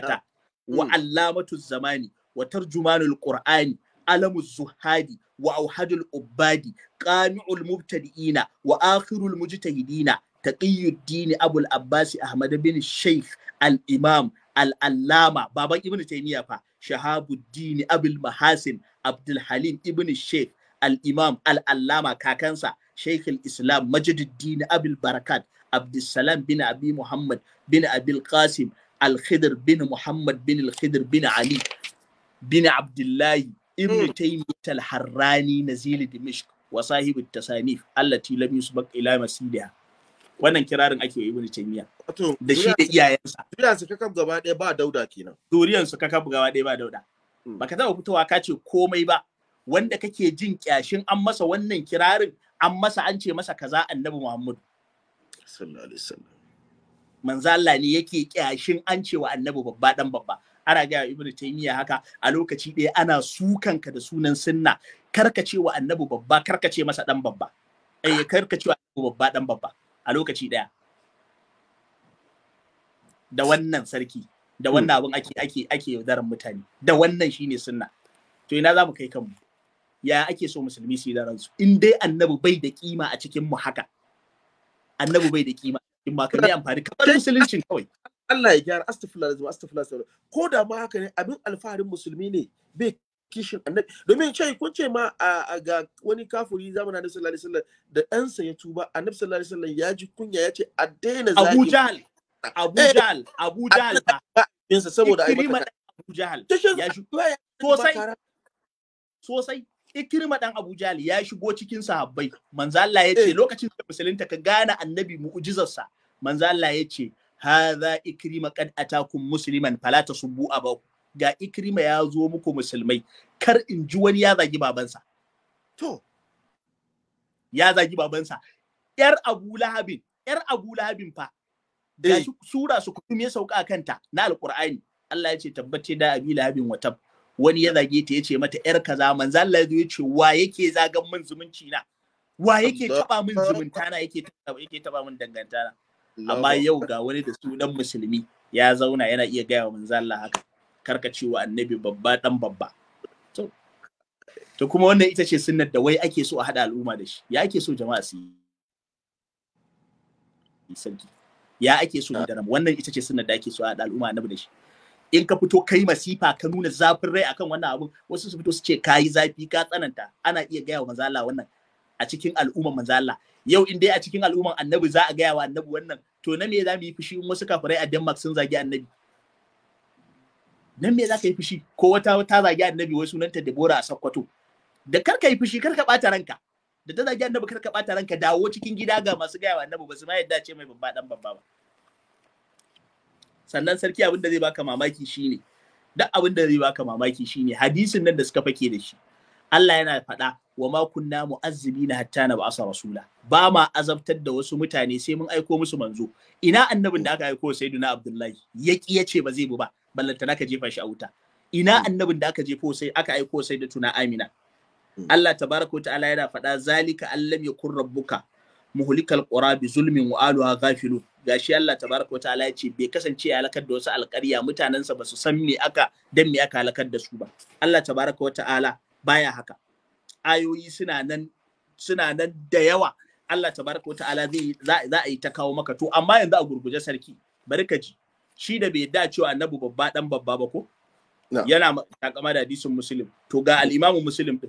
ta wa alamatu zamani wa tarjumanul qur'ani alamu zuhadi wa auhadul ubbadi qami'ul mubtadi'ina wa akhirul mujtahidina taqiyuddin abul abbasi ahmad bin shaykh al imam al allama baban ibnu taymiya fa shahabuddin abul mahasin abdul halim ibnu shaykh al'imam al’allama kakansa sheikhul islam majiduddin abil barakat abdussalam bin abi muhammad bin abil qasim al-khidr bin muhammad bin al-khidr bin ali bin abdullahi ibn hmm. taymiyyah al-harrani nazil dimishq wa sahibu tasanif allati lam yusbaq ila masidiha wannan kirarin ake ibn taymiyyah da shi da iyayensa su kakab gaba daya ba dauda kenan su kakab gaba daya ba dauda hmm. baka taba fitowa ka ce komai ba wanda kake jin kyashin an masa wannan kirarin an masa an ce masa kaza annabi Muhammadu sallallahu alaihi wasallam manzo Allah ne yake kyashin an ce wa annabi babba dan babba ana ga ibnu taymiya haka a lokaci ɗaya ana sukan ka da sunan sunna ce wa annabi babba ce masa dan babba eh ce wa annabi babba dan babba a lokaci ɗaya da wannan sarki da wannan hmm. abin ake ake ake yaudaran mutane da wannan shine sunna to ina za mu kai kanmu ya ake so musulmi su yi da ransu in dai annabi bai da kima a cikin mu haka annabi bai da kima in ka kai amfani kamar musulunci kawai Allah ya gyara astaghfirullah azim astaghfirullah ko da ma haka ne abin alfaharin musulmi ne bai kishin annabi domin ce kun ce ma ga wani kafuri zamanin annabi sallallahu alaihi wasallam da ɗansa ya tuba annabi sallallahu alaihi wasallam ya ji kunya ya ce a daina zaki Abu Jahl eh, Abu Jahl Abu Jahl ba saboda ai Abu Jahl ya shi sosai sosai ikirma dan Abu Jali ya shigo cikin sahabbai manzo Allah ya ce eh. lokacin da musulunta ka gane annabi mu'jizarsa manzo Allah ya ce hadha ikrima qad atakum musliman fala tasubbu abahu ga ikrima ya zo muku musulmai kar in ji wani ya zagi babansa to ya zagi babansa yar Abu Lahabin yar Abu Lahabin fa da eh. sura su kuma ya sauka kanta na alqur'ani Allah ya ce tabbace da abi lahabin watab wani ya zage ta ce mata yar kaza manzo Allah ya ce wa yake zagan min zumunci na wa yake taba min zumunta na yake taba yake taba min danganta na amma yau ga wani da sunan musulmi ya zauna yana iya gaya wa manzo Allah haka karka wa annabi babba dan babba to kuma wannan ita ce sunnar da wai ake so a haɗa al'umma da shi ya ake so jama'a su yi ya ake so da wannan ita ce sunnar da ake so a haɗa al'umma annabi da shi in ka fito kai masifa ka nuna zafin rai akan wannan abun wasu su fito su ce kayi zafi ka tsananta ana iya gaya wa manzala wannan a cikin al'umman manzala yau in dai a cikin al'umman annabi za a gaya wa annabi wannan to na me za mu yi fushi in wasu kafirai a Denmark sun zagi annabi nan me za ka yi fushi ko wata ta zagi annabi wai sunanta Debora a Sokoto da kar ka yi fushi kar ka bata ranka da ta zagi annabi kar ka bata ranka dawo cikin gida ga masu gaya wa annabi ba su ma yadda ce mai babba dan babba ba sannan sarki abin da zai baka mamaki shine duk abin da zai baka mamaki shine hadisin nan da suka fake da shi Allah yana faɗa wa ma kunna na hatta na ba'asa rasula ba ma azabtar da wasu mutane sai mun aiko musu manzo ina annabin da aka aiko sayyiduna abdullahi yaki ce ba zai bu ba na ka jefa shi a wuta ina hmm. annabin da aka jefo sai aka aiko sai da tuna amina hmm. Allah tabaraka wa ta'ala yana faɗa zalika allam yakun rabbuka muhlikal qura bi zulmin wa aluha ghafilun gashi Allah tabaraka wa ta'ala ce bai kasance ya halakar da wasu alƙarya mutanensa ba su san me aka dan me aka halakar da su ba Allah tabaraka wa ta'ala baya haka ayoyi suna nan suna nan da yawa Allah tabaraka wa ta'ala zai za a yi ta kawo maka to amma yanzu a gurguje sarki bari ka ji shi da bai da cewa annabi babba dan babba ba ko yana takama da hadisin muslim to ga al-imamu muslim din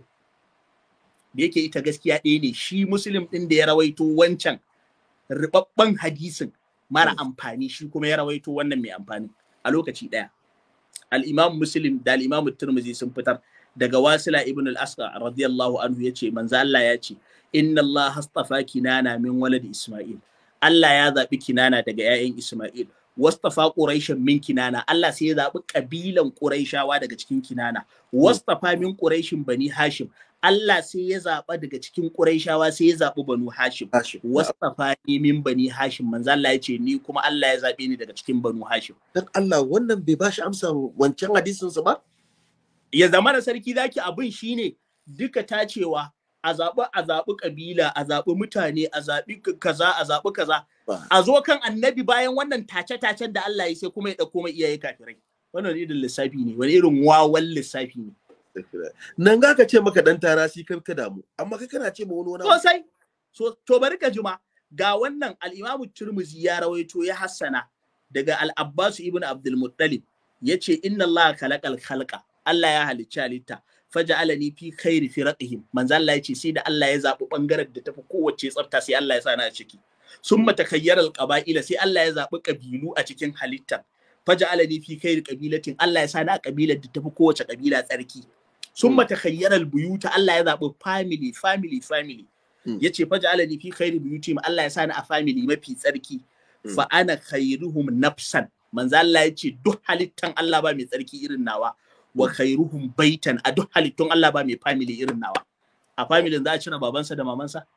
da yake ita gaskiya ɗaya ne shi muslim ɗin da ya rawaito wancan ribabban hadisin mara mm. amfani shi kuma ya rawaito wannan mai amfani a lokaci ɗaya Al'imam imam muslim da al-imam sun fitar daga wasila ibn al-asqa radiyallahu anhu yace manzo Allah ya ce inna Allah hastafa kinana min waladi isma'il Allah ya zaɓi kinana daga ƴaƴan isma'il wastafa quraishan min kinana Allah sai ya zaɓi ƙabilan quraishawa daga cikin kinana mm. wastafa min quraishin bani hashim Allah sai ya zaɓa daga cikin Qurayshawa sai ya zaɓi Banu Hashim. Wasu ni min Bani Hashim manzo Allah ya ce ni kuma Allah ya zaɓe ni daga cikin Banu Hashim. Dan Allah wannan bai bashi amsa wancan hadisin sa ba? Ya zama da sarki zaki abin shine duka tacewa a zaɓi a zaɓi kabila a zaɓi mutane a zaɓi kaza a zaɓi kaza. A zo kan annabi bayan wannan tace-tacen da Allah ya sai kuma ya ɗauko mai iyaye kafirai. Wannan irin lissafi ne, wani irin wawan lissafi ne. nan ga ka ce maka dan shi kar ka damu amma kai kana ce ma wani wani sosai so to bari ka juma ga wannan al-Imam Tirmidhi ya rawaito ya hassana daga al-Abbas ibn Abdul Muttalib yace inna Allah khalaqal khalqa Allah ya halicci halitta faj'alani fi khairi firaqihim manzo Allah yace sai da Allah ya zabi bangaren da tafi kowace tsafta sai Allah ya sa na ciki sun matakayyar alƙaba'ila sai Allah ya zaɓi ƙabilu a cikin halitta faja alani fi kai kabilatin Allah ya sa na ƙabilar da tafi kowace ƙabila tsarki sun mata khayyarar buyuta Allah ya zaɓi family family family ya ce faja alani fi khairu buyuti Allah ya sani a family mafi tsarki fa ana khairuhum nafsan manzo Allah ya ce duk halittan Allah ba mai tsarki irin nawa wa khairuhum baitan a duk halittun Allah ba mai family irin nawa a family za a cina babansa da mamansa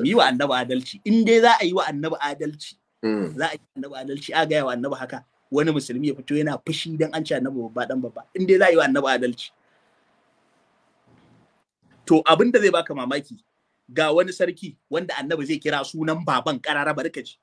yi wa annabi adalci in dai za a yi wa annabi adalci za a yi annabi adalci a gaya wa annabi haka wani musulmi ya fito yana fushi dan an ce annabi babba dan babba in dai za yi wa annabi adalci to abin da zai baka mamaki ga wani sarki wanda annabi zai kira sunan baban karara barkaci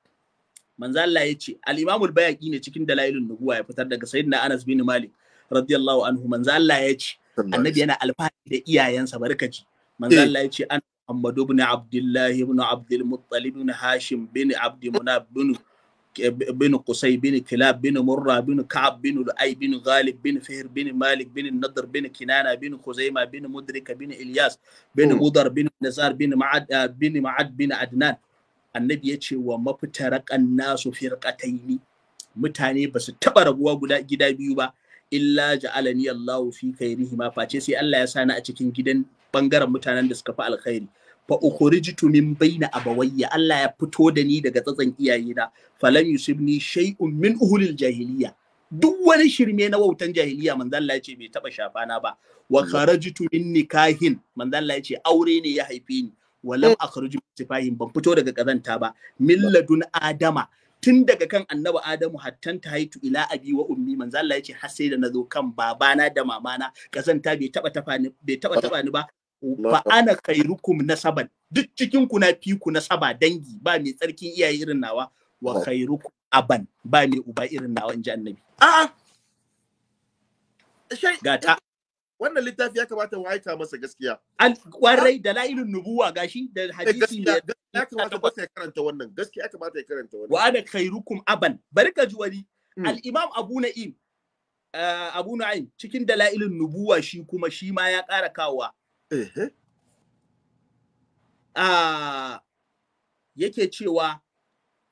manzo Allah ya ce al-imamul bayaqi ne cikin dalailun nubuwa ya fitar daga sayyidina Anas bin Malik radiyallahu anhu manzo Allah ya ce annabi yana alfahari da iyayensa barkaci manzo eh. Allah ya ce an Muhammad ibn Abdullah ibn Abdul Muttalib ibn Hashim bin Abd Munab bin بن قصي بن كلاب بن مرة بن كعب بن لؤي بن غالب بن فهر بن مالك بن النضر بن كنانة بن خزيمة بن مدرك بن إلياس بن مضر بن نزار بن معد بن معد بن annabi ya ce wa mafitarakan nasu ni? mutane ba su taba rabuwa guda gida biyu ba illa ja'alani Allahu fi khairihi ma face sai Allah ya sani a cikin gidan bangaren mutanen da suka fi alkhairi fa ukhrijtu min baina abawayya Allah ya fito da ni daga tsatsan iyayena falam yusibni shay'un min uhulil jahiliya duk wani shirme na wautan jahiliya manzo Allah ya ce bai taba na ba wa kharajtu min nikahin manzo Allah ya ce aure ne ya haife ni walam akhruju tifahin ban fito daga kazanta ba milladun adama tun daga kan annabi adamu hattan ta haitu ila abi wa ummi manzo Allah ya ce har sai da nazo kan babana da mamana kazanta bai taba tafa bai taba taba ni ba fa ana khairukum nasaban duk cikin ku na fi ku nasaba dangi ba mai tsarkin iyaye irin nawa wa khairukum aban ba mai uba irin nawa inji annabi a'a shai gata wannan littafi ya kamata mu aika masa gaskiya an kwarai da la'ilun nubuwa gashi da hadisi ne ya kamata ya karanta wannan gaskiya ya kamata ya karanta wannan wa ana khairukum aban bari ka ji wani hmm. al-imam abu na'im eh, abu na'im cikin dala'ilun nubuwa shi kuma shi ma ya kara kawa Ah, yake cewa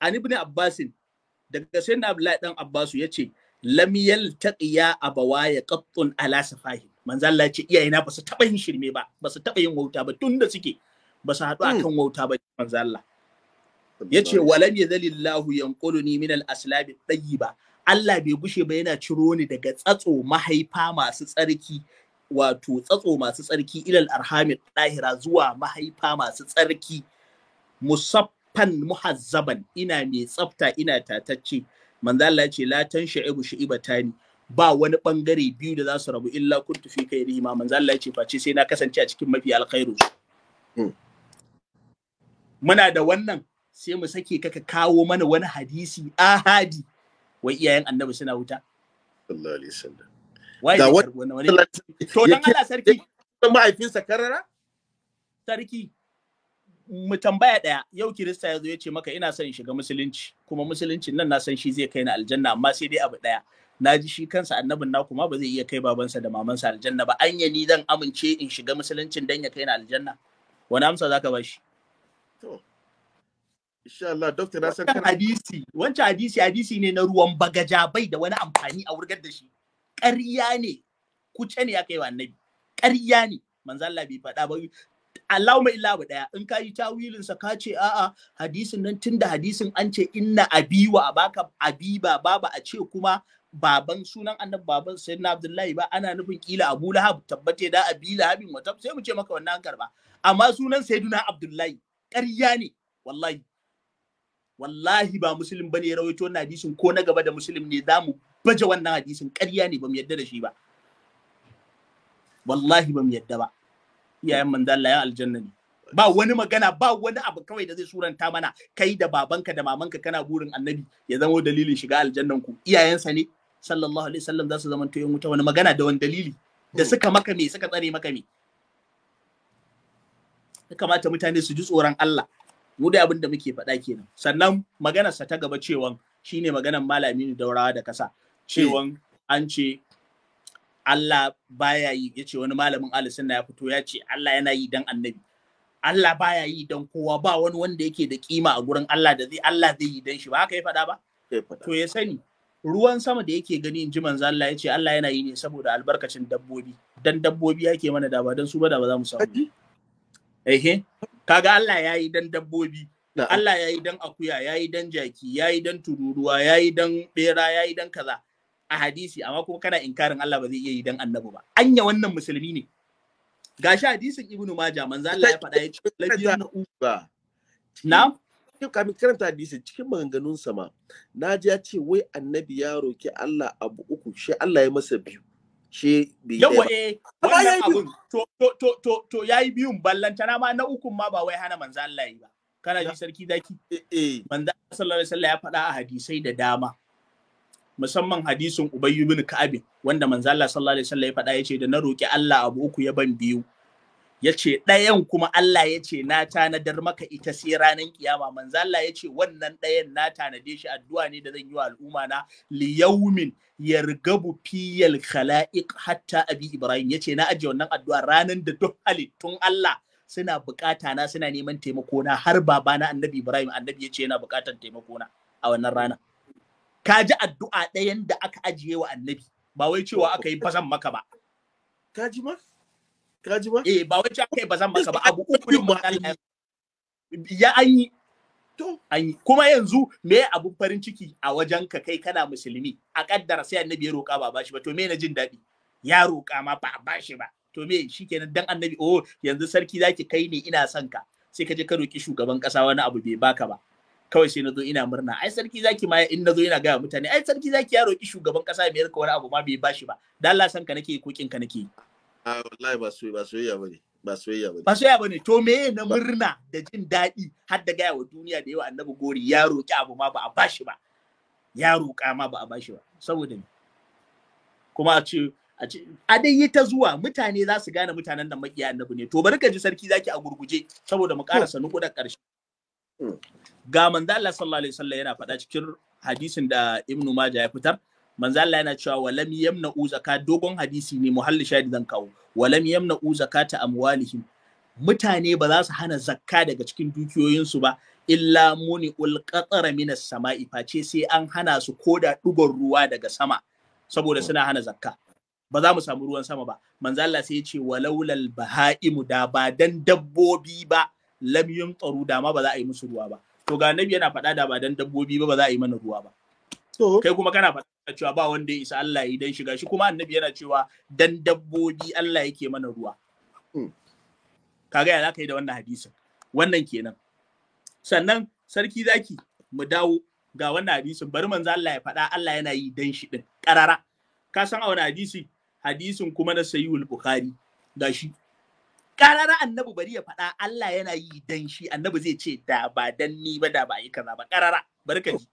an ibn abbasin daga na abdullahi dan abbasu yace lam yaltaqiya ya qattun ala safahi manzo Allah yace iyayena ba su taba yin shirme ba ba su taba yin wauta ba tunda suke ba su haɗu akan hmm. wauta ba manzo Allah yace walam yadhillahu yanquluni min al-aslabi tayyiba Allah bai bushe ba yana ciro ni daga tsatso mahaifa masu tsarki wato tsatso masu tsarki ilal arhamin ɗahira zuwa mahaifa masu tsarki musaffan muhazzaban ina mai tsafta ina tatacce manzo Allah ce sha'iba ta ni ba wani bangare biyu da za su rabu illa kun tufi kai rihima manzo Allah ce face sai na kasance a cikin mafi alkhairu hmm. muna da wannan sai mu sake kaka kawo mana wani hadisi ahadi wai iyayen annabi suna wuta alaihi Wai da wani To dan Allah sarki. Mahaifinsa karara? Sarki. Mu tambaya ɗaya yau Kirista ya zo ya ce maka ina son in shiga musulunci kuma musuluncin nan na san shi zai kai ni aljanna amma sai dai abu ɗaya. na ji shi kansa annabin na kuma ba zai iya kai babansa da mamansa aljanna ba anya ni zan amince in shiga musuluncin dan ya kai na aljanna wani amsa za ka ba shi to insha Allah doctor na san hadisi wancan hadisi hadisi ne na ruwan bagaja bai da wani amfani a wurgar da shi ƙarya ne kuce ne ya kai wa annabi ƙarya ne manzo Allah bai faɗa ba illa bu daya in ka yi tawilin sa ka ce a'a hadisin nan tunda hadisin an ce inna abiwa abaka abiba baba a ce kuma baban sunan annabi baban sayyidina abdullahi ba ana nufin kila abu lahab tabbate da abi lahabin wata sai mu ce maka wannan karba amma sunan sayyidina abdullahi ƙarya ne wallahi wallahi ba musulun bane ya rawaito wannan hadisin ko na gaba da musulun ne za baje wannan hadisin ƙarya ne ba mu yadda da shi ba wallahi ba mu yadda ba iyayen manzo Allah ya aljanna ne ba wani magana ba wani abu kawai da zai suranta mana kai da babanka da mamanka kana burin annabi ya zama dalilin shiga aljannan ku iyayensa ne sallallahu alaihi wasallam za su zama to wuta wani magana da wani dalili da suka maka me suka tsare maka me ya kamata mutane su ji tsoron Allah mu da abin da muke faɗa kenan sannan maganarsa ta gaba cewa shine maganar malami daurawa da kasa cewan eh. an ce Allah baya yi ya ce wani malamin alisunna ya fito ya ce Allah yana yi dan annabi Allah baya yi dan kowa ba wani wanda yake da kima a gurin Allah da zai Allah zai yi dan shi ba haka ya faɗa ba to ya sani ruwan sama da yake gani in ji manzo Allah ya ce Allah yana yi ne saboda albarkacin dabbobi dan dabbobi yake mana da ba dan su ba da ba za mu samu ehe kaga Allah ya yi dan dabbobi Allah ya yi dan akuya ya yi dan jaki ya yi dan tururuwa ya yi dan bera ya yi dan kaza a hadisi amma kuma kana inkarin Allah ba zai iya yi dan annabi ba anya wannan musulmi ne gashi hadisin ibnu majah manzo Allah ya faɗa ya labiyan na uba na kafin karanta hadisi cikin maganganun sama na ji ya ce wai annabi ya roki Allah abu uku shi Allah ya masa biyu shi bai yawa eh wannan abu to to to to to yayi biyun na ma na ukun ma ba wai hana manzo Allah yi ba kana ji sarki zaki eh, eh. manzo sallallahu alaihi wasallam ya faɗa a hadisai da dama musamman hadisin Ubayyu bin Ka'ab wanda manzo Allah sallallahu alaihi wasallam ya faɗa yace da na roki Allah abu uku ya ban biyu yace ɗayan kuma Allah yace na tanadar maka ita sai ranan kiyama manzo Allah yace wannan ɗayan na tanade shi addu'a ne da zan yi wa al'umma na li yaumin yargabu fiyal khala'iq hatta abi ibrahim yace na aje wannan addu'a Ranan da duk halittun Allah suna bukata na suna neman taimako na har babana annabi ibrahim annabi yace yana bukatan taimako na a wannan rana ka ji addu'a ɗayan da aka ajiye wa annabi ba wai cewa aka yi bazan maka ba ka ji ma ka ji ma eh ba wai cewa aka yi bazan maka ba abu uku ne ya an yi to an yi kuma yanzu me abun farin ciki a wajen ka kai kana musulmi a kaddara sai annabi ya roƙa ba bashi ba to me na jin daɗi ya roƙa ma ba bashi ba to me shikenan dan annabi oh yanzu sarki zaki kai ne ina son ka sai ka je ka roki shugaban kasa wani abu bai baka ba kawai sai nazo ina murna ai sarki zaki ma in nazo ina gaya mutane ai sarki zaki ya roki shugaban kasa mai rika wani abu ma bai bashi ba dan Allah san ka nake kokin ka nake a ah, wallahi ba soyayya ba soyayya bane ba soyayya bane ba soyayya bane to me na murna da jin daɗi har da gaya wa duniya da yawa annabi gori ya roki abu ma ba a bashi ba ya roka ma ba a bashi ba saboda ni, kuma a ce a dai yi ta zuwa mutane za su gane mutanen da makiya annabi ne to bari ka ji sarki zaki a gurguje saboda mu karasa nuku da ƙarshe hmm. ga manzo Allah sallallahu alaihi wasallam yana faɗa cikin hadisin da Ibn Majah ya fitar manzo Allah yana cewa walam yamna uzaka dogon hadisi ne muhalli shahid zan kawo walam uzaka ta amwalihim mutane ba za su hana zakka daga cikin dukiyoyinsu ba illa muni qatara minas sama'i face sai an hana su koda dugon ruwa daga sama saboda suna hana zakka ba za mu samu ruwan sama ba manzo Allah sai ya ce walaulal baha'imu da ba dan dabbobi ba lam yumtaru da ma ba za a yi musu ruwa ba to ga annabi yana faɗa da ba dan dabbobi ba ba za a yi mana ruwa ba kai kuma kana faɗa cewa ba wanda ya isa Allah ya dan shiga shi kuma annabi yana cewa dan dabbobi Allah yake mana ruwa hmm. kaga ya zaka yi da wannan hadisin wannan kenan sannan sarki zaki mu dawo ga wannan hadisin bari manzo Allah ya faɗa Allah yana yi dan shi din karara ka san a wani hadisi hadisin kuma na sayyul bukhari gashi karara annabi bari ya faɗa Allah yana yi dan shi annabi zai ce da ba dan ni ba da ba yi kaza ba karara bari ka ji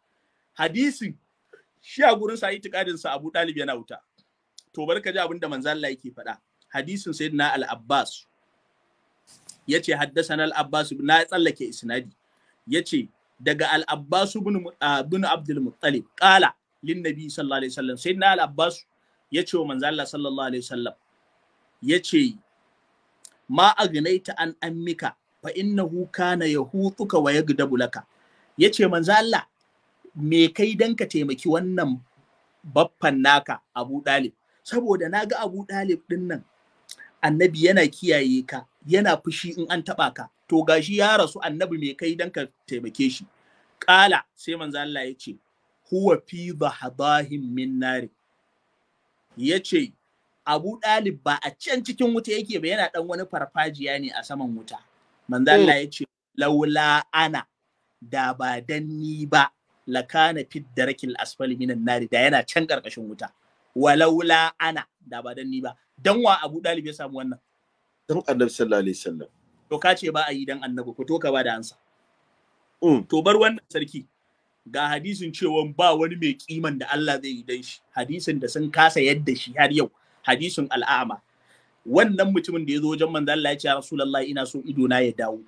hadisi shi a gurin sa itikadin sa Abu Talib yana wuta to bari ka ji abinda manzo Allah yake faɗa hadisin sayyidina al-Abbas yace haddathana al-Abbas na tsallake isnadi yace daga al-Abbas ibn ah, Abdul Muttalib qala lin nabi sallallahu alaihi wasallam sayyidina al-Abbas yace wa manzo Allah sallallahu alaihi wasallam yace ma agnaita an ammika fa innahu kana yahutuka wa yagdabu laka yace manzo Allah me kai dan ka taimaki wannan baffan naka Abu Dalib saboda naga Abu Dalib din nan annabi yana kiyaye ka yana fushi in an taba ka to gashi ya rasu annabi me kai dan ka taimake shi kala sai manzo Allah yace huwa fi dhahdahin min nari yace Abu Dalib ba a can cikin wuta yake ba yana dan wani farfajiya ne a saman wuta. Manzo Allah ya ce laula ana da ba dan ni ba lakana fid darakil asfali minan nari da yana can karkashin wuta. Walaula ana da ba dan ni ba. Dan wa Abu Dalib ya samu wannan? Dan Annabi sallallahu alaihi wasallam. To ka ce ba a yi dan Annabi ko to ka ba da ansa. Mm. To bar wannan sarki. ga hadisin cewa ba wani mai kiman da Allah zai yi dan shi hadisin da sun kasa yadda shi har yau hadisin al'ama wannan mutumin da ya zo wajen manzo Allah ya ce ya rasulullahi ina so ido na ya dawo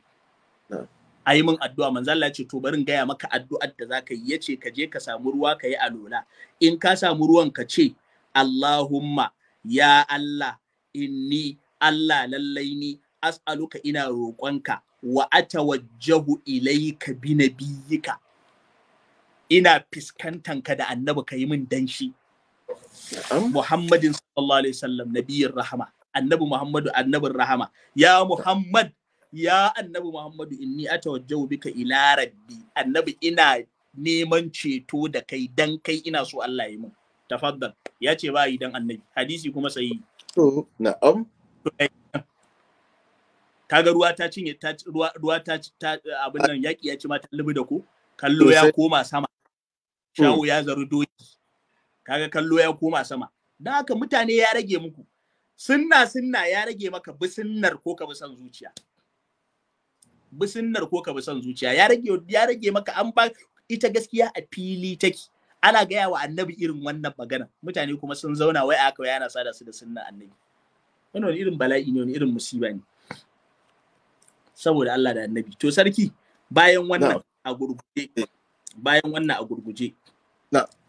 a yi min addu'a manzo Allah ce to barin gaya maka addu'ar da zaka yi yace ka je ka samu ruwa ka yi alola in ka samu ruwan ka ce Allahumma ya Allah inni Allah lallai ni as'aluka ina roƙonka wa atawajjahu ilayka bi nabiyyika ina fiskantanka da annabi ka yi min danshi Muhammadin sallallahu alaihi wasallam nabiyin rahama annabi Muhammadu annabin rahama ya Muhammad ya annabi Muhammadu inni atawajjahu bika ila rabbi annabi ina neman ceto da kai dan kai ina so Allah ya mun tafaddal ya ce ba yi dan annabi hadisi kuma sai to na'am kaga ruwa ta cinye ta ruwa ruwa ta abin nan yaki ya ci ma ta da ku kallo ya koma sama shawo ya zaru doki kaga kallo ya koma sama don haka mutane ya rage muku sunna sunna ya rage maka bisinnar ko ka bi son zuciya bisinnar ko ka bi san zuciya ya rage ya rage maka an ba ita gaskiya a fili take ana gaya wa annabi irin wannan magana mutane kuma sun zauna wai aka yana sada su da sunnan annabi wannan wani irin bala'i ne wani irin musiba ne saboda Allah da annabi to sarki bayan wannan a gurguje bayan wannan a gurguje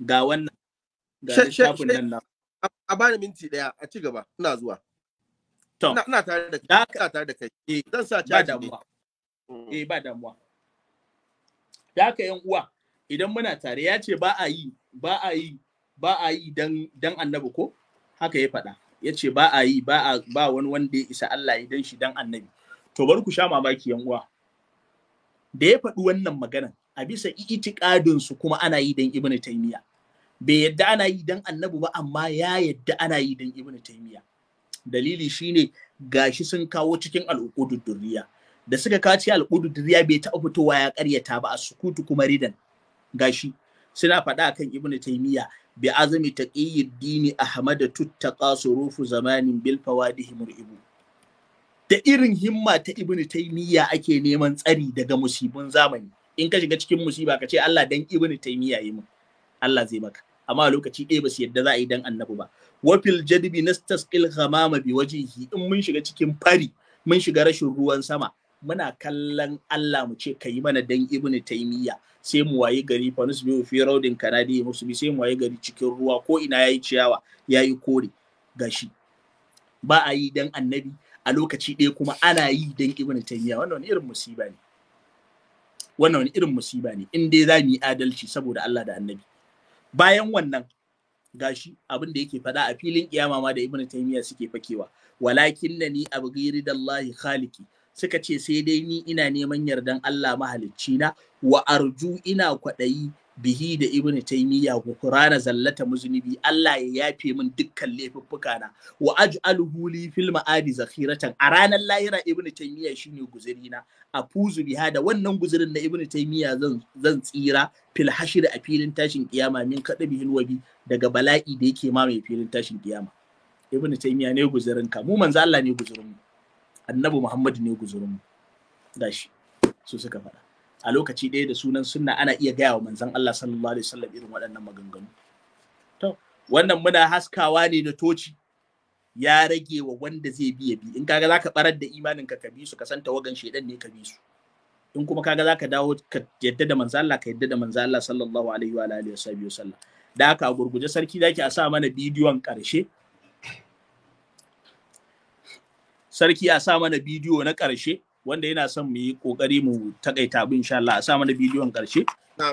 ga wannan ga littafin nan na a bani minti ɗaya, a ci gaba ina zuwa to ina tare da kai ina tare da kai eh, zan sa ba damuwa mm. eh ba damuwa da haka yan uwa idan muna tare ya ce ba a yi ba a yi ba a yi dan dan annabi ko haka ya faɗa ya ce ba a yi ba ba wani wanda ya isa Allah ya dan shi dan annabi to bar ku sha mamaki yan uwa da ya faɗi wannan maganan a bisa itikadin su kuma ana yi dan Ibn taymiya bai yadda ana yi dan annabi ba amma ya yadda ana yi dan ibnu taymiya dalili shine gashi sun kawo cikin al'uqudud durriya da suka kawo cikin durriya bai taɓa fitowa ya ƙaryata ba a sukutu kuma ridan gashi suna faɗa kan ibnu taymiya bi azami taqiyyid dini ahmad tuttaqa surufu zamanin bil fawadihi mur'ibu da irin himma ta ibnu taymiya ake neman tsari daga musibin zamani in ka shiga cikin musiba ka ce Allah dan ibnu taymiya yi mu Allah zai maka amma lokaci ɗaya ba su yadda za a yi dan annabi ba wafil nastas nastasqil ghamama bi wajhihi in mun shiga cikin fari mun shiga rashin ruwan sama muna kallon Allah mu ce kai mana dan ibnu taymiya sai mu waye gari fa nusbihu fi raudin kanadi musu bi sai mu waye gari cikin ruwa ko ina yayi ciyawa yayi kore gashi ba a yi dan annabi a lokaci ɗaya kuma ana yi dan ibn taymiya wannan wani irin musiba ne wannan wani irin musiba ne in dai za mu yi adalci saboda Allah da annabi bayan wannan gashi abin da yake faɗa a filin kiyama ma da ibnu taymiya suke fakewa walakin nani ghairi dallahi khaliki suka ce sai dai ni ina neman yardan Allah mahalicci na wa arju ina kwaɗayi bihi da ibn taymiya qur'ana zallata muznibi Allah ya yafe min dukkan laifuffuka na wa aj'aluhu li fil ma'adi zakhiratan a ranar lahira ibn taymiya shine guzuri na a fuzu biha da wannan guzurin na ibn taymiya zan zan tsira fil hashir a filin tashin kiyama min kadabi wabi daga bala'i da yake mamaye filin tashin kiyama ibn taymiya ne guzurin ka mu manzo Allah ne guzurin mu annabi muhammad ne guzurin mu gashi su suka faɗa a lokaci ɗaya da sunan sunna ana iya gaya wa manzan Allah sallallahu alaihi wasallam irin waɗannan maganganu to wannan muna haskawa ne na toci ya rage wa wanda zai bi ya bi in kaga zaka barar da imanin ka ka bi su ka san tawagan shedan ne ka bi su in kuma kaga zaka dawo ka yadda da manzan Allah ka yadda da manzan Allah sallallahu alaihi wa alihi wasallam da aka gurguje sarki zaki a sa mana bidiyon karshe sarki a sa mana bidiyo na karshe wanda yana son mu yi kokari mu takaita abu insha Allah a sa mana bidiyon karshe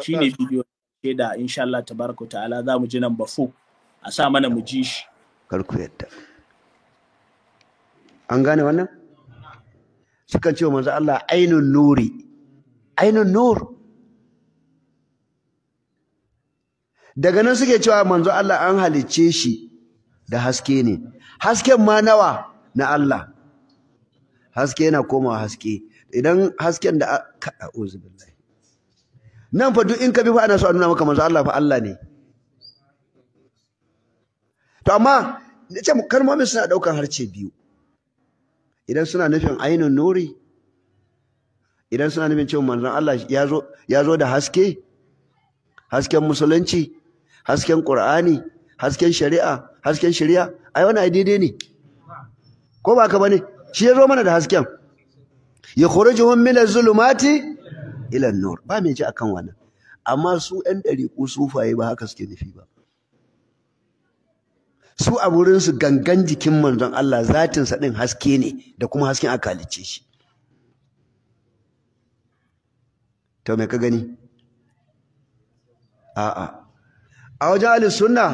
shine bidiyon ke da insha Allah tabaraka ta'ala za mu ji nan bafo a sa mana mu ji shi kar ku yadda an gane wannan Suka ce manzo Allah ainun nuri ainun nur daga nan suke cewa manzo Allah an halicce shi da haske ne hasken ma nawa na Allah haske yana komawa haske idan hasken da aka, a'udhu billahi nan fa duk in ka bi fa ana so a nuna maka manzo Allah fa Allah ne to amma nace kalmomin suna daukan harce biyu idan suna nufin ainun nuri idan suna nufin cewa manzon Allah ya zo da haske hasken musulunci hasken qur'ani hasken shari'a hasken shari'a ai wannan ai daidai ne ko ba ka bane shi ya zo mana da hasken ya khurujuhum min az-zulumati ilan ba mai ji a akan wannan amma su ɗan ko sufaye ba haka suke nufi ba su a wurinsu gangan jikin manzon Allah zatinsa ɗin haske ne da kuma hasken aka halicce shi to me ka gani a'a a wajen alisunna sunna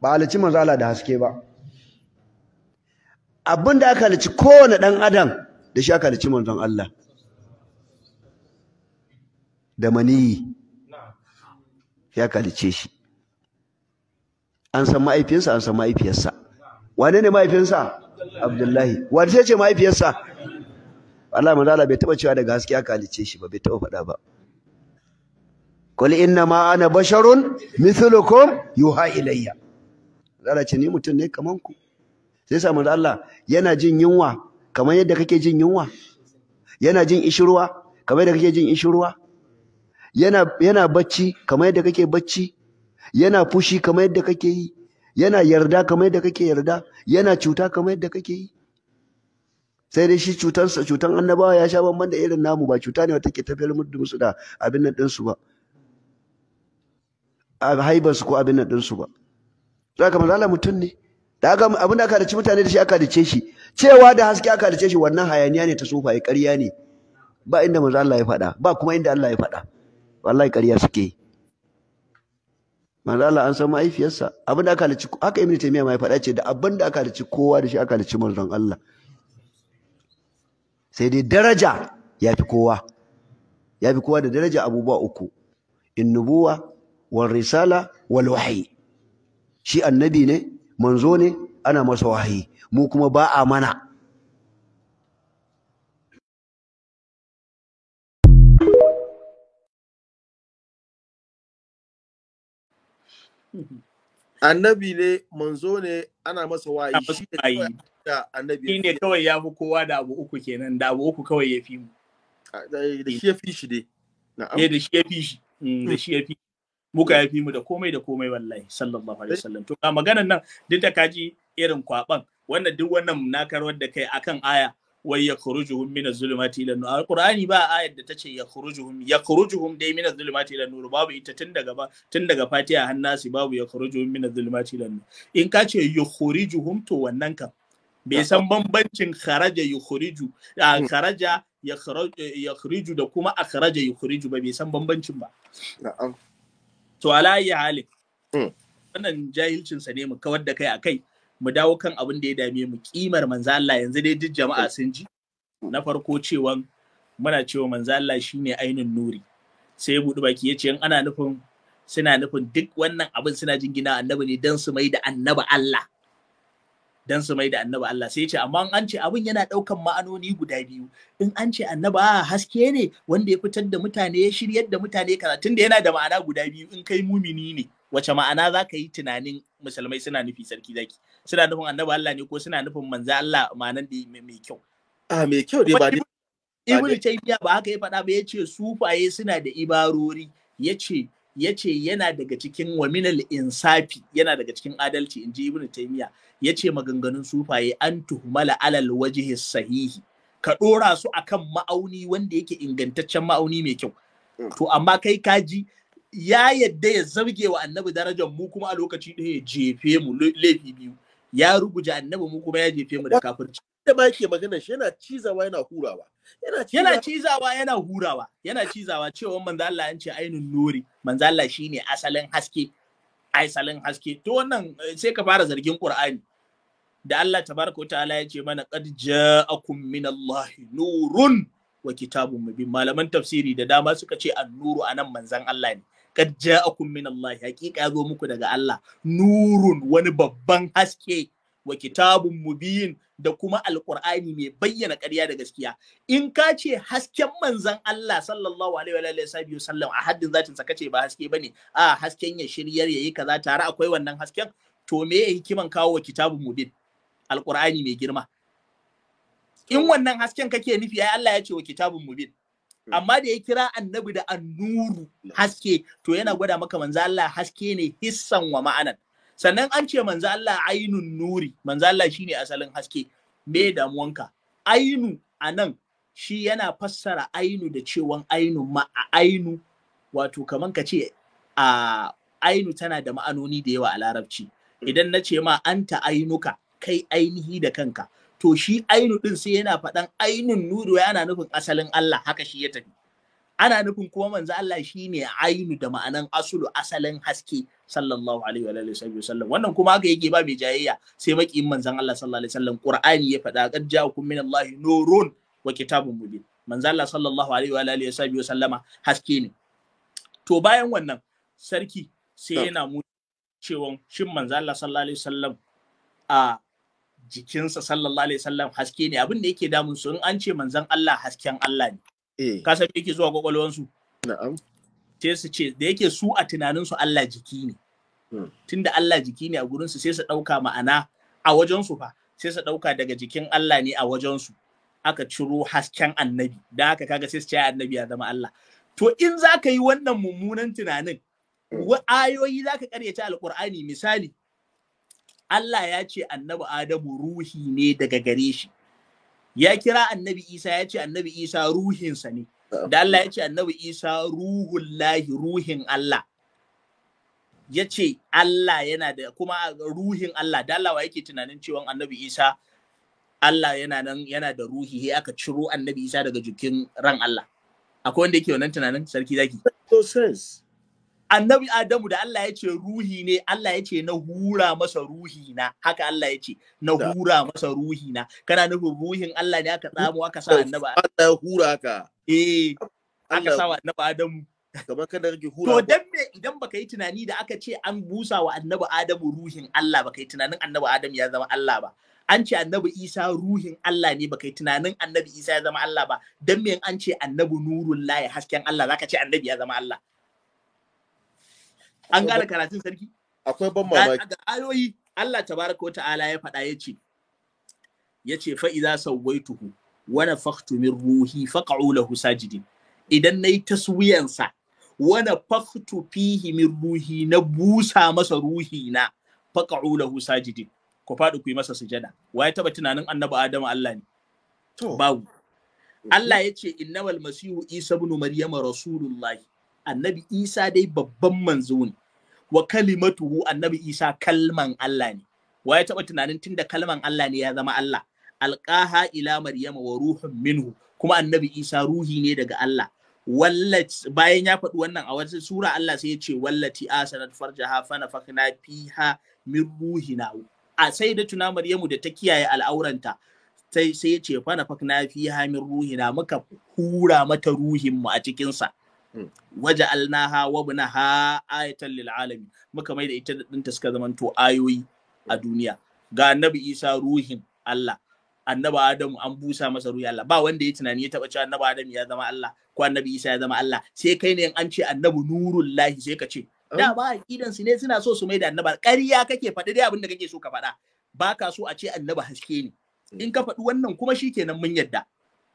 ba halicci manzon Allah da haske ba abin da aka halici kowane ɗan adam da shi aka halici manzon Allah da maniyi ya halice shi an san ma'aifinsa an san ma'aifiyarsa wane ne ma'aifinsa abdullahi sai ce ma'aifiyarsa Allah manzo Allah bai taba cewa daga haske aka halice shi ba bai taba faɗa ba qul inna ma ana basharun mithlukum yuha ilayya Allah ce ni mutum ne kaman ku sai sa manzo Allah yana jin yunwa kamar yadda kake jin yunwa yana jin ishirwa kamar yadda kake jin ishirwa yana yana bacci kamar yadda kake bacci yana fushi kamar yadda kake yi yana yarda kamar yadda kake yarda yana cuta kamar yadda kake yi sai dai shi cutansa cutan annabawa ya sha bamban da irin namu ba cuta ne wata ke tafiyar musu da abin nan ɗinsu ba a haibarsu ko abin nan ɗinsu ba za ka manzala mutum ne da aka abin da aka halice mutane da shi aka halice shi cewa da haske aka halice shi wannan hayaniya ne ta sofa ya ƙarya ne ba inda manzo Allah ya faɗa ba kuma inda Allah ya faɗa wallahi ƙarya suke manzo Allah an san mahaifiyarsa abin da aka halice haka ibnu taymiya ma ya faɗa ce da abin da aka halice kowa da shi aka halice manzon Allah sai dai daraja ya fi kowa ya fi kowa da daraja abubuwa uku in nubuwa wal risala wal wahyi shi annabi ne manzo ne ana masa wahayi mu kuma ba a mana annabi ne manzo ne ana masa wahayi shi ne kawai ya fi kowa da abu uku kenan da abu uku kawai ya fi mu da shi ya fi shi dai eh, da shi ya fi shi hmm, da shi ya fi shi. muka yafi mu da komai da komai wallahi sallallahu alaihi wasallam to ga maganan nan duk da kaji irin kwaban wannan duk wannan nakarwar da kai akan aya wai yakhrujuhum min az-zulumati ila nur alqur'ani ba ayar da tace yakhrujuhum yakhrujuhum dai min az-zulumati ila nur babu ita tun daga ba tun daga fatiha hannasi babu yakhrujuhum min az-zulumati ila nur in ka ce yukhrijuhum to wannan kam bai san bambancin kharaja yukhriju hmm. kharaja yakhruju da kuma akhraja yukhriju ba bai san bambancin ba na'am to ala yi halin hmm. wannan jahilcinsa ne mu kawar da kai a kai mu dawo kan abin da ya dame mu kimar manzo Allah yanzu dai duk jama'a sun ji na farko cewa muna cewa manzo Allah shine ainin nuri sai budu baki yace in ana nufin suna nufin duk wannan abin suna jingina annabi ne dan su mai da annaba Allah dan su mai da annaba Allah sai ce amma an ce abin yana daukan ma'anoni guda biyu in an ce annaba ah, haske ne wanda ya fitar da mutane ya shiryar da mutane karatun da yana da ma'ana guda biyu in kai mumini ne wace ma'ana za ka yi tunanin musulmai suna nufi sarki zaki suna nufin annaba Allah ne ko suna nufin manzo Allah ma'anan da mai kyau a mai kyau dai ba Ibn Taymiyyah ba haka ya faɗa ba yace sufaye suna da ibarori yace yace yana daga cikin waminal insafi yana daga cikin adalci inji ibnu taymiya ya ce maganganun sufaye an tuhumala alal wajihi sahihi ka ɗora su akan ma'auni wanda yake ingantaccen ma'auni mai kyau hmm. to amma kai kaji ya yadda ya zarge wa annabi darajar mu kuma a lokaci ɗaya ya jefe mu laifi biyu ya rubuta annabi mu kuma ya jefe mu da kafirci da ma yake magana shi yana cizawa yana hurawa yana cizawa yana hurawa yana cizawa cewa manzo Allah an ce ainun nuri manzo Allah shine asalin haske asalin haske to wannan eh, sai ka fara zargin Qur'ani da Allah tabaraka wa ta'ala ya ce mana qad ja'akum min Allah nurun wa kitabun mubin malaman tafsiri da dama suka ce annuru anan manzan Allah ne qad ja'akum min Allah hakika zo muku daga Allah nurun wani babban haske wa kitabun mubin da kuma alqur'ani mai bayyana ƙarya da gaskiya in ka ce hasken manzan Allah sallallahu alaihi wa sallam a haddin zatin sa kace ba haske bane a hasken ya shiryar yayi kaza tare akwai wannan hasken to me hikiman kawo wa kitabun mubin alqur'ani mai girma in wannan hasken kake nufi ai Allah ya ce wa kitabun mubin hmm. amma da ya kira annabi da annuru hmm. haske to yana gwada maka manzo Allah haske ne hissan wa ma'anan sannan an ce manzo Allah ainun nuri manzo Allah shine asalin haske me damuwanka ainu anan shi yana fassara ainu da cewan ainu ma ainu wato kaman ka ce a ainu tana da ma'anoni da yawa a larabci hmm. idan na ce ma anta ainuka kai ainihi da kanka to shi ainu din sai yana faɗan ainun nuru yana nufin asalin Allah haka shi ya tafi ana nufin kuma manzo Allah shine ainu da ma'anan asulu asalin haske sallallahu alaihi wa alihi wasallam wannan kuma haka yake ba mai jayayya sai makiyin manzon Allah sallallahu alaihi wasallam Qur'ani ya faɗa qad ja'akum minallahi nurun wa kitabun mubin manzo Allah sallallahu alaihi wa alihi wasallama haske ne to bayan wannan sarki sai yana mu cewon shin manzo Allah sallallahu alaihi wasallam a jikinsa sallallahu alaihi wasallam haske ne abin da yake damun su in an ce manzon Allah hasken Allah ne eh. ka san yake zuwa su? na'am sai su ce da yake su a tunanin su Allah jiki ne hmm. tunda Allah jiki ne a gurin su sai su dauka ma'ana a wajen su fa sai su dauka daga jikin Allah ne a wajen su aka ciro hasken annabi da haka kaga sai su ce annabi ya zama Allah to in za ka yi wannan mummunan tunanin hmm. ayoyi za ka ta alkur'ani misali Allah ya ce annabi Adamu ruhi ne daga gare shi. Ya kira annabi Isa ya ce annabi Isa ruhinsa ne. Da Allah ya ce annabi Isa ruhun lahi, ruhin Allah. Ya ce Allah yana da kuma ruhin Allah. Da Allah wa yake tunanin cewa annabi Isa Allah yana da ruhi he aka ciro annabi Isa daga jikin ran Allah. Akwai wanda yake wannan tunanin sarki zaki. annabi Adamu da Allah ya ce ruhi ne Allah ya ce na hura masa ruhi na haka Allah ya ce na hura masa ruhi na kana nufin ruhin Allah ne aka tsamo aka sa annabi Allah ya hura ka eh aka sa wa annabi Adamu kamar kada kake hura to dan me idan baka yi tunani da aka ce an busa wa annabi Adamu ruhin Allah baka yi tunanin annabi Adamu ya zama Allah ba an ce annabi Isa ruhin Allah ne baka yi tunanin annabi Isa ya zama Allah ba dan me an ce annabi nurullahi lahi hasken Allah zaka ce annabi ya zama Allah an gane karatun sarki akwai ban mamaki da ayoyi Allah tabaraka wa ta'ala ya faɗa yace yace fa idza sawaituhu wa nafakhtu min ruhi faq'u lahu sajidin idan nayi taswiyansa wa nafakhtu fihi min ruhi na busa masa ruhi na faq'u lahu sajidin ku faɗi ku yi masa sujada wa ya taba tunanin annabi adamu Allah ne to babu mm-hmm. Allah ya ce innamal masihu isa ibn maryama rasulullahi annabi isa dai babban manzo ne wa kalimatuhu annabi Isa kalman Allah ne wa ya taba tunanin tunda kalman Allah ne ya zama Allah alqaha ila maryama wa ruhun minhu kuma annabi Isa ruhi ne daga Allah wallati bayan ya faɗi wannan a wata sura Allah sai ya ce wallati asanat farjaha fa nafakhna fiha min ruhina a sai da tuna maryamu da ta kiyaye al'auranta sai sai ya ce fa nafakhna fiha min ruhina muka hura mata ruhin mu a cikin sa Hmm. waje alnaha wa bunaha ayatan lil alamin muka mai da ita da dinta suka zamanto ayoyi a duniya ga annabi isa ruhin allah annabi adamu an busa masa ruhi allah ba wanda ya tunani ya taba cewa annabi adamu ya zama allah ko annabi isa ya zama allah sai kai ne an ce annabi nurullahi sai ka ce oh. da ba aqidan su ne suna so su mai da annaba ƙarya kake faɗi dai abin kake so ka faɗa ba ka so a ce annaba haske ne in ka faɗi wannan kuma shikenan mun yadda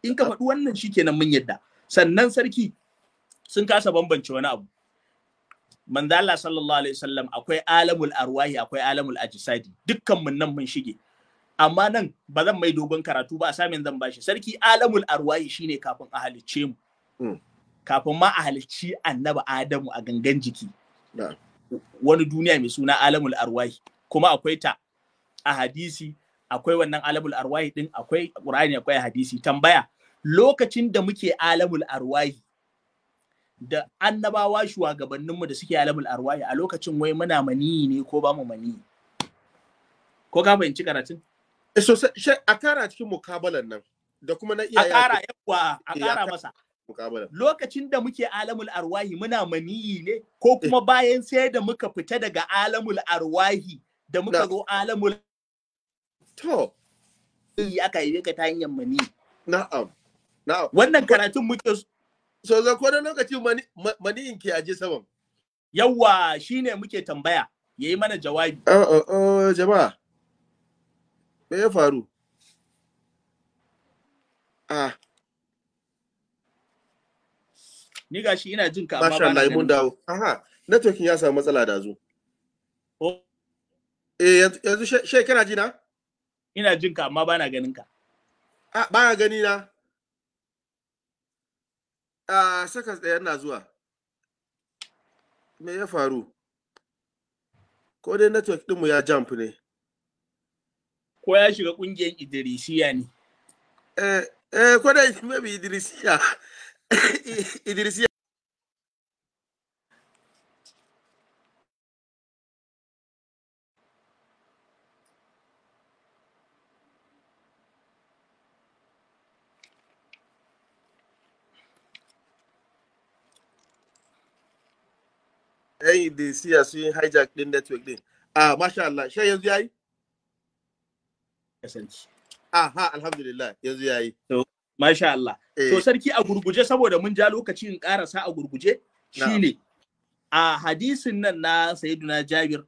in ka ah. faɗi wannan shikenan mun yadda sannan sarki sun kasa bambance wani abu manzo Allah sallallahu alaihi wasallam akwai alamul arwahi akwai alamul ajsadi dukkan mun nan mun shige amma nan ba zan mai dogon karatu ba Samin zan bashi sarki alamul arwahi shine kafin a halicce mu hmm. kafin ma a halicci annabi Adamu a gangan jiki wani duniya mai suna alamul arwahi kuma akwai ta a hadisi akwai wannan alamul arwahi din akwai qur'ani akwai hadisi tambaya lokacin da muke alamul arwahi da annabawa shugabanninmu da suke alabul arwayi, a lokacin wai muna mani ne ko ba mu mani ko ka fahimci karatun eh, so a kara cikin mukabalan nan da kuma na iyaye a kara eh, yawa a kara masa lokacin da muke alamul arwahi muna maniyi ne ko eh. kuma bayan sai da muka fita daga alamul arwahi da muka zo alamul to aka yi ka ta hanyar mani na'am na'am wannan karatun muke so za ko da mani maniyin ke aje saman yawa shine muke tambaya yayi mana jawabi oh, oh, oh, jama'a me ya faru ah ni gashi ina jin ka amma ba na mun dawo aha networking ya samu matsala da zo oh. eh yanzu she kana ji na ina jin ka amma ba na ganin ka ah ba na gani na a sakas ɗaya na zuwa me ya faru ko dai network ɗinmu ya jump ne ko ya shiga ƙungiyar idrisiya ne eh eh ko dai maybe idirisiya idrisiya yan da siya su hijack din network din ah masha Allah shi yanzu kasance aha alhamdulillah yanzu ya yi. masha Allah So eh. sarki a gurguje saboda mun ja lokaci in karasa a gurguje shine a hadisin nan na sayyiduna Jabir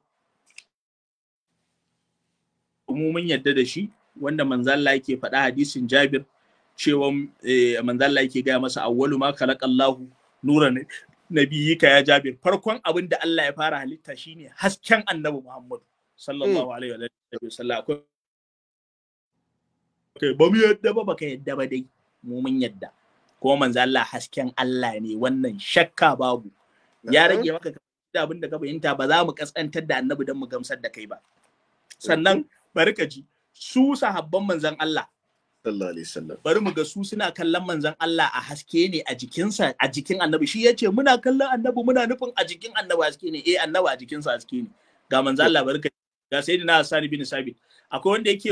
umumin mun yadda da shi wanda manzalla yake faɗa hadisin Jabir cewa eh, manzalla yake gaya masa awwalu ma khalaqallahu nuran nabiyika ya jabir farkon abin da Allah ya fara halitta shine hasken annabi Muhammad sallallahu alaihi wa sallam ba mu yadda ba baka yadda ba dai mu mun yadda ko manzo Allah hasken Allah ne wannan shakka babu ya rage maka da abin da ka fahimta ba za mu kaskantar da annabi don mu gamsar da kai ba sannan bari ka ji su sahabban manzon Allah sallallahu alaihi wasallam bari mu ga su suna kallon manzon Allah a haske ne a jikinsa a jikin annabi shi yace muna kallon annabi muna nufin a jikin annabi haske ne eh annabi a jikinsa haske ne ga manzon Allah barka ga sayyidina Hassan bin Sabit akwai wanda yake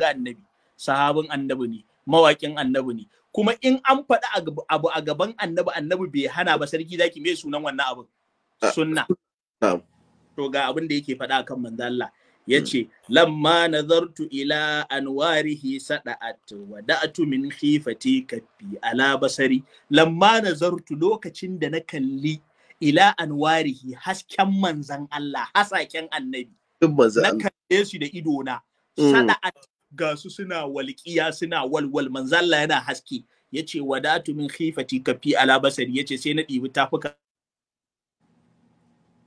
ga annabi sahabin annabi ne mawakin annabi ne kuma in an faɗi abu a gaban annabi annabi bai hana ba sarki zaki me sunan wannan abin ah. sunna to ga abin da yake faɗa akan manzo Allah yace lamma nazartu ila anwarihi sada'at wa da'atu min khifati kaffi ala basari lamma nazartu lokacin da na kalli ila anwarihi hasken manzan Allah hasaken annabi na kalle su da idona mm. sada'at ga su suna walƙiya suna walwal manzan Allah yana haske yace wadatu min khifati kaffi ala basari yace sai na ɗibi tafuka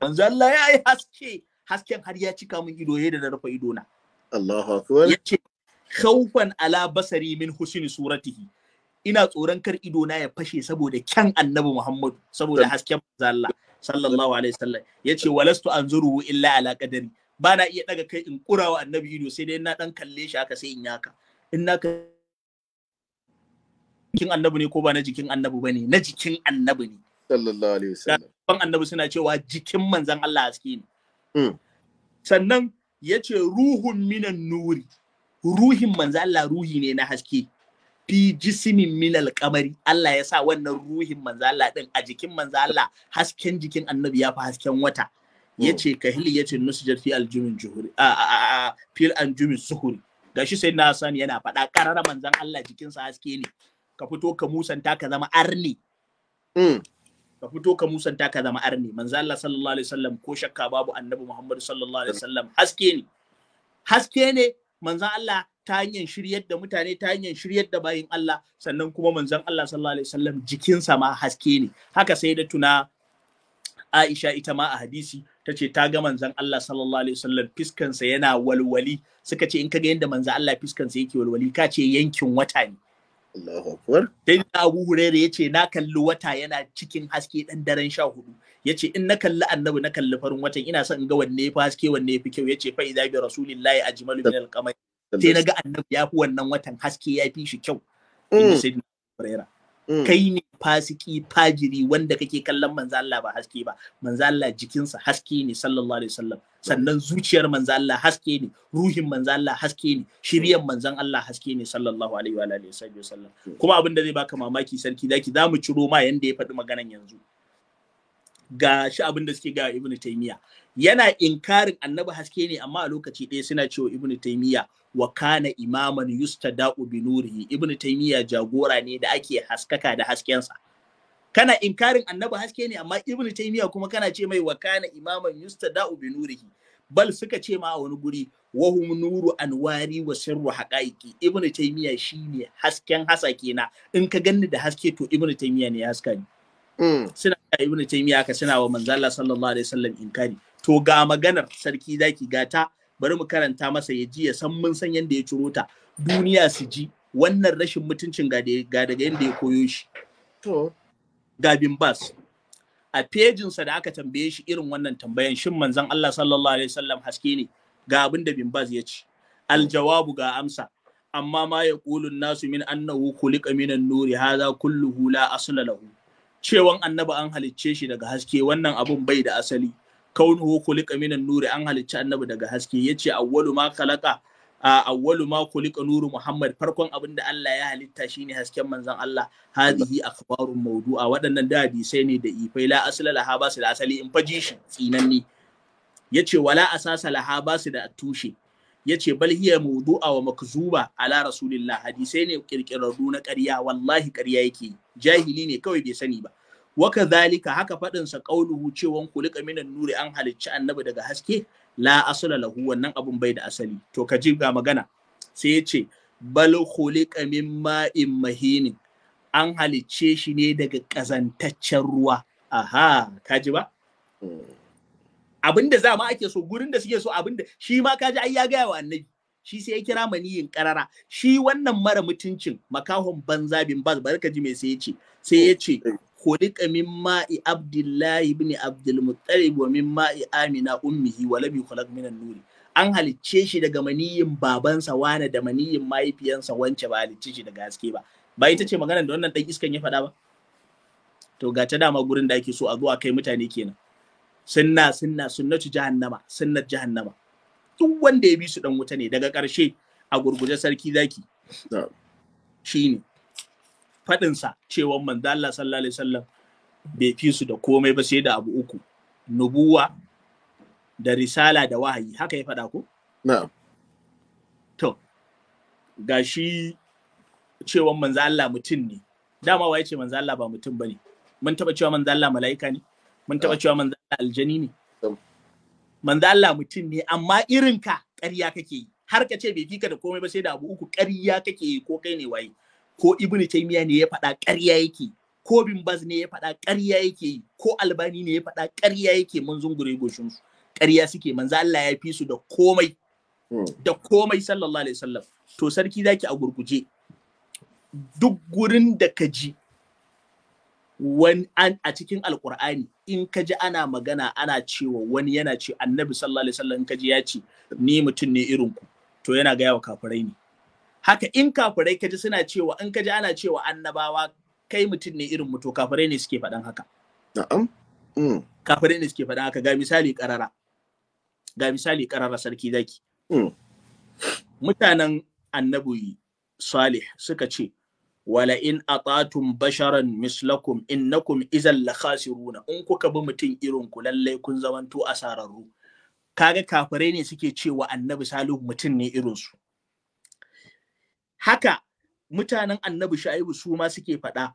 manzan Allah ya yi haske hasken har ya cika min ido yayin da na rufe idona. na Allahu akbar yace khawfan ala basari min husni suratihi ina tsoron kar idona ya fashe saboda kyan annabi Muhammadu saboda hasken manzo Allah sallallahu alaihi wasallam yace walastu anzuru illa ala qadari ba na iya daga kai in wa annabi ido sai dai na dan kalle shi haka sai in yaka in na jikin annabi ne ko ba na jikin annabi bane na jikin annabi ne sallallahu alaihi wasallam ban annabi suna cewa jikin manzon Allah haske ne Mm. sannan ya ce ruhun minan nuri ruhin manzo Allah ruhi ne na haske fi jisimin minal kamari Allah ya sa wannan ruhin manzo Allah din a jikin manzo Allah hasken jikin annabi ya fi hasken wata mm. Ya ce kahili ce nusjar fi aljumin juhuri a fi aljumin suhuri gashi sai na san yana faɗa Karar manzan Allah jikinsa haske ne ka fito ka musanta ka zama arni mm. ka fito ka musanta ka zama arni manzo Allah sallallahu alaihi wasallam ko shakka babu annabi Muhammad sallallahu alaihi wasallam haske ne haske ne manzo Allah ta hanyar shiryar da mutane ta hanyar shiryar da bayin Allah sannan kuma manzon Allah sallallahu alaihi wasallam jikinsa ma haske ne haka sai da tuna Aisha ita ma a hadisi ta ce ta ga manzon Allah sallallahu alaihi wasallam fiskansa yana walwali suka ce in ka ga yadda manzon Allah fiskansa yake walwali ka ce yankin wata ne Allahu akbar sai da Abu Hurairah yace na kalli wata yana cikin haske dan daren 14 yace in na kalli annabi na kalli farin watan ina son in ga wanne fa haske wanne yafi fi kyau yace fa idza bi rasulillahi ajmalu min al-qamar sai naga annabi ya fi wannan watan haske ya fi shi kyau mm. Sayyidina Hurairah Mm. kai ne fasiki fajiri wanda kake kallon manzo Allah ba haske ba manzo Allah jikinsa haske ne sallallahu alaihi wasallam sannan zuciyar manzo Allah haske ne ruhin manzo Allah haske ne shiryan manzon Allah haske ne sallallahu alaihi wa alihi wasallam mm. kuma abin da zai baka mamaki sarki zaki zamu ciro ma yanda ya faɗi maganan yanzu ga shi abin da suke ga ibnu taymiya yana inkarin annabi haske ne amma a lokaci ɗaya suna cewa Ibn taymiya wa kana imaman yustada'u bi nurihi Ibn taymiya jagora ne da ake haskaka da haskensa kana inkarin annabi haske ne amma Ibn taymiya kuma kana ce mai wa kana imaman yustada'u bi nurihi bal suka ce ma a wani guri wahum nuru anwari wa sirru haqaiqi ibn taymiya shine hasken hasa na in ka ganni da haske to Ibn taymiya ne ya haska ni mm. suna Ibn taymiya ka suna wa manzo Allah sallallahu alaihi wasallam inkari to ga maganar sarki zaki gata bari mu karanta masa ya ji ya san mun san yanda ya ciro ta duniya su ji wannan rashin mutuncin ga daga yanda ya koyo shi to gabin bas a sa da aka tambaye shi irin wannan tambayan shin manzon Allah sallallahu alaihi wasallam haske ne ga abin da bin bas ya ci. aljawabu ga amsa amma ma ya kulun nasu min annahu kulika minan nuri hadha kulluhu la asla lahu cewan annabi an halicce shi daga haske wannan abun bai da asali kaunuhu kulika minan nuri an halicci annabi daga haske yace awwalu ma khalaqa awwalu ma kulika nuru muhammad farkon abin da Allah ya halitta shine hasken manzon Allah hadihi akhbarun mawdu'a waɗannan da hadisai ne da ifai la asla laha basu da asali in faji shi tsinanni yace wala asasa laha basu da tushe yace bal hiya mawdu'a wa makzuba ala rasulillah hadisai ne kirkirarru na ƙarya wallahi ƙarya yake jahili ne kawai bai sani ba waka zalika haka faɗinsa ƙauluhu cewan kulika minan nuri an halicci annabi daga haske la asala lahu wannan abun bai da asali to ka ji ga magana sai ya ce bal kulika min ma'in mahinin an halicce shi ne daga ƙazantaccen ruwa aha ka ji ba abinda za ma ake so gurin da suke so abinda shi ma kaji ai ya gaya wa annabi shi sai ya kira maniyin karara shi wannan mara mutuncin makahon banza bin bas bari ka ji me sai ya ce sai ya ce riƙa min ma'i abdullahi bin abdul wa min ma'i amina ummihi wa lam yukhlaq min nuri an halicce shi daga maniyin babansa wane da maniyin mahaifiyansa wance ba halicce shi daga haske ba ba ita ce maganar da wannan dan iskan ya faɗa ba to ga ta dama gurin da ake so a zuwa kai mutane kenan sunna sunna sunnatu jahannama sunnat jahannama duk wanda ya bi su dan wuta ne daga ƙarshe a gurguje sarki zaki shine faɗinsa cewa Manzala sallallahu alaihi wasallam bai fi su da komai ba sai da abu uku nubuwa da risala da wahayi haka ya faɗa ko na'am to gashi cewa manzo Allah mutum ne dama waye ce manzo Allah ba mutum bane mun taba cewa manzo Allah mala'ika ne mun taba cewa manzo Allah aljani ne manzo Allah mutum ne amma irin ka ƙarya kake yi har ka ce bai fika da komai ba sai da abu uku ƙarya kake yi ko kai ne waye ko ibnu taymiya ne ya faɗa ƙarya yake ko bin baz ne ya faɗa ƙarya yake ko albani ne ya faɗa ƙarya yake mun zungure goshin su ƙarya suke manzo Allah ya fi su da komai hmm. da komai sallallahu alaihi wasallam to sarki zaki a gurguje duk gurin da ka ji wani a cikin alkur'ani in ka ji ana magana ana cewa wani yana ce annabi sallallahu alaihi wasallam ka ji ya ce ni mutum ne irin ku to yana gaya wa kafirai ne haka in kafirai ka ji suna cewa in ka ji ana cewa annabawa kai mutum ne irin mutu kafirai ne suke faɗan haka na'am mm. kafirai ne suke faɗan haka ga misali karara ga misali karara sarki zaki mm. mutanen annabi salih suka ce wala in atatum basharan mislakum innakum izal la khasiruna in kuka bi mutum irin ku lallai kun zamanto asararru kaga kafirai ne suke cewa annabi salihu mutum ne irinsu haka mutanen annabi shaibu su ma suke faɗa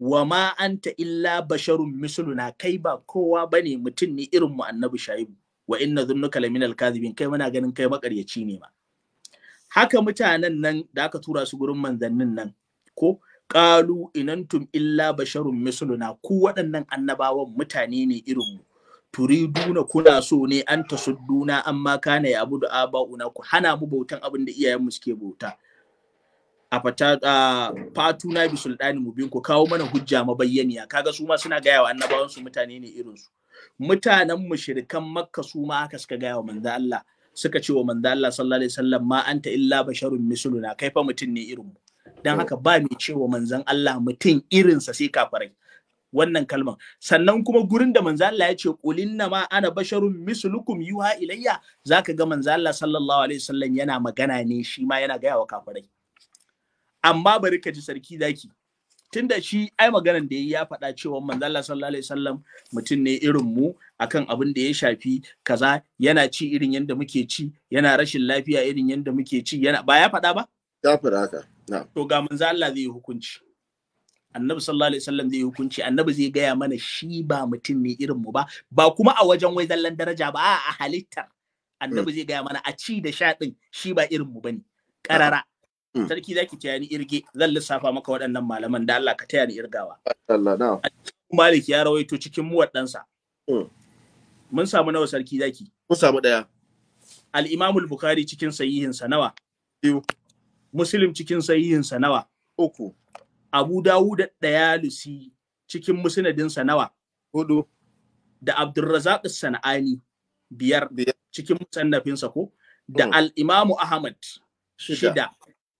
wa ma anta illa basharun misluna kai ba kowa bane mutum ne irin mu annabi shaibu wa inna dhunnuka laminal kadhibin kai muna ganin kai makaryaci ne ma haka mutanen nan da aka tura su gurin manzannin nan ko qalu inantum illa basharun misluna ku waɗannan annabawan mutane ne irin mu turiduna kuna so ne an tasudduna amma kana ya abudu aba'una ku hana mu bautan abin da iyayen mu suke bauta a fata fatu na bi sultani mubin ku kawo mana hujja mabayyaniya kaga su ma suna gaya wa annabawan su mutane ne irin su mutanen mushrikan makka su ma haka suka gaya wa manzo Allah suka ce wa manzo Allah sallallahu alaihi wasallam ma anta illa basharun misluna kai fa mutum ne irin mu dan haka ba mai wa manzon Allah mutum irinsa sai kafirai wannan kalman sannan kuma gurin da manzo Allah ya ce qulinna ma ana basharun mislukum yuha ilayya zaka ga manzo Allah sallallahu alaihi wasallam yana magana ne shi ma yana gaya wa kafirai amma bari ka ji sarki zaki tunda shi ai maganan da ya faɗa cewa manzo Allah sallallahu alaihi wasallam mutum ne irin mu akan abin da ya shafi kaza yana ci irin yanda muke ci yana rashin lafiya irin yanda muke ci yana ba ya faɗa ba ya faɗa haka to ga manzo Allah zai yi hukunci annabi sallallahu alaihi wasallam zai yi hukunci annabi zai gaya mana shi ba mutum ne irin mu ba ba kuma a wajen wai zallan daraja ba a halitta. annabi mm. zai gaya mana a ci da sha din shi ba irin mu bane karara Hmm. sarki ki taya ni irge zan lissafa maka waɗannan malaman da Allah ka taya ni irgawa Malik ya rawaito cikin muwaddansa hmm. mun samu nawa sarki zaki mun samu daya al-Imam al-Bukhari cikin sahihin sa nawa biyu Muslim cikin sahihin sa nawa uku Abu Dawud da lusi cikin musnadin sa nawa hudu da Abdurrazzaq sanani biyar cikin musannafinsa ko da hmm. al-Imam Ahmad shida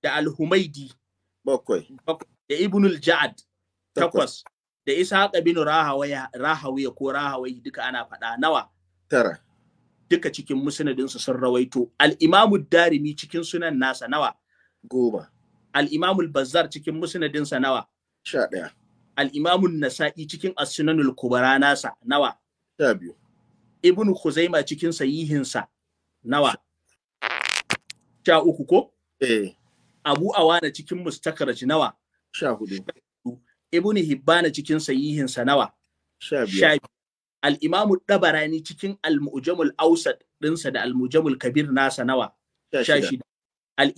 da Al-Humaidi bakwai da Ibn al-Ja'ad takwas da isa bin Rahawaya rahawaya ko Rahawayi duka ana faɗa nawa tara duka cikin musnadin su sun rawaito al-Imam darimi cikin sunan nasa nawa goma al-Imam al-Bazzar cikin musnadin sa nawa sha ɗaya al-Imam nasai cikin as-Sunanul Kubra nasa nawa sha biyu Ibn Khuzaima cikin sahihinsa nawa sha uku ko eh Abu Awana cikin mustakar nawa? Sha hudu. Ibn Hibbana cikin sayihinsa nawa? Sha biyar. Al-Imamu Dabarani cikin Al-Mu'jamul Ausat dinsa da Al-Mu'jamul Kabir nasa nawa? Sha shida. al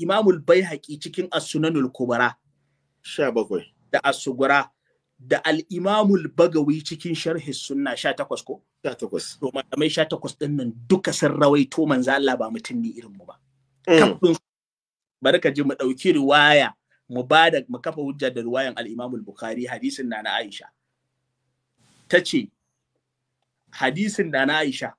Baihaqi cikin As-Sunanul Kubra. Sha bakwai. Da As-Sugura. da al'imamul bagawi cikin sharhi sunna sha takwas ko? Sha takwas. To malamai sha takwas ɗin nan duka sun rawaito manzo Allah ba mutum ne irin mu ba. Mm. Kafin bari ka ji mu ɗauki riwaya mu ba da mu kafa hujjar da riwayan al-Imam al-Bukhari hadisin na Aisha ta ce hadisin na Aisha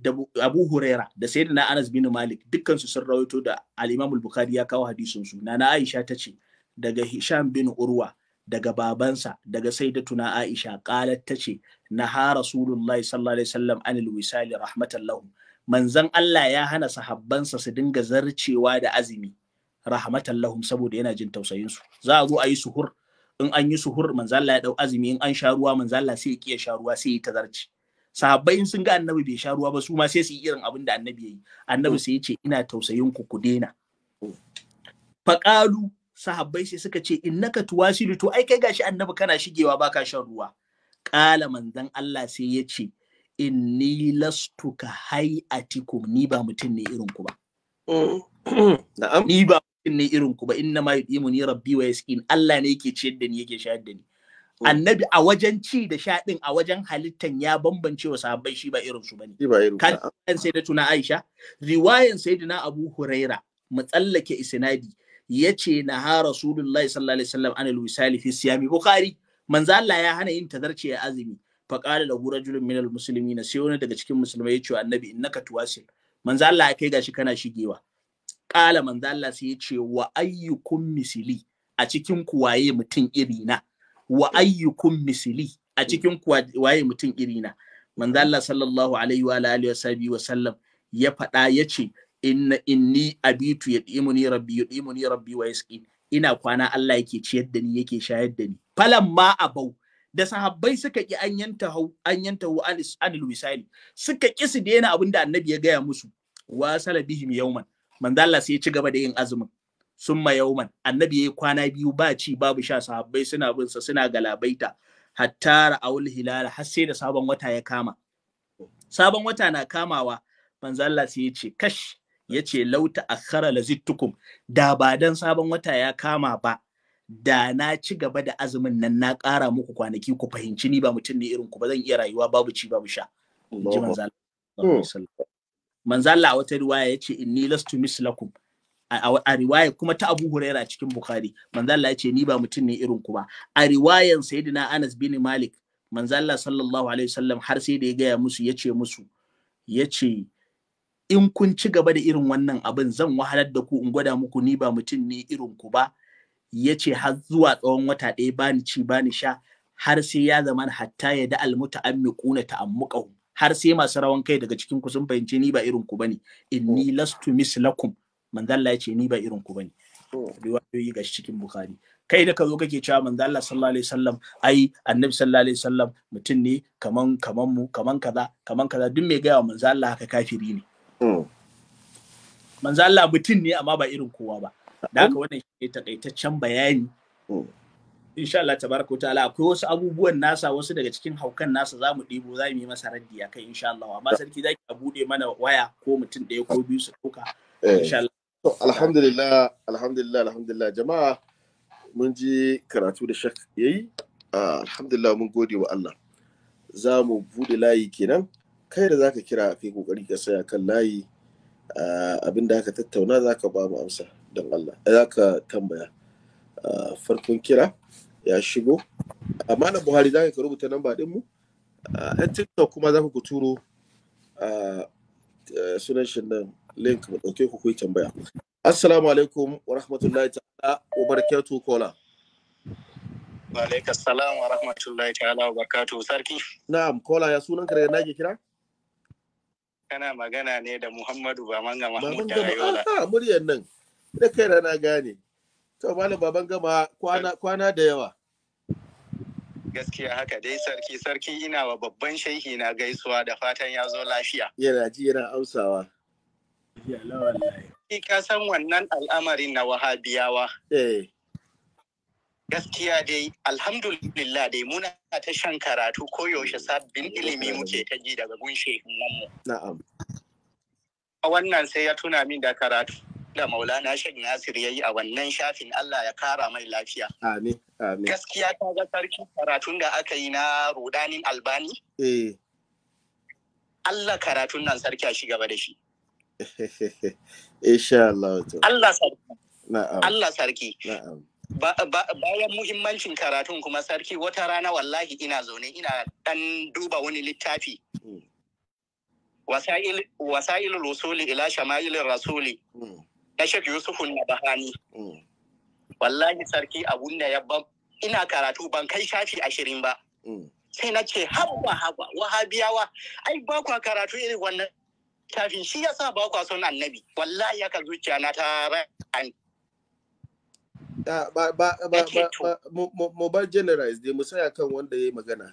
da Abu Huraira da Sayyidina Anas bin Malik dukkansu sun rawaito da al-Imam al-Bukhari ya kawo hadisin su na Aisha ta ce daga Hisham bin Urwa daga babansa daga Sayyidatuna Aisha qalat ta ce naha Rasulullahi sallallahu alaihi wasallam anil wisali rahmatan lahu manzon Allah ya hana sahabbansa su dinga zarcewa da azumi rahmatan lahum saboda yana jin tausayin su za a zo a yi suhur in an yi suhur manzalla ya dau azumi in an sha ruwa manzalla sai ya kiya sha ruwa sai ya tazarci sahabbai in sun ga annabi bai sha ruwa ba su ma sai su yi irin abin da annabi ya yi annabi sai ya ce ina tausayin ku ku daina faƙalu sahabbai sai suka ce innaka tuwasilu to ai kai gashi annabi kana shigewa baka shan ruwa ƙala manzan Allah sai ya ce inni lastuka hayatikum ni ba mutum ne irin ku ba mm. ni ba ne irin ku ba inna ma yudimu ni rabbi wa yaskin Allah ne yake ciyar da ni yake shayar da ni hmm. annabi a wajen ci da sha din a wajen halittan ya bambance wa sahabbai shi ba irin su bane kan sai da tuna Aisha riwayan sayyidina Abu Huraira Mutsallake isnadi yace naha rasulullahi sallallahu alaihi wasallam anil wisali fi siyami bukhari manzo Allah ya hana yin tazarce ya azumi faqala lahu rajulun minal muslimina sai wani daga cikin musulmai ya ce annabi innaka tuwasil manzo Allah ya kai gashi kana shigewa ƙala manzo sai ya ce wa ayyukun misili a cikin kuwaye mutum irina wa ayyukun misili a cikin kuwaye mutum irina manzo Allah sallallahu alaihi wa alihi wa sallam ya faɗa ya ce inna inni abitu yad'imuni rabbi yad'imuni rabbi wa yaski ina kwana Allah yake ciyar da ni yake shayar da ni falan ma abau da sahabbai suka ki an yanta hau an yanta anil wisali suka ki su daina abin da annabi ya gaya musu wa salabihim yawman manzo Allah sai ya ci gaba da yin azumin summa yauman annabi yayi kwana biyu ba ci babu sha sahabbai suna bin sa suna galabaita hatta ra'ul hilal har sai da sabon wata ya kama sabon wata na kamawa manzo Allah sai ya ce kash yace lauta akhara lazittukum da ba dan sabon wata ya kama ba da na ci gaba da azumin nan na ƙara muku kwanaki ku fahimci ni ba mutum ne irin ku ba zan iya rayuwa babu ci babu sha. Ji manzo Allah. manzo a wata riwaya yace inni lastu mislakum a riwaya kuma ta Abu Huraira cikin Bukhari manzo yace ni ba mutum ne irin ku ba a riwayan sayyidina Anas bin Malik manzo Allah sallallahu alaihi wasallam har sai da ya gaya musu yace musu yace in kun ci gaba da irin wannan abin zan wahalar da ku in gwada muku ni ba mutum ne irin ku ba yace har zuwa tsawon wata ɗaya bani ci bani sha har sai ya zama hatta ya da almuta'ammiquna ta'ammuqahum har sai masu rawan kai daga cikin ku sun fahimci ni ba irin ku bane inni hmm. lastu mislakum manzo Allah ya ce ni ba irin ku bane riwayoyi hmm. ga cikin bukhari kai da kazo kake cewa manzo Allah sallallahu alaihi wasallam ai annabi sallallahu alaihi wasallam mutum ne kaman kaman mu kaman kaza kaman kaza duk mai gaya wa manzo haka kafiri ne hmm. manzo mutum ne amma ba irin kowa ba da haka wannan shi ne takaitaccen bayani insha Allah tabaraka wa ta'ala akwai wasu abubuwan nasa wasu daga cikin haukan nasa za mu ɗibo za mu yi masa raddi a kai insha Allah amma sarki zaki a bude mana waya ko mutum ɗaya ko biyu su ɗauka eh. insha Allah to alhamdulillah alhamdulillah alhamdulillah jama'a mun ji karatu da shak yayi ah, alhamdulillah mun gode wa Allah za mu bude layi kenan kai da zaka kira kai kokari ka saya kan layi ah, abin da aka tattauna zaka ba mu amsa don Allah zaka tambaya ah, farkon kira ya shigo ah, amma na buhari za ka rubuta namba din mu yan ah, tiktok kuma za ku ku turo ah, eh, sunan shi nan link mu dauke ku kuyi tambaya assalamu alaikum wa rahmatullahi ta'ala wa barakatuhu kola wa alaikum assalam wa rahmatullahi ta'ala wa barakatuhu sarki na'am kola ya sunan ka daga nake kira kana magana ne da Muhammadu Bamanga Mahmud Ayola. Ah, muryan nan. Da kai na gane. To malam baban gama kwana da yawa. gaskiya haka dai sarki sarki ina wa babban shehi na gaisuwa da fatan ya zo lafiya yana ji yana amsawa ka san wannan al'amarin na wahabiyawa eh. gaskiya dai alhamdulillah dai muna ta shan karatu koyaushe sabbin ilimi muke ta ji daga gun shehin wannan sai ya tuna min da karatu da maulana shek nasir ya yi a wannan shafin allah ya kara mai lafiya amin amin gaskiya ta ga sarki karatun da aka yi na rudanin albani eh allah karatun nan sarki a shigaba da shi allah sarki na'am allah sarki na'am bayan muhimmancin karatun kuma sarki wata rana wallahi ina zaune ina dan duba wani littafi hmm. wasa'il wasa'il rusuli ila Shama'il rasuli hmm. na Shek Yusufu na Bahani. Mm. Wallahi sarki abun da ya ban ina karatu ban kai shafi ashirin ba. Mm. Sai na ce habba habba wahabiyawa ai ba kwa karatu irin wannan shafin shi yasa ba kwa son annabi wallahi haka zuciya na ta ra'ani. Ah, ba ba ba ba mobile generalize dai mu tsaya kan wanda ya yi magana.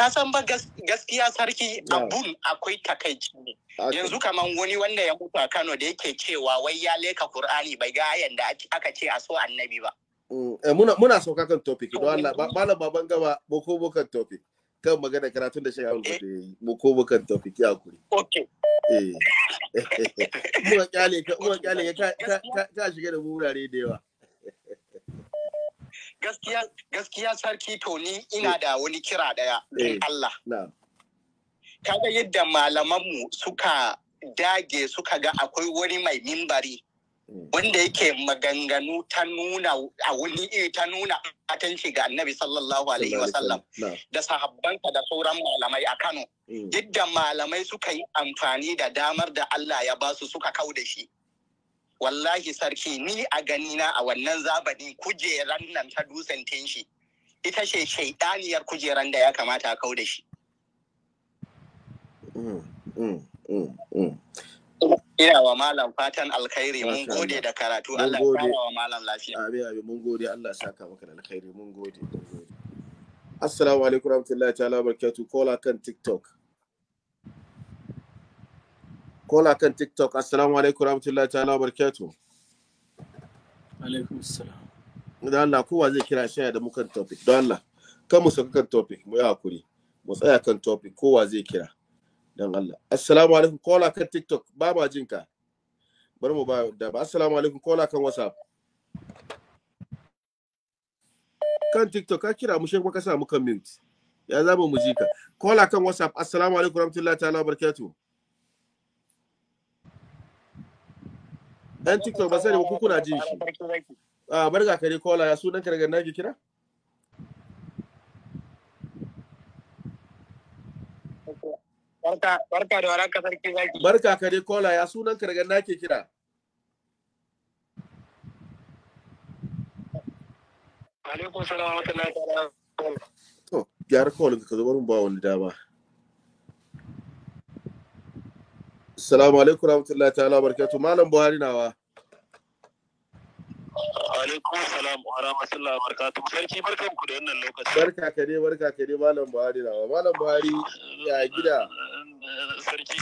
ka san ba gaskiya sarki abun akwai takaici ne yanzu kaman wani wanda ya mutu a Kano da yake cewa wai ya leka Kur'ani bai ga ayan da aka ce a so annabi ba mm, eh, muna muna sauka kan topic don Allah malam baban gaba boko bokan topic kan magana karatun da shayarwa da yi boko bokan topic ya kuri okay eh ga kyale ka ga kyale ka ka shiga da wurare da yawa gaskiya sarki toni ina eh. da wani kira daya in eh. Allah kaga yadda malamanmu suka dage suka ga akwai wani mai mimbari eh. wanda yake maganganu ta nuna a wani iri ta nuna atanci ga annabi sallallahu alaihi wasallam da sahabbanka da sauran malamai a Kano yadda malamai suka yi amfani da damar da Allah ya basu suka kau da shi wallahi sarki ni a ganina a wannan zabani kujeran nan ta dusan tenshi ita ce shaidaniyar kujeran da ya kamata a kau da shi. Mm, mm, mm, Ina wa malam fatan alkhairi mun gode da karatu Allah ya wa malam lafiya. Abi abi mun gode Allah saka maka da alkhairi mun gode. Assalamu alaikum warahmatullahi ta'ala barakatuh kola kan TikTok. kola kan tiktok assalamu alaikum rahmatullahi ta'ala barkatu alaikum assalam da Allah kowa zai kira shaya da mukan topic don Allah kan mu kan topic mu yi hakuri mu tsaya kan topic kowa zai kira don Allah assalamu alaikum kola kan tiktok ba ma jin ka bari mu ba da ba assalamu alaikum kola kan whatsapp kan tiktok ka kira mu shi kuma ka sa mu kan mute ya zama mu ji ka kola kan whatsapp assalamu alaikum rahmatullahi ta'ala barkatu dan tiktok ba sai da ku kuna jin shi Ah barka kare kola ya sunan ka daga nake kira barka da waraka sarki zaki barka kare kola ya sunan ka daga nake kira alaikum salam wa rahmatullahi wa barakatuh to gyara kolin ka zo mun ba wani dama Salamu alaikum wa rahmatullahi ta'ala barkatu Malam Buhari nawa. Alaikum salam wa rahmatullahi wa barakatuh. Sarki barkan ku da wannan lokacin. Barka ka dai barka ka dai Malam Buhari nawa. Malam Buhari ya gida. Sarki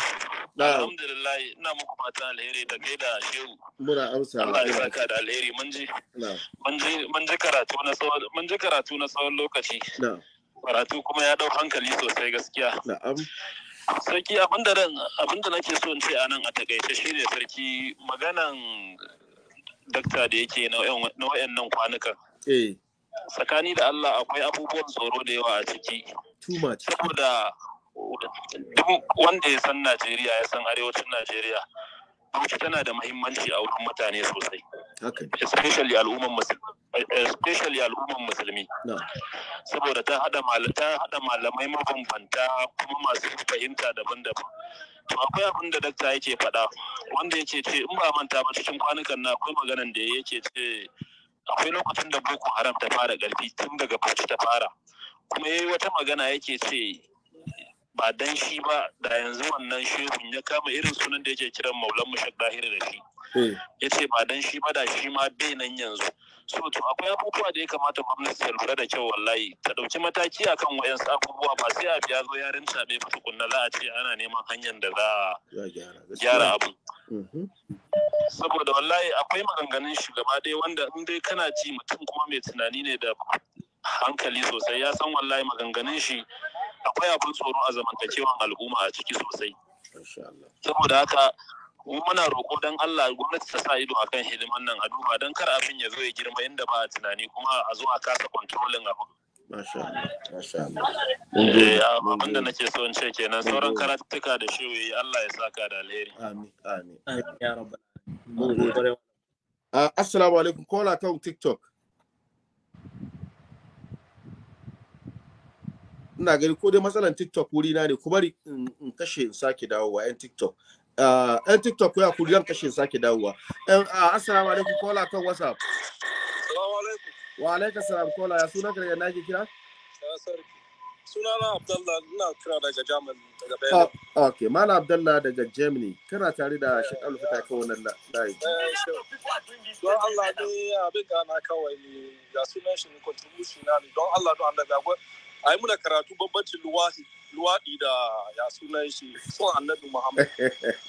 Alhamdulillah ina muku fata alheri da kai da shehu. Muna amsa. Allah ya saka da alheri mun ji. Mun ji karatu na tsawon lokaci. Karatu kuma ya ɗau hankali sosai gaskiya. Na'am. sarki abin da nake so in ce a nan a takaice shine sarki maganan dakta da yake na wayannan kwanukan eh. tsakani da Allah akwai abubuwan tsoro da yawa a ciki saboda duk wanda ya san Najeriya ya san arewacin Najeriya mace tana da muhimmanci a wurin mutane sosai especially al'umman especially al'umman musulmi saboda ta haɗa ta hada malamai mabambanta kuma masu fahimta daban-daban to akwai abin da dakta yake faɗa wanda yake ce in ba manta ba cikin kwanukan na akwai maganan da yake ce akwai lokacin da boko haram ta fara ƙarfi tun daga bauchi ta fara kuma yayi wata magana yake ce ba dan shi ba da yanzu wannan shehun ya kama irin sunan da yake kiran maulan mushak dahiri da shi eh. ya ce ba dan shi ba da shi ma bai nan yanzu so to akwai abubuwa da ya kamata gwamnati ta lura da kyau wallahi ta ɗauki mataki akan wayan abubuwa ba sai a biya zo yarin rinta bai fi tukunna za a ce ana neman hanyar da za a gyara abu mm-hmm. saboda wallahi akwai maganganun gaba ɗaya, wanda in dai kana ji mutum kuma mai tunani ne da hankali sosai ya san wallahi maganganun shi akwai abin tsoro a zamantakewan al'umma a ciki sosai saboda haka muna roƙo don Allah gwamnati ta sa ido akan hidiman nan a duba don kar abin ya zo ya girma inda ba a tunani kuma a zo a kasa kontrolin abin eh, abin da nake so in ce kenan sauran karatuka da shi Allah ya saka da alheri amin amin ah, assalamu alaikum kola kan tiktok ina gani ko dai matsalan tiktok wuri na ne ku bari in kashe in sake dawowa yan tiktok yan ah, tiktok ya ku zan kashe in sake dawowa yan ah, assalamu alaikum kola kan whatsapp wa alaikum salam kola ya suna ka daga nake kira ah, sunana abdallah ina kira daga germany daga belgium ok mala abdallah daga germany kana tare da shek alfita ka wannan layi eh, don allah ne abin gana kawai ya sunan shi ne contribution na ne don allah don allah a yi muna karatu bambancin luwaɗi luwaɗi da ya sunan shi son annabi muhammad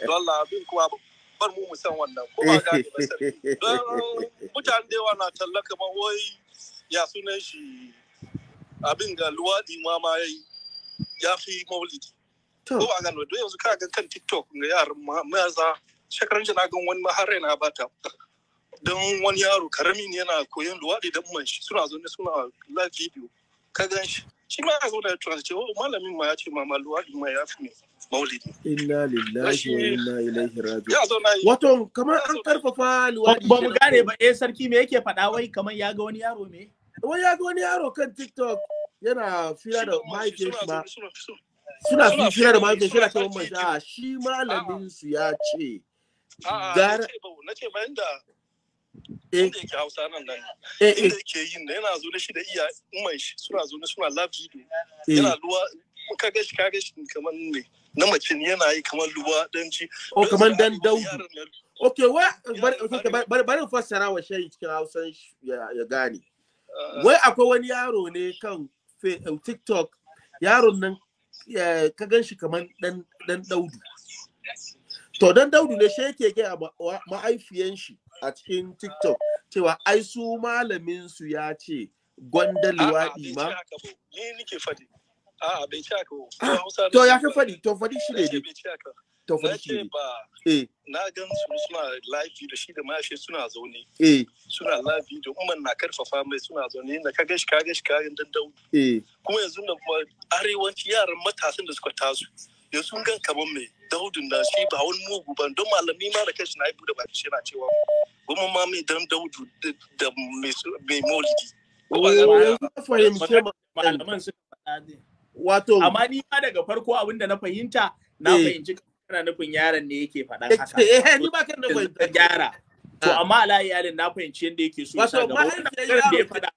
don abin kuma bar mu san wannan ko ba gane ba sai don mutane da yawa na talla kamar wai ya sunan shi abin ga luwaɗi ma ma yi ya fi maulidi ko ba gane don yanzu ka ga kan tiktok ga yaran maza shekaran jana gan wani ma har yana bata don wani yaro karamin yana koyon luwaɗi da man shi suna zo ne suna live video ka gan shi shi ma ya zo da tuwa ce oh malamin ma ya ce ma luwaɗi ma ya fi maulidi inna lillahi wa inna ilaihi raji'un wato kamar an karfafa luwaɗi ba mu gane ba eh sarki me yake faɗa wai kamar ya ga wani yaro me wai ya ga wani yaro kan tiktok yana fira da mahaifiyar ma suna fira da mahaifiyar suna ta mamman shi ah, malamin su ya ce na ce bayan da inda eh. yake hausa nan nan eh, eh. inda yake yin da yana zaune shi da iya umar shi suna zaune suna live video yana luwa ka ga shi ka ga shi kamar ne na mace ne yana yi kamar luwa oh, dan ci o kamar dan daudu okay wai bari bari fassara wa shayi cikin hausan ya gane ah. wai akwai wani yaro ne kan tiktok yaron nan ka gan shi kamar dan daudu to dan daudu ne shi yake ga ma'aifiyan shi a cikin TikTok cewa ai su malamin su ya ce gwanda liwaɗi ma. Ni nake fadi. A'a bai ci aka ah, To ya fi fadi, to fadi shi ne dai. To fadi shi ne. Eh. Na gan su suna live video shi da mashi suna zaune. Eh. Suna live video umman na karfafa mai suna zaune inda ka gashi ka gashi ka dandau. Eh. Kuma yanzu nan kuma arewanci yaran matasan da suka taso. da sun ga kamar mai daudun da shi ba wani mugu ba don malami ma da kashi na haifu da baki shi na cewa goma ma mai dan daudu da mai molidi. Eh, Wato. Amma ni ma daga farko abin da na fahimta na eh. fahimci kana nufin yaron ne yake fadan eh, haka. Eh ni ba To ah. amma ala iyalin na fahimci yadda yake so. Wato da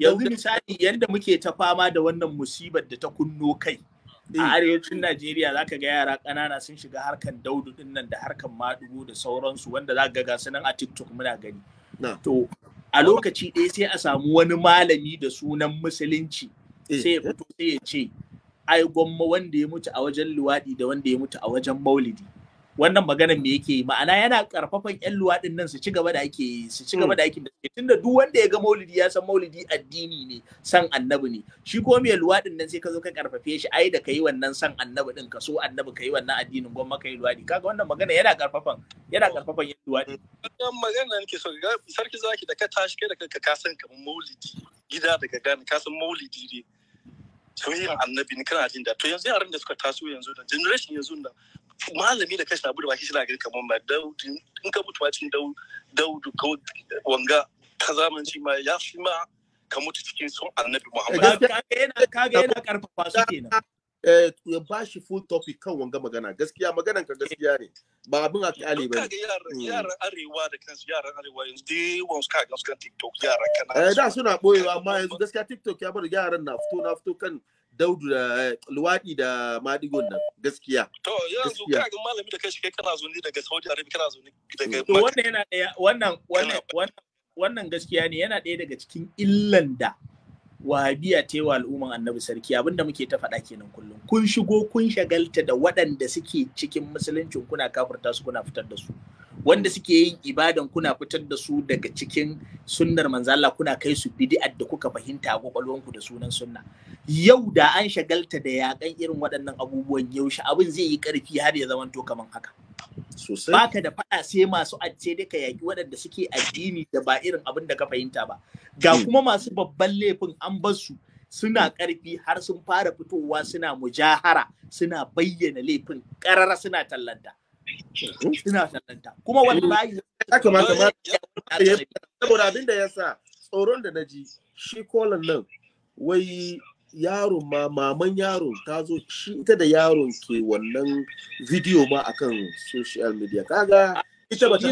yanzu misali yadda muke ta fama da wannan musibar da ta kunno kai. a eh. arewacin Najeriya za ka ga yara ƙanana sun shiga harkan daudu din nan da harkan madugu da sauransu wanda za ga gasu nan a TikTok muna gani. To a lokaci ɗaya sai a samu wani malami da sunan musulunci eh. sai ya fito sai ya ce ai gwamma wanda ya mutu a wajen luwaɗi da wanda ya mutu a wajen maulidi. wannan maganar me yake ma'ana yana karfafan yan luwaɗin nan su ci gaba da ake su ci gaba da hmm. aikin da tunda duk wanda ya ga maulidi ya san maulidi addini ne san annabi ne shi ko me luwaɗin nan sai ka zo ka karfafe shi ai da kai wannan san annabi din ka so annabi kai wannan addinin gwamma kai luwaɗi kaga wannan magana yana karfafan yana karfafan hmm. yan luwaɗi wannan maganar nake so sarki zaki da ka tashi kai da kanka ka san kamar maulidi gida daga gane ka san maulidi ne soyayyan annabi ne kana jin da to yanzu yaran da suka taso yanzu da generation yanzu da malami da kashi abu da baki suna gari kamar ma daudu in ka mutu cikin daudu ko wanga ta zamanci ma ya fi ma ka mutu cikin sun annabi muhammad eh, kaga yana karfafa su kenan eh, ya ba shi full topic kan wanga magana gaskiya maganan ka gaskiya ne ba abin a kyale ba ne yaran yaran hmm. arewa da kansu yaran arewa yanzu dai wasu kaga su kan tiktok yaran kana eh, da suna boyewa amma yanzu gaskiya tiktok ya bar yaran na fito na fito kan daudu da eh, luwaɗi da madigon nan gaskiya. To yanzu ka ga malami da kai shi kai kana zuni daga Saudi Arabia kana zuni daga wannan yana wannan wannan wannan gaskiya ne yana ɗaya daga cikin illan da wahabiya ta yi wa al'umman annabi sarki abinda muke ta faɗa kenan kullum kun shigo kun shagalta da waɗanda suke cikin musuluncin kuna kafirta su kuna fitar da su wanda suke yin ibadan kuna fitar da su daga cikin sunnar manzala kuna kai su bid'ar da kuka fahimta a kwakwalwanku da sunan sunna yau da an shagalta da yaƙan irin waɗannan abubuwan yaushe abin zai yi ƙarfi har ya zamanto kaman haka Sosai. Baka da faɗa sai masu acce dai ka yaƙi waɗanda suke addini da ba irin abin da ka fahimta ba. Ga hmm. kuma masu babban laifin an bar su suna hmm. ƙarfi har sun fara fitowa suna mujahara suna bayyana laifin ƙarara suna tallanta. Hmm. Suna tallanta. Kuma wallahi. Ya kamata ma saboda abin da ya sa tsoron da na ji shi kolan nan wai yaron ma maman yaron ta zo shi ita da yaron ke wannan video ma akan social media kaga ita ba ta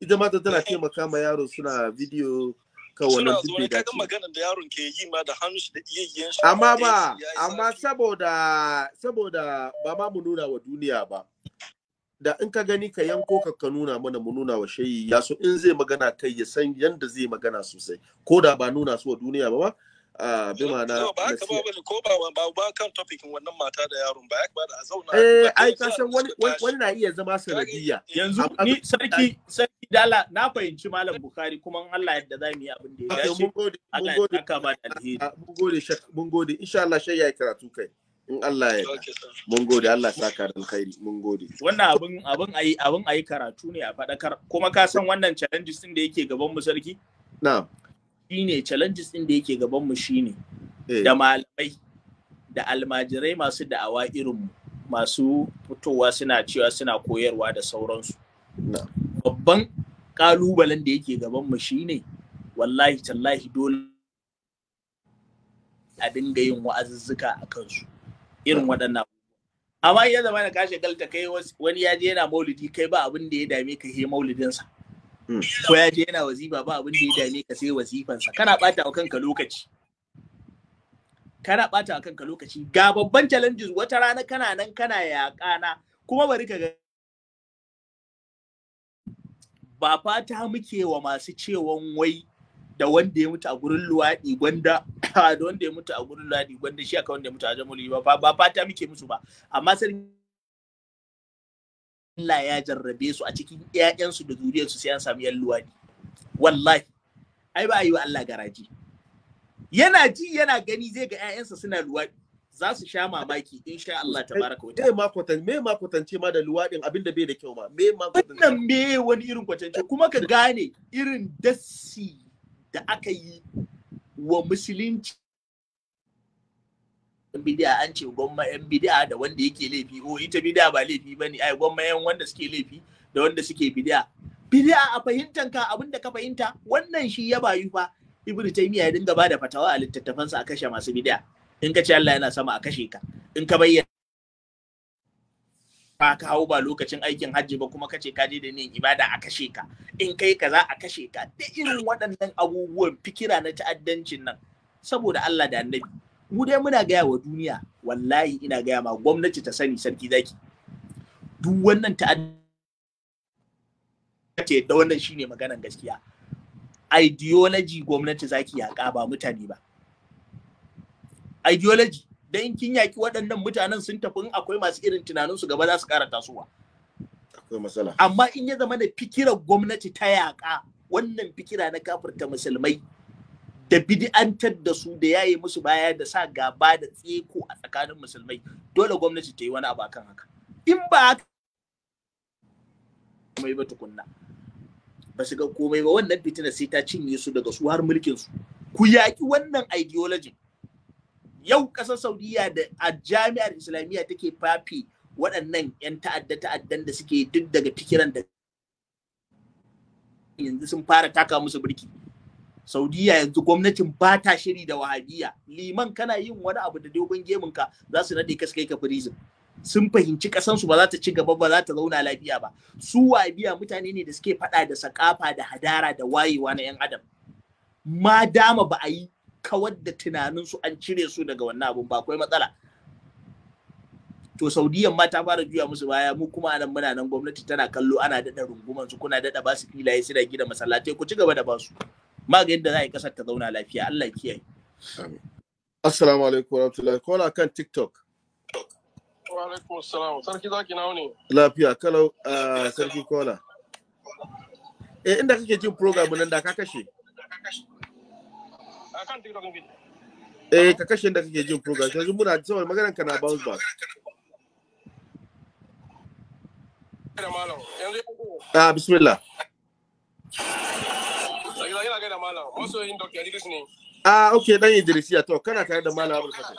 ita ma tana taimaka ma yaro suna video ka wannan duk da kaga magana da yaron ke yi ma da hannun shi da iyayen shi amma ba amma saboda saboda ba ma mu nuna wa duniya ba da in ka gani ka yanko ka ka nuna mana mu nuna wa shayi ya so in zai magana kai ya san yanda zai magana sosai ko da ba nuna su wa duniya ba a bi ma na ba haka ba bane ko ba ba ba kan topic wannan mata da yaron ba haka ba da zauna eh ai ka san wani wani na iya zama sanadiyya eh. yanzu ni sarki sarki dala na fahimci malam bukhari kuma in Allah yadda za mu yi abin da ya dace mun gode mun gode ka ba da alheri ah, mun gode mun gode insha Allah shayya ya karatu kai in Allah ya mun gode Allah saka ran kairi mun gode wannan abin abin ayi abin ayi karatu ne a fadakar kuma ka san wannan challenges din da yake gaban mu sarki na'am shine challenges din da yake gaban mu shine eh. da malamai da almajirai masu da'awa irin mu masu fitowa suna cewa suna koyarwa da sauransu babban kalubalen da yake gaban mu shine wallahi tallahi dole a dinga yin wa'azuzzuka a kansu irin waɗannan amma ya zama na kashe galta kai wani ya je yana maulidi kai ba abin da ya dame ka he maulidinsa Hmm. ko ya je yana wazifa ba abin da ya dame ka sai wazifansa kana bata wa kanka lokaci kana bata wa kanka lokaci ga babban challenges wata rana kana nan kana yaƙana kuma bari ka ga ba fata muke wa masu cewan wai da wanda ya mutu a gurin luwaɗi gwanda da wanda ya mutu a gurin luwaɗi gwanda shi aka wanda ya mutu a jamuli ba ba fata muke musu ba amma sai. Allah ya jarrabe su a cikin ƴaƴansu da zuriyarsu sai an samu yalluwa ne. wallahi ai ba a yi wa Allah garaji yana ji yana gani zai ga ƴaƴansa suna luwaɗi. za su sha mamaki insha Allah tabaraka wa ta'ala me ma me ma kwatance ma da luwaɗin? abin da bai da kyau ma me ma wannan me wani irin kwatance kuma ka gane irin dasi da aka yi wa musulunci yan bidiya an ce gwamma yan bidiya da wanda yake laifi o oh, ita bidiya ba laifi bane ai gwamma yan wanda suke laifi da wanda suke bidiya bidiya a fahimtar ka abin da ka fahimta wannan shi ya bayu fa ibn taymiya ya dinga bada fatawa a littattafan sa a kashe masu bidiya in ka ce Allah yana sama a kashe ka in ka bayyana ba ka hau ba lokacin aikin hajji ba kuma kace ka je da niyan ibada a kashe ka in kai za a kashe ka da irin waɗannan abubuwan fikira na ta'addancin nan saboda Allah da annabi mu dai muna gaya wa duniya wallahi ina gaya ma gwamnati ta sani sarki zaki duk wannan ta ce da wannan shine maganan gaskiya ideology gwamnati zaki yaƙa ba mutane ba ideology dan in kin yaki waɗannan mutanen sun tafi akwai masu irin tunanin su gaba za su ƙara tasowa amma in ya zama da fikirar gwamnati ta yaƙa wannan fikira na kafirta musulmai da bid'antar da su da yaye musu baya da sa gaba da tseko a tsakanin musulmai dole gwamnati ta yi wani abu akan haka in ba mai ba tukunna ba su ga komai ba wannan fitina sai ta cinye su daga su har mulkin su ku yaki wannan ideology yau ƙasar saudiya da a jami'ar islamiyya take fafi waɗannan 'yan ta'adda ta'addan da suke duk daga fikiran da yanzu sun fara taka musu birki saudiya yanzu gwamnatin ba ta shiri da wahabiya liman kana yin wani abu da dogon gemun ka za su nade kai ka prison sun fahimci kasansu ba za ta ci gaba ba za ta zauna lafiya ba su wahabiya mutane ne da suke faɗa da sakafa da hadara da wayewa na yan adam ma dama ba a yi kawar da tunaninsu an cire su daga wannan abun ba akwai matsala to saudiyan ma ta fara juya musu baya mu kuma nan muna nan gwamnati tana kallo ana dada runguman su kuna dada basu filaye suna gina masallatai ku ci gaba da su. ba ga yadda za a yi ƙasar ta zauna lafiya Allah ya kiyaye assalamu alaikum warahmatullahi kola kan tiktok wa alaikum assalam sarki za ki nawo ne lafiya kalau ah, sarki kola eh inda kake jin program nan da ka kashe akan tiktok eh ka kashe inda kake jin program yanzu muna saboda maganar ka na bounce back Ah, bismillah. also yin Dr. Idris ne. Ah, okay, dan Idris ya to kana tare da Malam Abdul Fatah.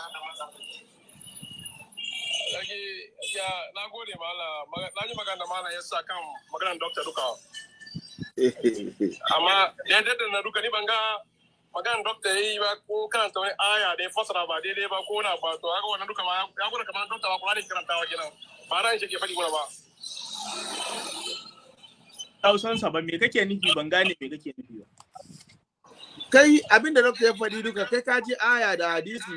ya na gode mala na yi magana mala ya sa kan maganar dokta duka amma daidai da na duka ni banga magana maganar dokta ya yi ba ko kan wani aya da ya fasara ba daidai ba ko na ba to haka wannan duka ma ya gura kamar dokta ba kula da karantawa kenan ba ran shi ke faɗi gura ba Tausansa ba me kake nufi ban gane me kake nufi ba. kai abin da ya faɗi duka kai ka ji aya da hadisi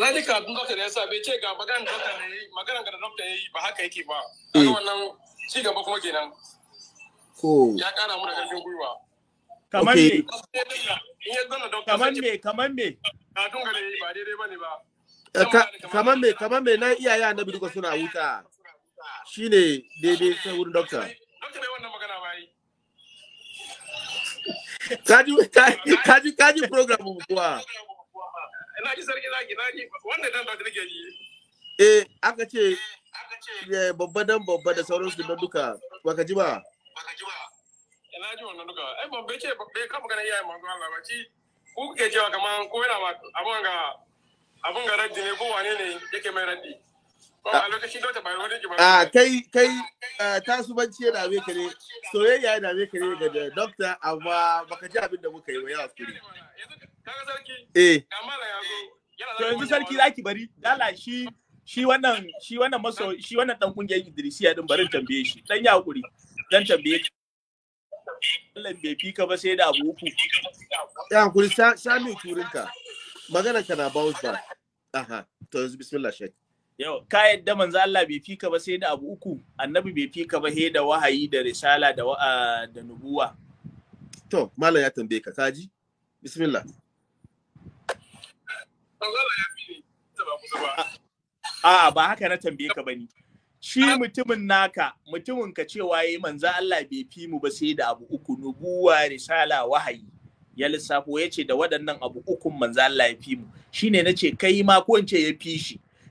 na ji karatun dokta da ya sa bai ce ga maganar dokta da yi maganar da dokta ya yi ba haka yake ba haka eh. wannan ci gaba kuma kenan Ko. ya kara mu da ƙarfin gwiwa kamar me kamar me kamar me karatun da yi ba daidai ba ne ba eh, kamar me kamar me na iyaye annabi duka suna wuta shine daidai sai wurin dokta dokta bai wannan kaji kaji kaji program kuwa ji sarki na ji wannan dan ba ta nake ji eh aka ce ya eh, eh, babba dan babba da sauransu na duka baka ji ba ji ba ina eh, ji wannan duka ai babbe ce babbe kan magana iyaye manzo Allah ci ku kuke cewa kaman ko yana ma abun ga abun ga raddi ne ko wane ne yake mai raddi a ah, kai kai ah, tasubanci yana mai ka soyayya yana mai ka ga da dokta amma baka ji abin da muka yi ba yawa kuri eh to yanzu sarki zaki bari dala shi shi wannan shi wannan maso shi wannan dan kungiyar Idrisiya din barin tambaye shi dan ya hakuri dan tambaye shi Allah bai fika ba sai da abu uku ya hakuri sami turinka magana kana bounce back aha to yanzu bismillah shek yau ka yadda manzo Allah bai fika ba sai da abu uku annabi bai fika ba sai da wahayi da risala da da nubuwa to malam ya tambaye ka kaji bismillah A'a ba haka na tambaye ka bane shi mutumin naka mutumin ka cewa yayi manzo Allah bai fi mu ba sai da abu uku nubuwa risala wahayi ya lissafo ya ce da waɗannan abu ukun manzo Allah ya fi mu shine nace kai ma ko in ce ya fi shi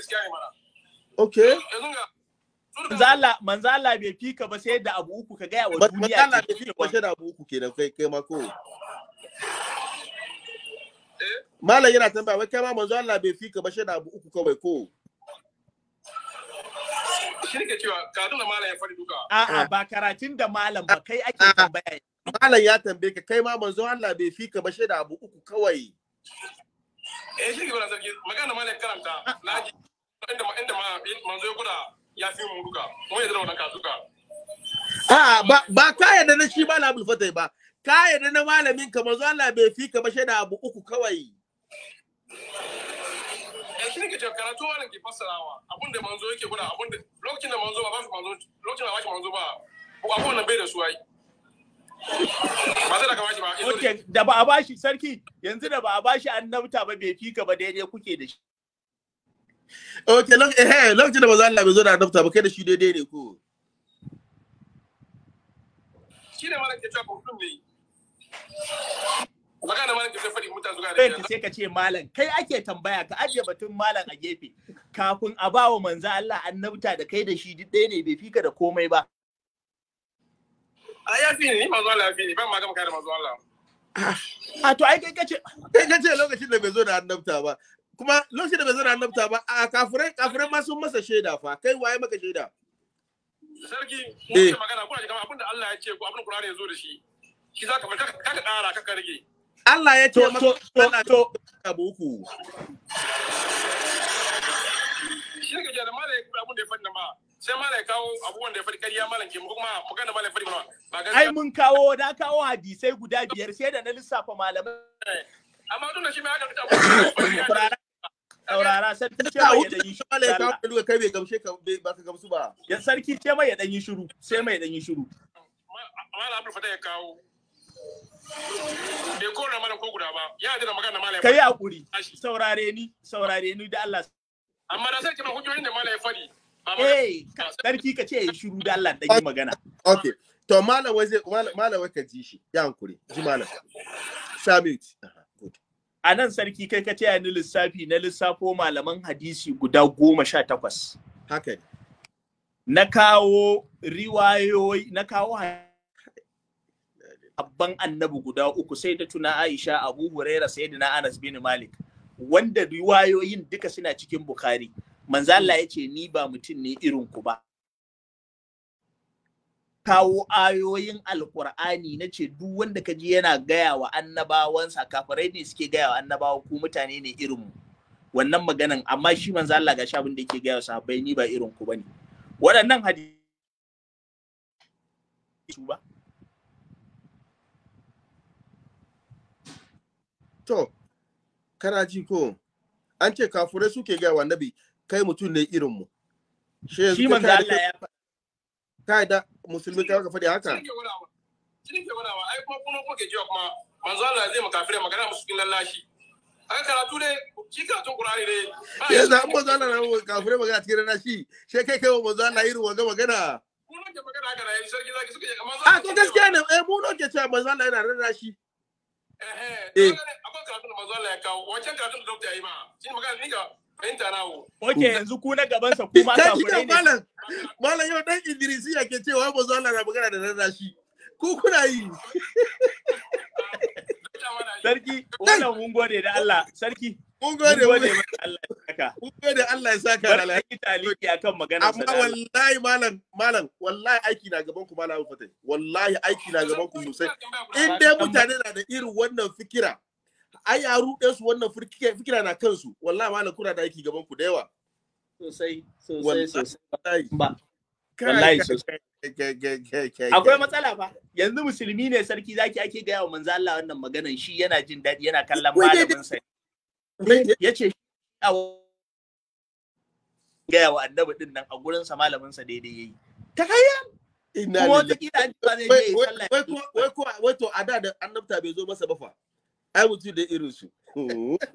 gaskiya ne mana okay manzala manzala bai fika ba sai da abu uku ka gaya wa duniya manzala bai fika ba sai da abu uku kenan kai kai ma ko eh? Malam yana tambaya wai kai ma manzala Allah bai fika ba sai da abu uku kawai ko shirke cewa kadun da malam ya faɗi duka a'a ah. ba karatun da malam ba kai ake ah. tambaya malam ya tambaye ka kai ma manzo Allah bai fika ba sai da abu uku kawai eh shi ke ba sarki magana malam karanta ah. naji inda ma inda ma manzo ya guda ya fi mu duka mu yadda wannan ka duka a ba ba ka yadda na shi malam abul fatai ba ka yadda na malamin ka manzo Allah bai fi ka ba shaida abu uku kawai eh, shi nake cewa karatu wannan ke fassarawa abin da manzo yake gura abin da lokacin da manzo ba ba shi manzo lokacin da ba shi manzo ba abin nan bai da su ai ba zai da kama shi ba okay da ba a bashi sarki yanzu da ba a bashi annabta ba bai fika ba daidai kuke da shi okay lokacin eh, da maza Allah bai zo da annabta ba kai da shi daidai ne ko shi ne malam ke cewa mutum ne magana malam ke cewa fadi mutane zuwa da sai ka ce malam kai ake tambaya ka ajiye batun malam a gefe kafin a ba wa manzo Allah annabta da kai da shi duk ɗaya ne bai fika da komai ba a ya fi ni, manzo Allah fi ne ban ma gama da manzo Allah a to ai kai kace kai kace lokacin da bai zo da annabta ba kuma lokacin da bai zana annabta ba a kafirai kafirai ma sun masa shaida fa kai waye maka shaida sarki mun yi eh. magana kuna jikama abinda Allah ya ce ko abin Qur'ani ya zo da shi shi zaka ka ka ƙara ka karge Allah ya ce maka to abu uku shi ne ga da mala ya abin da ya faɗi ma sai mala ya kawo abubuwan da ya fadi kariya malam ke kuma magana mala fadi ba ma ai mun kawo da kawo hadisai guda biyar sai da na lissafa malamai eh, amma tun da shi mai haka ta abubuwan da ya saurara sarki ce mai ba ka sarki ce mai ya kawo bai kai hakuri saurare ni saurare ni da Allah amma da sai hujjoyin da mala ya fadi eh sarki ka ce ya shiru da Allah dan yi magana okay to malam wai ka ji shi ya hankuri ji sabit a nan sarki kai ka taya ni lissafi na lissafo malaman hadisi guda goma sha takwas. Haka Na kawo riwayoyi, na kawo abban annabi guda uku sai da tuna Aisha Abu Huraira sai da Anas bin Malik. Wanda riwayoyin duka suna cikin Bukhari. Manzo Allah ya ni ba mutum ne irin ku ba. kawo ayoyin alkur'ani na ce duk wanda ka ji yana gaya wa annabawansa kafirai ne suke gaya wa annabawa ku mutane ne irinmu wannan maganan amma shi manzo Allah ga shabin da yake gaya wa sahabbai ni ba irin ku bane waɗannan hadisi ba to kana ji ko an ce kafirai suke gaya wa annabi kai mutum ne irinmu shi manzo Allah ya faɗa ka yadda musulmi ka faɗi haka cikin ke gwadawa ai kuma kuma ke cewa kuma manzo Allah zai makafire magana musu cikin lallashi Aka karatu ne shi karatun Qur'ani ne yanzu za manzo Allah na makafire magana cikin lallashi sai kai kai manzo Allah irin wanga magana a to gaskiya ne eh mu ne ke cewa manzo Allah yana rarra shi eh akwai karatun manzo Allah ya kawo wancan karatun da dokta yayi ma shi magana ni ga fahimta Ok, yanzu ku na gabansa ku ma gure ne. Malam, malam yau dan Idrisi ke cewa ba zo Allah na magana da rarra shi. Ku kuna yi. Sarki, wannan mun gode da Allah. Sarki, mun gode da Allah ya saka da ta taliki akan maganar sa. Amma wallahi malam, malam, wallahi aiki na gaban ku malam Fatai. Wallahi aiki na gaban ku sosai. In dai mutane na da irin wannan fikira, ai ya ruɗe su wannan fikira na kansu wallahi malam kuna da aiki gaban ku da yawa sosai sosai ba wallahi sosai akwai matsala ba yanzu musulmi ne sarki zaki ake gaya wa manzo Allah wannan maganan shi yana jin daɗi yana kallon malamin sa yace ga gaya wa annabi din nan a gurin sa malamin sa daidai yayi ta kaya ina ne wai ko wai ko wai to ada da annabta bai zo masa ba fa ai mutu da irin su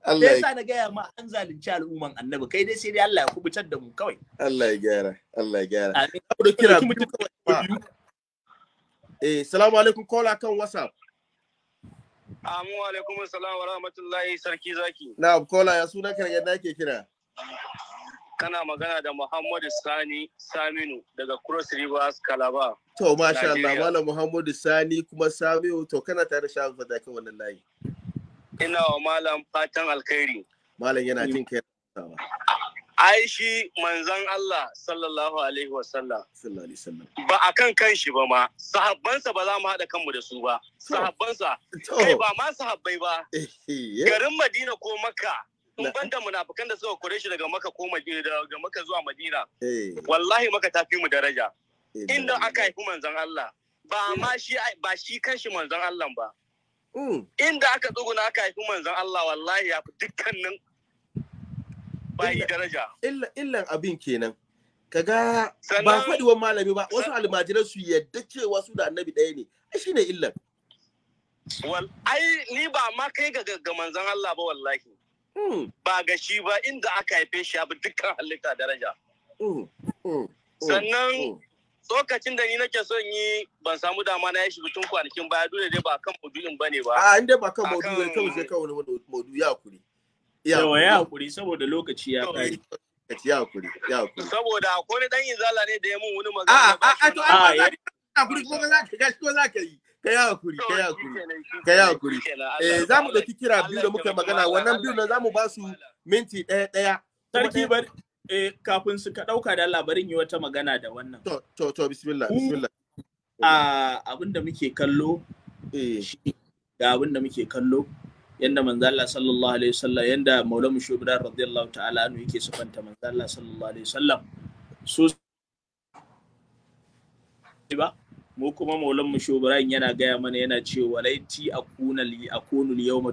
Allah ya na gaya ma an zalunci al'umman annabi kai dai sai dai Allah ya kubutar da mu kawai Allah ya gyara Allah ya gyara amin da kira eh salamu alaikum kola kan whatsapp Amu alaikum assalam wa rahmatullahi sarki zaki. Na kola ya suna karga da ke kira. kana magana da Muhammadu Sani Saminu daga Cross Rivers Calabar. To masha Allah Malam Muhammadu Sani kuma Saminu to kana tare da shafin fata kan wannan layi. Ina wa Malam fatan alkhairi. Malam yana jin kai. Ai shi manzon Allah sallallahu alaihi sallam. Sallallahu alaihi sallam. Ba kan kan shi ba ma, sahabbansa ba za mu haɗa kanmu da su ba. Sahabbansa kai ba ma sahabbai ba. Eh, eh, eh. Garin Madina ko Makka ban banda munafukan da suka kore shi daga maka ko daga maka zuwa madina eh. wallahi maka ta fi mu daraja eh, inda aka haifi manzon Allah ba ma shi ba shi kanshi manzon Allah ba hmm. inda aka tsuguna aka haifi manzon Allah wallahi ya fi dukkanin bayi daraja illan abin kenan kaga ba faɗiwan malami ba wasu almajiran su yadda cewa su da annabi ɗaya ne shine illan ai ni ba ma kai ga ga manzon Allah ba wallahi Hmm. ba ga shi ba inda aka haife shi abu dukkan halitta daraja. Hmm. Hmm. Sannan tsokacin da ni nake son yi ban samu dama na yi shi tun kwanakin baya dole dai ba kan maudu'in ba ne ba. A inda ba kan maudu ne, kawai zai kawo wani maudu ya kuri. Yawa ya kuri saboda lokaci ya kai. Ya kuri ya kuri. Saboda ko ni dan izala ne da ya mun wani magana. A a a to a a a a a a a a a a a a yi. kai hakuri kai hakuri kai hakuri eh za mu dauki kira biyu da muka magana wannan biyu na za mu ba su minti ɗaya ɗaya sarki bar eh kafin su ka dauka da labarin yi wata magana da wannan to to to bismillah bismillah a abinda da muke kallo eh ga abinda da muke kallo yanda manzo Allah sallallahu alaihi wasallam yanda maulamu shubra radiyallahu ta'ala anhu yake sufanta manzo Allah sallallahu alaihi wasallam su ba mu kuma maulan mu shubran yana gaya mana yana ce walaiti a li akunu al yawma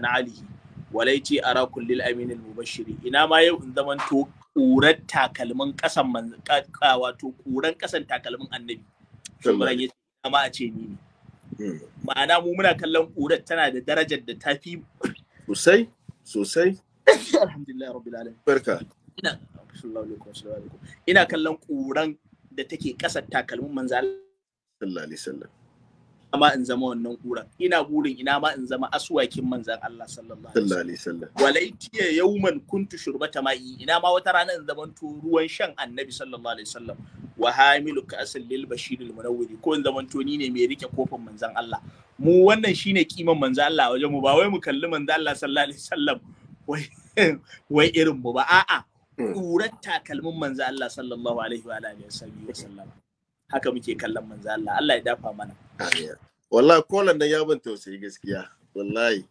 na alihi walaiti ara kullil amin al mubashiri ina ma yau in zaman to kuran takalmin kasan man wato kuran kasan takalmin annabi shubran ya ce ma a ce ni ne hmm. ma'ana mu muna kallon kurar tana da darajar da tafi sosai sosai alhamdulillah rabbil alamin barka ina kallon kuran da take kasar takalmin manzo sallallahu alaihi wasallam ma in zama wannan kuran ina burin ina ma in zama aswakin manzan Allah sallallahu alaihi wasallam walaitiya yauman kuntu shurbata ma'i ina ma wata rana in zama to ruwan shan annabi sallallahu alaihi wasallam wa hamilu ka asal lil bashir al munawwiri ko in zama to ni ne mai rike kofin manzan Allah mu wannan shine kiman manzan Allah wajen mu ba wai mu kalli manzan Allah sallallahu alaihi wasallam wai wai irin mu ba a'a kurar hmm. takalmin manzan Allah sallallahu alaihi wa alihi wasallam haka muke kallon manzo Allah Allah ya dafa mana wallahi kolan nan ya ban tausayi gaskiya wallahi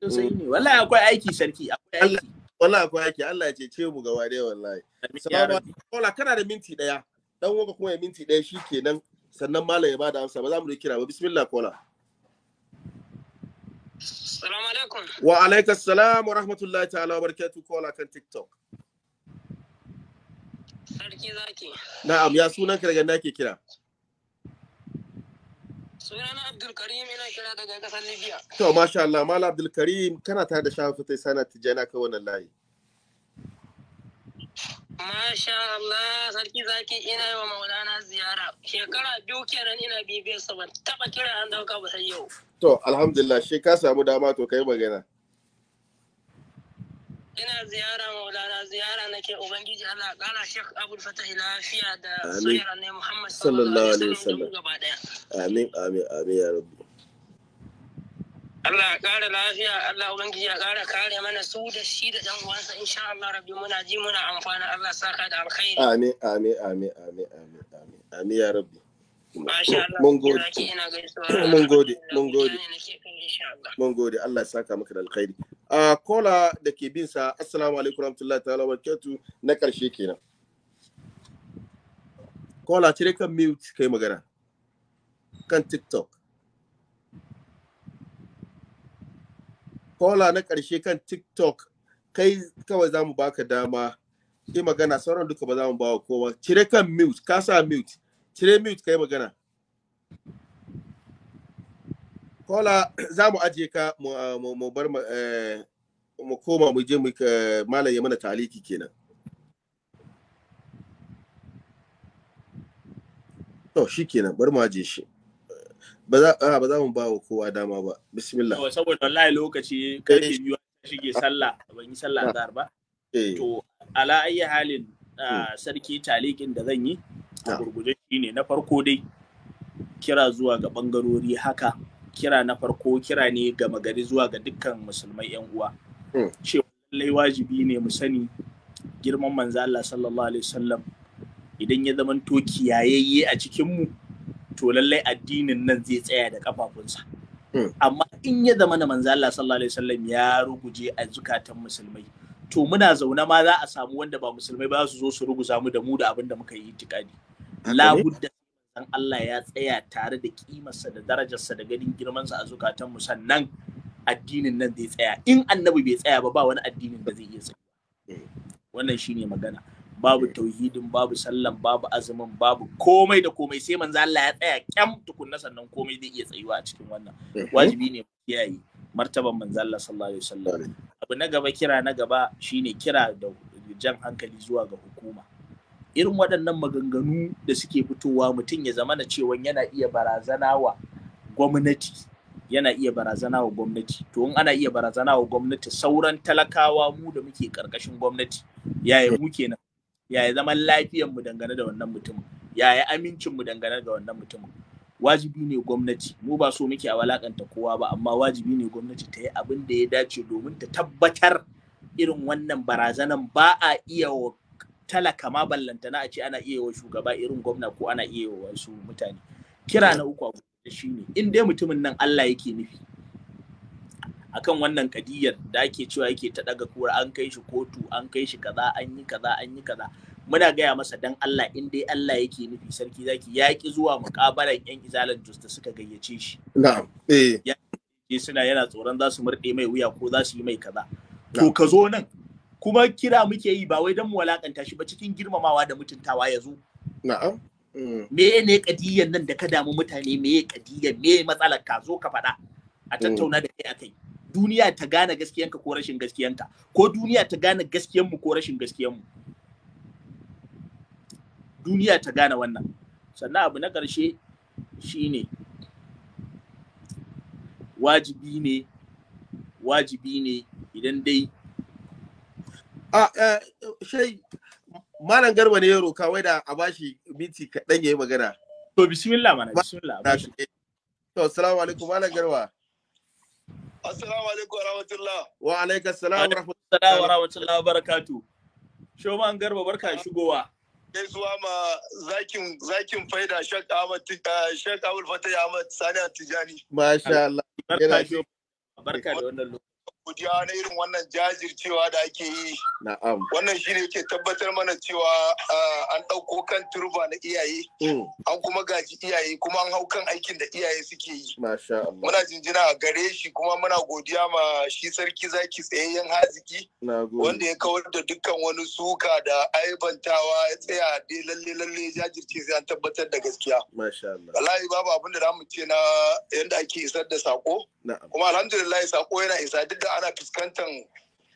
tausayi ne wallahi akwai aiki sarki akwai aiki wallahi akwai aiki Allah ya cece mu gaba dai wallahi kola kana da minti daya dan waka kuma ya minti daya shikenan sannan malam ya bada amsa ba za mu yi kira ba bismillah kola Assalamu alaikum. Wa alaikas salam wa rahmatullahi ta'ala wa barakatuh kola kan TikTok. sarki zaki. Na'am, ya sunan ka daga nake kira. Sunana Abdul Karim ina kira daga kasar Libya. To masha Allah, Mala Abdul Karim kana tare da shafi ta sana tijana ka wannan layi. Masha Allah, sarki zaki ina yi wa maulana ziyara. Shekara biyu kenan ina bibiyar sa ban taba kira an dauka ba sai yau. To, alhamdulillah, shi ka samu dama to kai magana. ina ziyara maulana ziyara na ke, ubangiji Allah kara shek abul fatah lafiya da soyara ne muhammad sallallahu alaihi wasallam amin amin amin ya rabbi Allah ƙara kara lafiya Allah ubangiji ya kara kare mana su da shi da dan uwansa insha Allah rabbi muna ji muna amfana Allah saka da alkhairi amin amin amin amin amin amin amin ya rabbi mun gode mun gode mun gode mun gode Allah ya saka maka da alkhairi a kola da ke bin sa assalamu alaikum rahmatullahi ta'ala barkatu na karshe kenan kola cire kan mute kai magana kan tiktok kola na karshe kan tiktok kai kawai za mu baka dama yi magana sauran duka ba za mu bawa kowa cire kan mute ka sa mute cire mute kai magana Paula za mu ajiye ka mu ah, bar eh, mu koma mu je mu eh, malam ya mana taliki kenan to shi kenan bar mu ajiye shi ah, ba za mu ba wa kowa dama ba bismillah saboda wallahi lokaci biyo biyu shige sallah ban yi sallah azhar ba eh. to ala ayi halin ah, hmm. sarki talikin da zan yi a gurguje shine na farko dai kira zuwa ga bangarori haka kira na farko kira ne ga magari zuwa ga dukkan musulmai yan uwa hmm. cewa lallai wajibi ne mu sani girman manzo Allah sallallahu alaihi wasallam idan ya zama to kiyayayye a cikin mu to lallai addinin nan zai tsaya da kafafunsa hmm. amma in ya zama na manzo Allah sallallahu alaihi wasallam ya ruguje a zukatan musulmai to muna zaune ma za a samu wanda ba musulmai ba su zo su ruguza mu da mu da abin da muka yi itikadi labudda Idan Allah ya tsaya tare da kimarsa da darajarsa da ganin girmansa a zukatan mu sannan addinin nan zai tsaya in annabi bai tsaya ba ba wani addinin ba zai iya tsaya wannan shine magana babu tauhidin babu sallan babu azumin babu komai da komai sai manzo Allah ya tsaya kyam tukunna sannan komai zai iya tsayuwa a cikin wannan eh. wajibi ne kiyaye martaban manzo Allah sallallahu alaihi wasallam abu na gaba kira na gaba shine kira da jan hankali zuwa ga hukuma irin waɗannan maganganu da suke fitowa mutum ya zama na cewa yana iya barazana wa gwamnati yana iya barazana wa gwamnati to in ana iya barazana wa gwamnati sauran talakawa mu da muke karkashin gwamnati yaya mu kenan yaya zaman lafiyar mu dangane da wannan mutumin yaya amincin mu dangane da wannan mutumin wajibi ne gwamnati mu ba so muke a walakanta kowa ba amma wajibi ne gwamnati ta yi abin da ya dace domin ta tabbatar irin wannan barazanan ba a iya wa talaka ma ballantana a ce ana iya wa shugaba irin gwamna ko ana iya wa wasu mutane kira na uku a shi ne in dai mutumin nan Allah yake nufi akan wannan kadiyar da ake cewa yake ta daga kura an kai shi kotu an kai shi kaza an yi kaza an yi kaza muna gaya masa dan Allah in dai Allah yake nufi sarki zaki ya ki zuwa mukabalan yan izalan justa suka gayyace shi na'am eh suna yana tsoron za su murɗe mai wuya ko za su yi mai kaza to ka zo nan kuma kira muke yi ba wai don mu walakanta shi ba cikin girmamawa da mutuntawa ya zo na'am me ne kadiyan nan da ka damu mutane me kadiyan me matsalar ka zo ka faɗa a tattauna da kai akai duniya ta gane gaskiyanka ko rashin gaskiyanka ko duniya ta gane gaskiyanmu ko rashin gaskiyanmu duniya ta gane wannan sannan abu na ƙarshe shine wajibi ne wajibi ne idan dai a shai malam garba ne ya roka wai da a bashi minti kaɗan ya yi magana to bismillah mana bismillah to assalamu alaikum malam garba assalamu alaikum wa rahmatullah wa alaikum assalam wa rahmatullah wa barakatuh shoman garba barka shigowa gaisuwa ma zakin zakin faida shek Ahmad eh, shek Abdul Fatah Ahmad Sani Tijani. Masha Allah. Barka da wannan lokaci. godiya na irin wannan jajircewa da ake yi. Wannan shi ne ke tabbatar mana cewa an ɗauko kan turba na iyaye. Mm. An kuma gaji iyaye kuma an hau kan aikin da iyaye suke yi. Muna jinjina a gare shi kuma muna godiya ma shi sarki zaki tsayayyen haziki. Wanda ya kawar da dukkan wani suka da aibantawa ya tsaya da lalle lalle jajirce sai an tabbatar da gaskiya. Wallahi babu abin da za mu ce na yanda ake isar da sako. Kuma alhamdulillah sako yana isa duk da ana fuskantar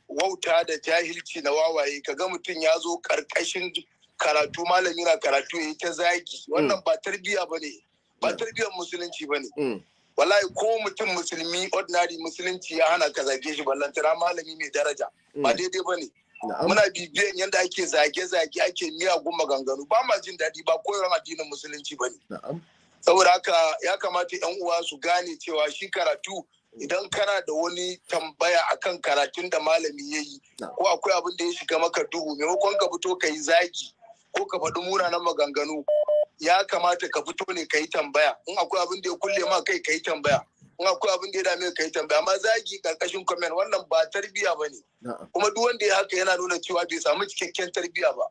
wauta da jahilci na wawaye ga mutum ya zo karkashin karatu malami na karatu ya ta zagi mm. wannan ba tarbiya ba ne ba mm. tarbiyar musulunci ba ne mm. wallahi ko mutum musulmi ordinary musulunci ya hana ka zage shi ballantana malami mai daraja ba daidai ba ne muna bibiyan yadda ake zage-zage ake miyagun maganganu ba ma jin daɗi ba koyon addinin musulunci ba ne saboda haka ya kamata yan uwa su gane cewa shi karatu idan kana da wani tambaya akan karatun da malami ya yi ko akwai abin da ya shiga maka duhu maimakon ka fito ka yi zagi ko ka faɗi munanan maganganu ya kamata ka fito ne ka yi tambaya in akwai abin da ya kulle ma kai ka yi tambaya in akwai abin da ya dame ka yi tambaya amma zagi karkashin kwamen, wannan ba tarbiya ba ne kuma duk wanda ya haka yana nuna cewa bai samu cikakken tarbiyya ba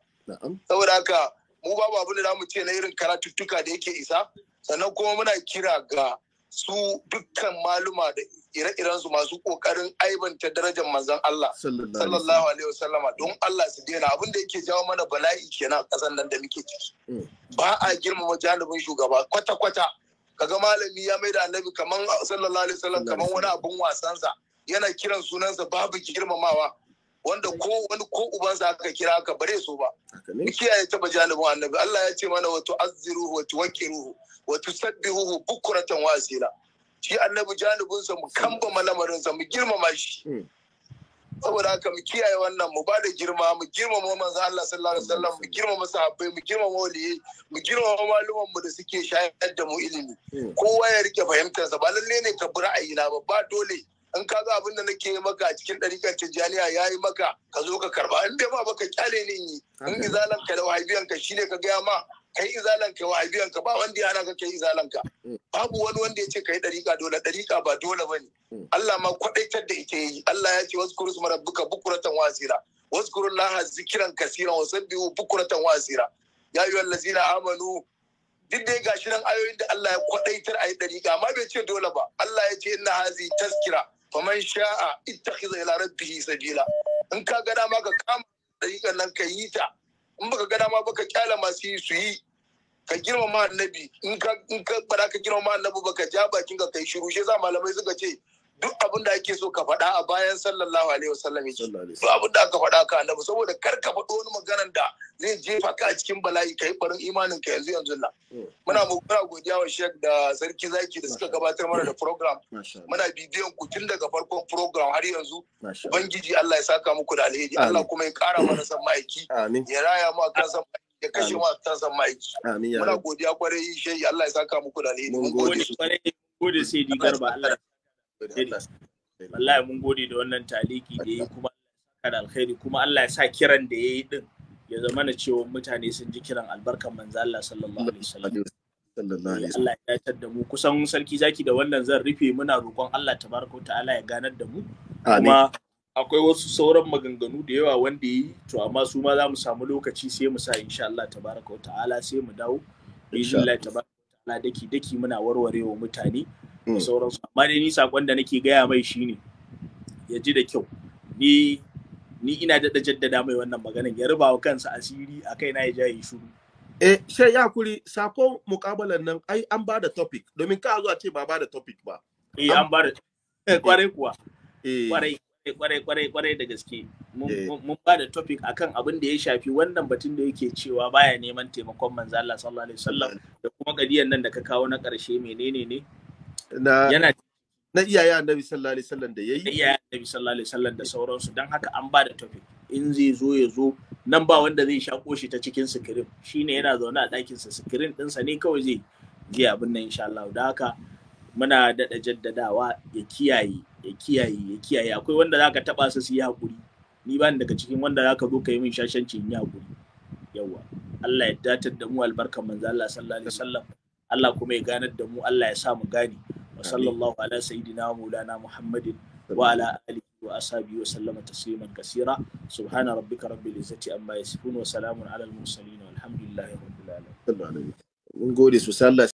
saboda haka mu babu abin da za mu ce na irin karatuttuka da yake isa sannan kuma muna kira ga su dukkan maluma da ire-iren su masu kokarin aibanta darajar manzon Allah sallallahu alaihi wasallama don Allah su daina abin da yake jawo mana bala'i kenan a kasan nan da muke ciki mm. ba a girmama janibin shugaba kwata-kwata kaga malami ya maida annabi kaman sallallahu alaihi wasallam kaman wani abun wasansa yana kiran sunansa babu girmamawa wanda ko wani ko ubansa aka kira aka bare so ba kiyaye taba janibin annabi Allah ya ce mana wato azziruhu wa tuwakkiruhu wa tusabbihuhu bukuratan wasila shi annabi janibin sa mu kambama lamarin sa mu girmama shi hmm. saboda haka mu kiyaye wannan mu bada girma mu girmama manzo Allah sallallahu alaihi wasallam mu girmama sahabbai mu girmama waliyai mu girmama malaman mu da suke shayar da mu ilimi hmm. kowa ya rike fahimtar sa ba lalle ne ka bi ra'ayina ba ba dole in ka ga abin da nake yi maka a cikin ɗarikar tijjaniya ya yi maka ka zo ka karba in bai ma ka kyale ne in izalan ka da wahabiyanka shi ne ka gaya ma kai izalan ka wa biyan ka ba wanda ya hana ka kai izalanka? ka babu wani wanda ya ce kai dariƙa dole dariƙa ba dole ba ne. Allah ma kwadaitar da ita yi Allah ya ce waskuru mara rabbuka bukuratan wasira Wasu waskuru laha zikiran kasiran biyu bukuratan wasira ya wani allazina amanu duk dai gashi nan ayoyin da Allah ya kwadaitar yi dariƙa amma bai ce dole ba Allah ya ce ina hazi taskira faman sha'a ittakhiza ila rabbihi sabila in ka ga dama ka kama dariƙan nan ka yi ta in baka ga dama baka kyala masu yi su yi ka girmama annabi in ka in ka ka girmama annabi baka ja bakin ka kai shiru shi za malamai suka ce duk abin da ake so ka faɗa a bayan sallallahu alaihi wasallam yake duk abin da aka faɗa ka annabi saboda kar ka faɗo wani maganar da zai jefa ka a cikin bala'i kai barin imanin ka yanzu yanzu na hmm. muna mugura godiya wa shek da sarki zaki da suka gabatar mana da program muna bidiyon ku tun daga farkon program har yanzu ubangiji Allah ya saka muku da alheri Allah kuma ya kara mana san ma'aiki ya raya mu kan san ya kashe mu kan san ma'aiki muna godiya kwarai shehi Allah ya saka muku da alheri mun gode kwarai gode sai di garba Allah wallahi mun gode da wannan taliki da kuma alkhairi kuma Allah ya sa kiran da yayi yi din ya zama na cewa mutane sun ji kiran albarkan manzo Allah sallallahu alaihi wasallam Allah ya da mu kusan sarki zaki da wannan zan rufe muna roƙon Allah tabaraka ta'ala ya ganar da mu kuma akwai wasu sauran maganganu da yawa wanda yi to amma su ma za mu samu lokaci sai mu sa insha Allah tabaraka ta'ala sai mu dawo insha Allah tabaraka ta'ala daki daki muna warwarewa mutane da mm. sauransu amma dai ni sakon da nake gaya mai shine ya ji da kyau ni ni ina da jaddada mai wannan maganin. ya ruba wa kansa asiri a kai na ya jaye shuru eh sai ya kuri sakon mukabalan nan ai an ba da topic domin ka zo a ce ba ba da topic ba eh an ba da eh. Eh, kwarai kuwa eh. kwarai kwarai kwarai kwarai da gaske mun ba da topic akan abin da ya shafi wannan batun da yake cewa baya neman taimakon manzo Allah sallallahu alaihi wasallam da kuma gadiyan nan da ka kawo na karshe menene ne na yana na iyaye annabi sallallahu alaihi wasallam da yayi iyaye annabi sallallahu alaihi wasallam da sauransu dan haka an ba da topic in zai zo ya zo nan ba wanda zai sha koshi ta cikin sikirin shine yana zaune a ɗakin sa sikirin sa ne kawai zai ji abin nan insha Allah da haka muna daɗa jaddadawa ya kiyaye ya kiyaye ya kiyaye akwai wanda zaka taba su su yi hakuri ni ba ni daga cikin wanda zaka zo ka min shashanci in yi hakuri yawa Allah ya datar da mu albarkan manzo Allah sallallahu alaihi wasallam Allah kuma ya ganar da mu Allah ya sa mu gani wa sallallahu ala sayyidina maulana muhammadin wa ala alihi wa ashabihi wa sallama tasliman kasira subhana rabbika rabbil izzati amma yasifun wa alal ala al mursalin walhamdulillahi rabbil alamin gode su